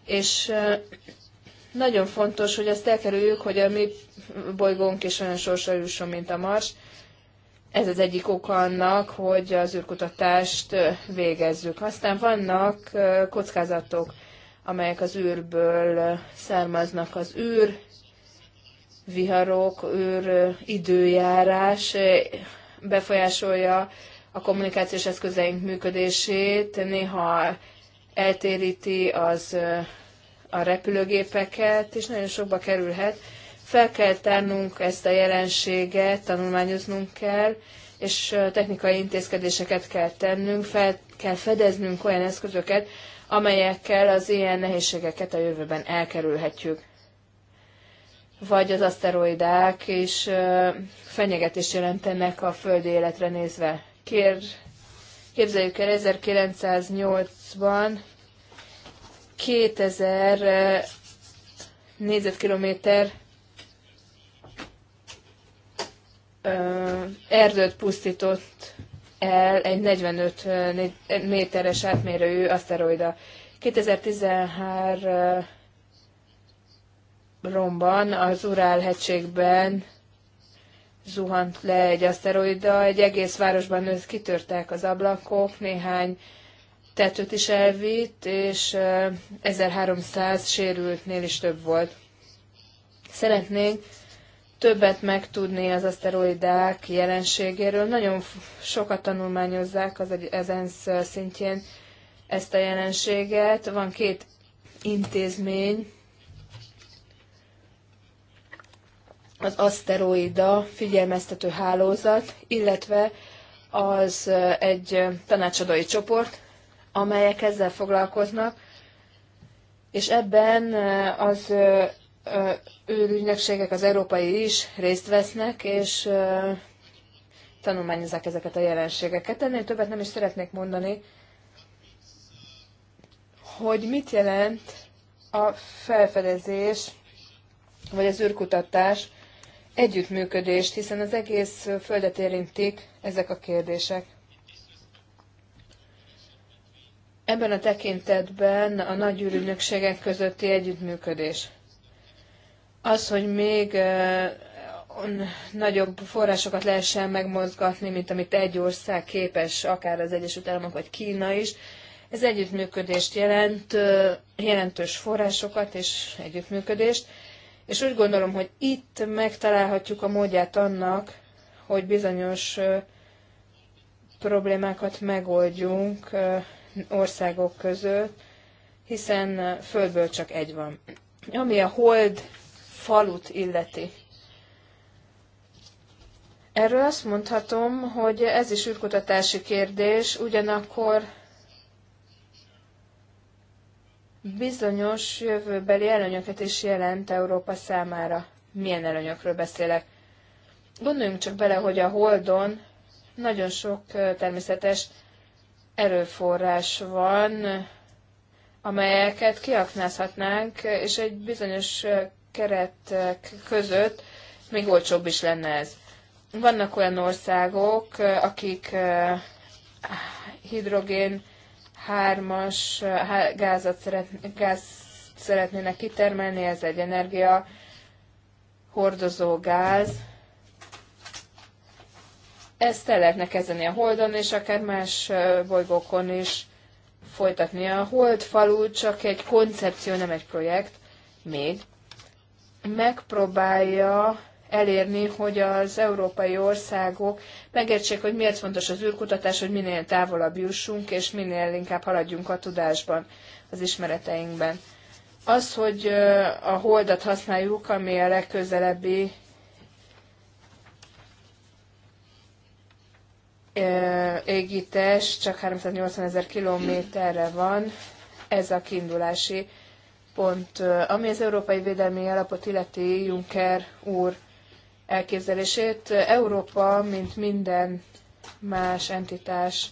És nagyon fontos, hogy azt elkerüljük, hogy a mi bolygónk is olyan sorsra jusson, mint a Mars. Ez az egyik oka annak, hogy az űrkutatást végezzük. Aztán vannak kockázatok, amelyek az űrből származnak. Az űr, viharok, űr, időjárás befolyásolja a kommunikációs eszközeink működését, néha eltéríti az a repülőgépeket, és nagyon sokba kerülhet. Fel kell tennünk ezt a jelenséget, tanulmányoznunk kell, és technikai intézkedéseket kell tennünk, fel kell fedeznünk olyan eszközöket, amelyekkel az ilyen nehézségeket a jövőben elkerülhetjük. Vagy az aszteroidák is fenyegetést jelentenek a földi életre nézve. Kér, képzeljük el 1908-ban 2000 eh, négyzetkilométer eh, erdőt pusztított el egy 45 eh, méteres átmérőjű aszteroida. 2013 romban az Urál hegységben zuhant le egy aszteroida, egy egész városban kitörtek az ablakok, néhány tetőt is elvitt, és 1300 sérültnél is több volt. Szeretnénk többet megtudni az aszteroidák jelenségéről. Nagyon sokat tanulmányozzák az, ENSZ szintjén ezt a jelenséget. Van két intézmény, az aszteroida figyelmeztető hálózat, illetve az egy tanácsadói csoport, amelyek ezzel foglalkoznak, és ebben az őrügynökségek, az európai is részt vesznek, és tanulmányozzák ezeket a jelenségeket. Ennél többet nem is szeretnék mondani, hogy mit jelent a felfedezés, vagy az űrkutatás együttműködést, hiszen az egész földet érintik ezek a kérdések. Ebben a tekintetben a nagy ürünökségek közötti együttműködés. Az, hogy még nagyobb forrásokat lehessen megmozgatni, mint amit egy ország képes, akár az Egyesült Államok vagy Kína is, ez együttműködést jelent, jelentős forrásokat és együttműködést, és úgy gondolom, hogy itt megtalálhatjuk a módját annak, hogy bizonyos problémákat megoldjunk országok között, hiszen földből csak egy van. Ami a hold falut illeti. Erről azt mondhatom, hogy ez is űrkutatási kérdés, ugyanakkor bizonyos jövőbeli előnyöket is jelent Európa számára. Milyen előnyökről beszélek? Gondoljunk csak bele, hogy a Holdon nagyon sok eh, természetes erőforrás van, amelyeket kiaknázhatnánk, és egy bizonyos keretek között még olcsóbb is lenne ez. Vannak olyan országok, akik eh, hidrogén hármas gázat szeret, gáz szeretnének kitermelni, ez egy energia hordozó gáz, ezt el lehetne kezdeni a Holdon, és akár más bolygókon is folytatni. A Hold falu csak egy koncepció, nem egy projekt még. Megpróbálja elérni, hogy az európai országok megértsék, hogy miért fontos az űrkutatás, hogy minél távolabb jussunk, és minél inkább haladjunk a tudásban, az ismereteinkben. Az, hogy a holdat használjuk, ami a legközelebbi égítés csak 380 ezer kilométerre van, ez a kiindulási pont. Ami az Európai Védelmi Alapot illeti Juncker úr elképzelését, Európa, mint minden más entitás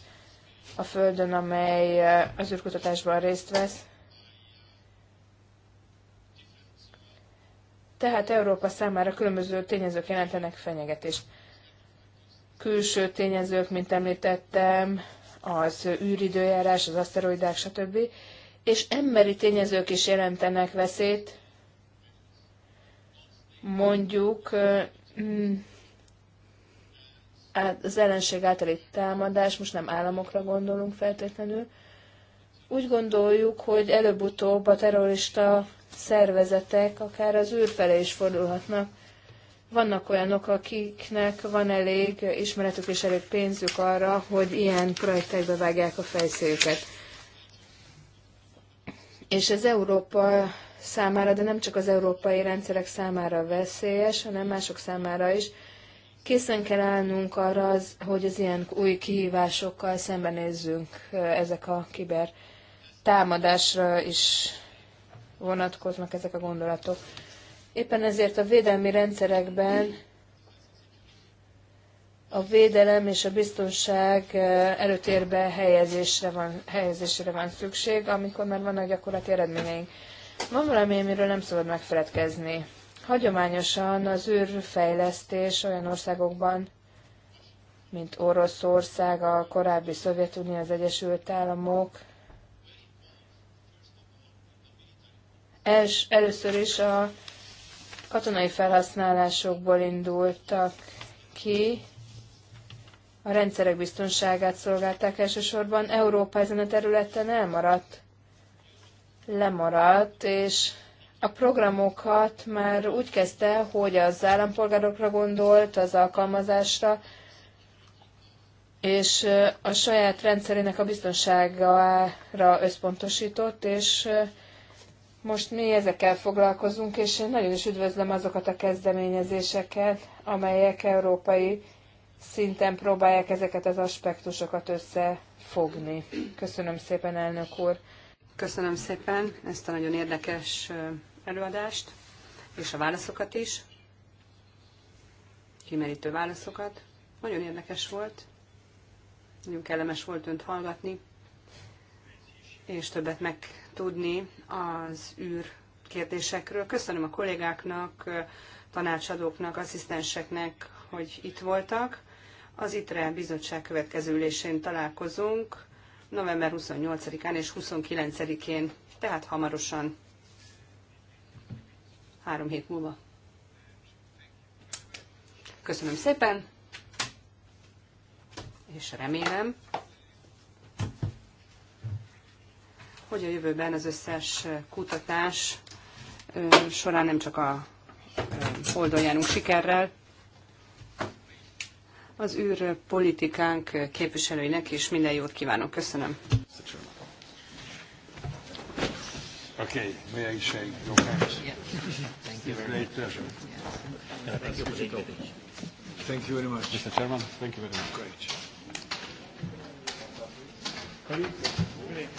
a Földön, amely az űrkutatásban részt vesz, tehát Európa számára különböző tényezők jelentenek fenyegetést külső tényezők, mint említettem, az űridőjárás, az aszteroidák, stb. És emberi tényezők is jelentenek veszélyt, mondjuk mm, az ellenség általi támadás, most nem államokra gondolunk feltétlenül, úgy gondoljuk, hogy előbb-utóbb a terrorista szervezetek akár az űr felé is fordulhatnak. Vannak olyanok, akiknek van elég ismeretük és elég pénzük arra, hogy ilyen projektekbe vágják a fejszélyüket. És ez Európa számára, de nem csak az európai rendszerek számára veszélyes, hanem mások számára is. Készen kell állnunk arra, az, hogy az ilyen új kihívásokkal szembenézzünk ezek a kiber támadásra is vonatkoznak ezek a gondolatok. Éppen ezért a védelmi rendszerekben a védelem és a biztonság eh, előtérbe helyezésre van, helyezésre van szükség, amikor már vannak gyakorlati eredményeink. Van valami, amiről nem szabad megfeledkezni. Hagyományosan az űrfejlesztés olyan országokban, mint Oroszország, a korábbi Szovjetunió, az Egyesült Államok, els, először is a katonai felhasználásokból indultak ki, a rendszerek biztonságát szolgálták elsősorban. Európa ezen a területen elmaradt, lemaradt, és a programokat már úgy kezdte, hogy az állampolgárokra gondolt, az alkalmazásra, és a saját rendszerének a biztonságára összpontosított, és most mi ezekkel foglalkozunk, és én nagyon is üdvözlöm azokat a kezdeményezéseket, amelyek európai szinten próbálják ezeket az aspektusokat összefogni. Köszönöm szépen, elnök úr! Köszönöm szépen ezt a nagyon érdekes előadást, és a válaszokat is, kimerítő válaszokat. Nagyon érdekes volt, nagyon kellemes volt önt hallgatni, és többet meg tudni az űr kérdésekről. Köszönöm a kollégáknak, tanácsadóknak, asszisztenseknek, hogy itt voltak. Az ITRE bizottság következő ülésén találkozunk november 28-án és 29-én, tehát hamarosan, három hét múlva. Köszönöm szépen, és remélem, hogy a jövőben az összes kutatás során nem csak a Holdon járunk sikerrel, az politikánk képviselőinek is minden jót kívánok. Köszönöm. Okay, may I your hands? Yeah. Thank you very great pleasure. Thank you Thank you very much. Mr. Chairman, thank you very much. Great.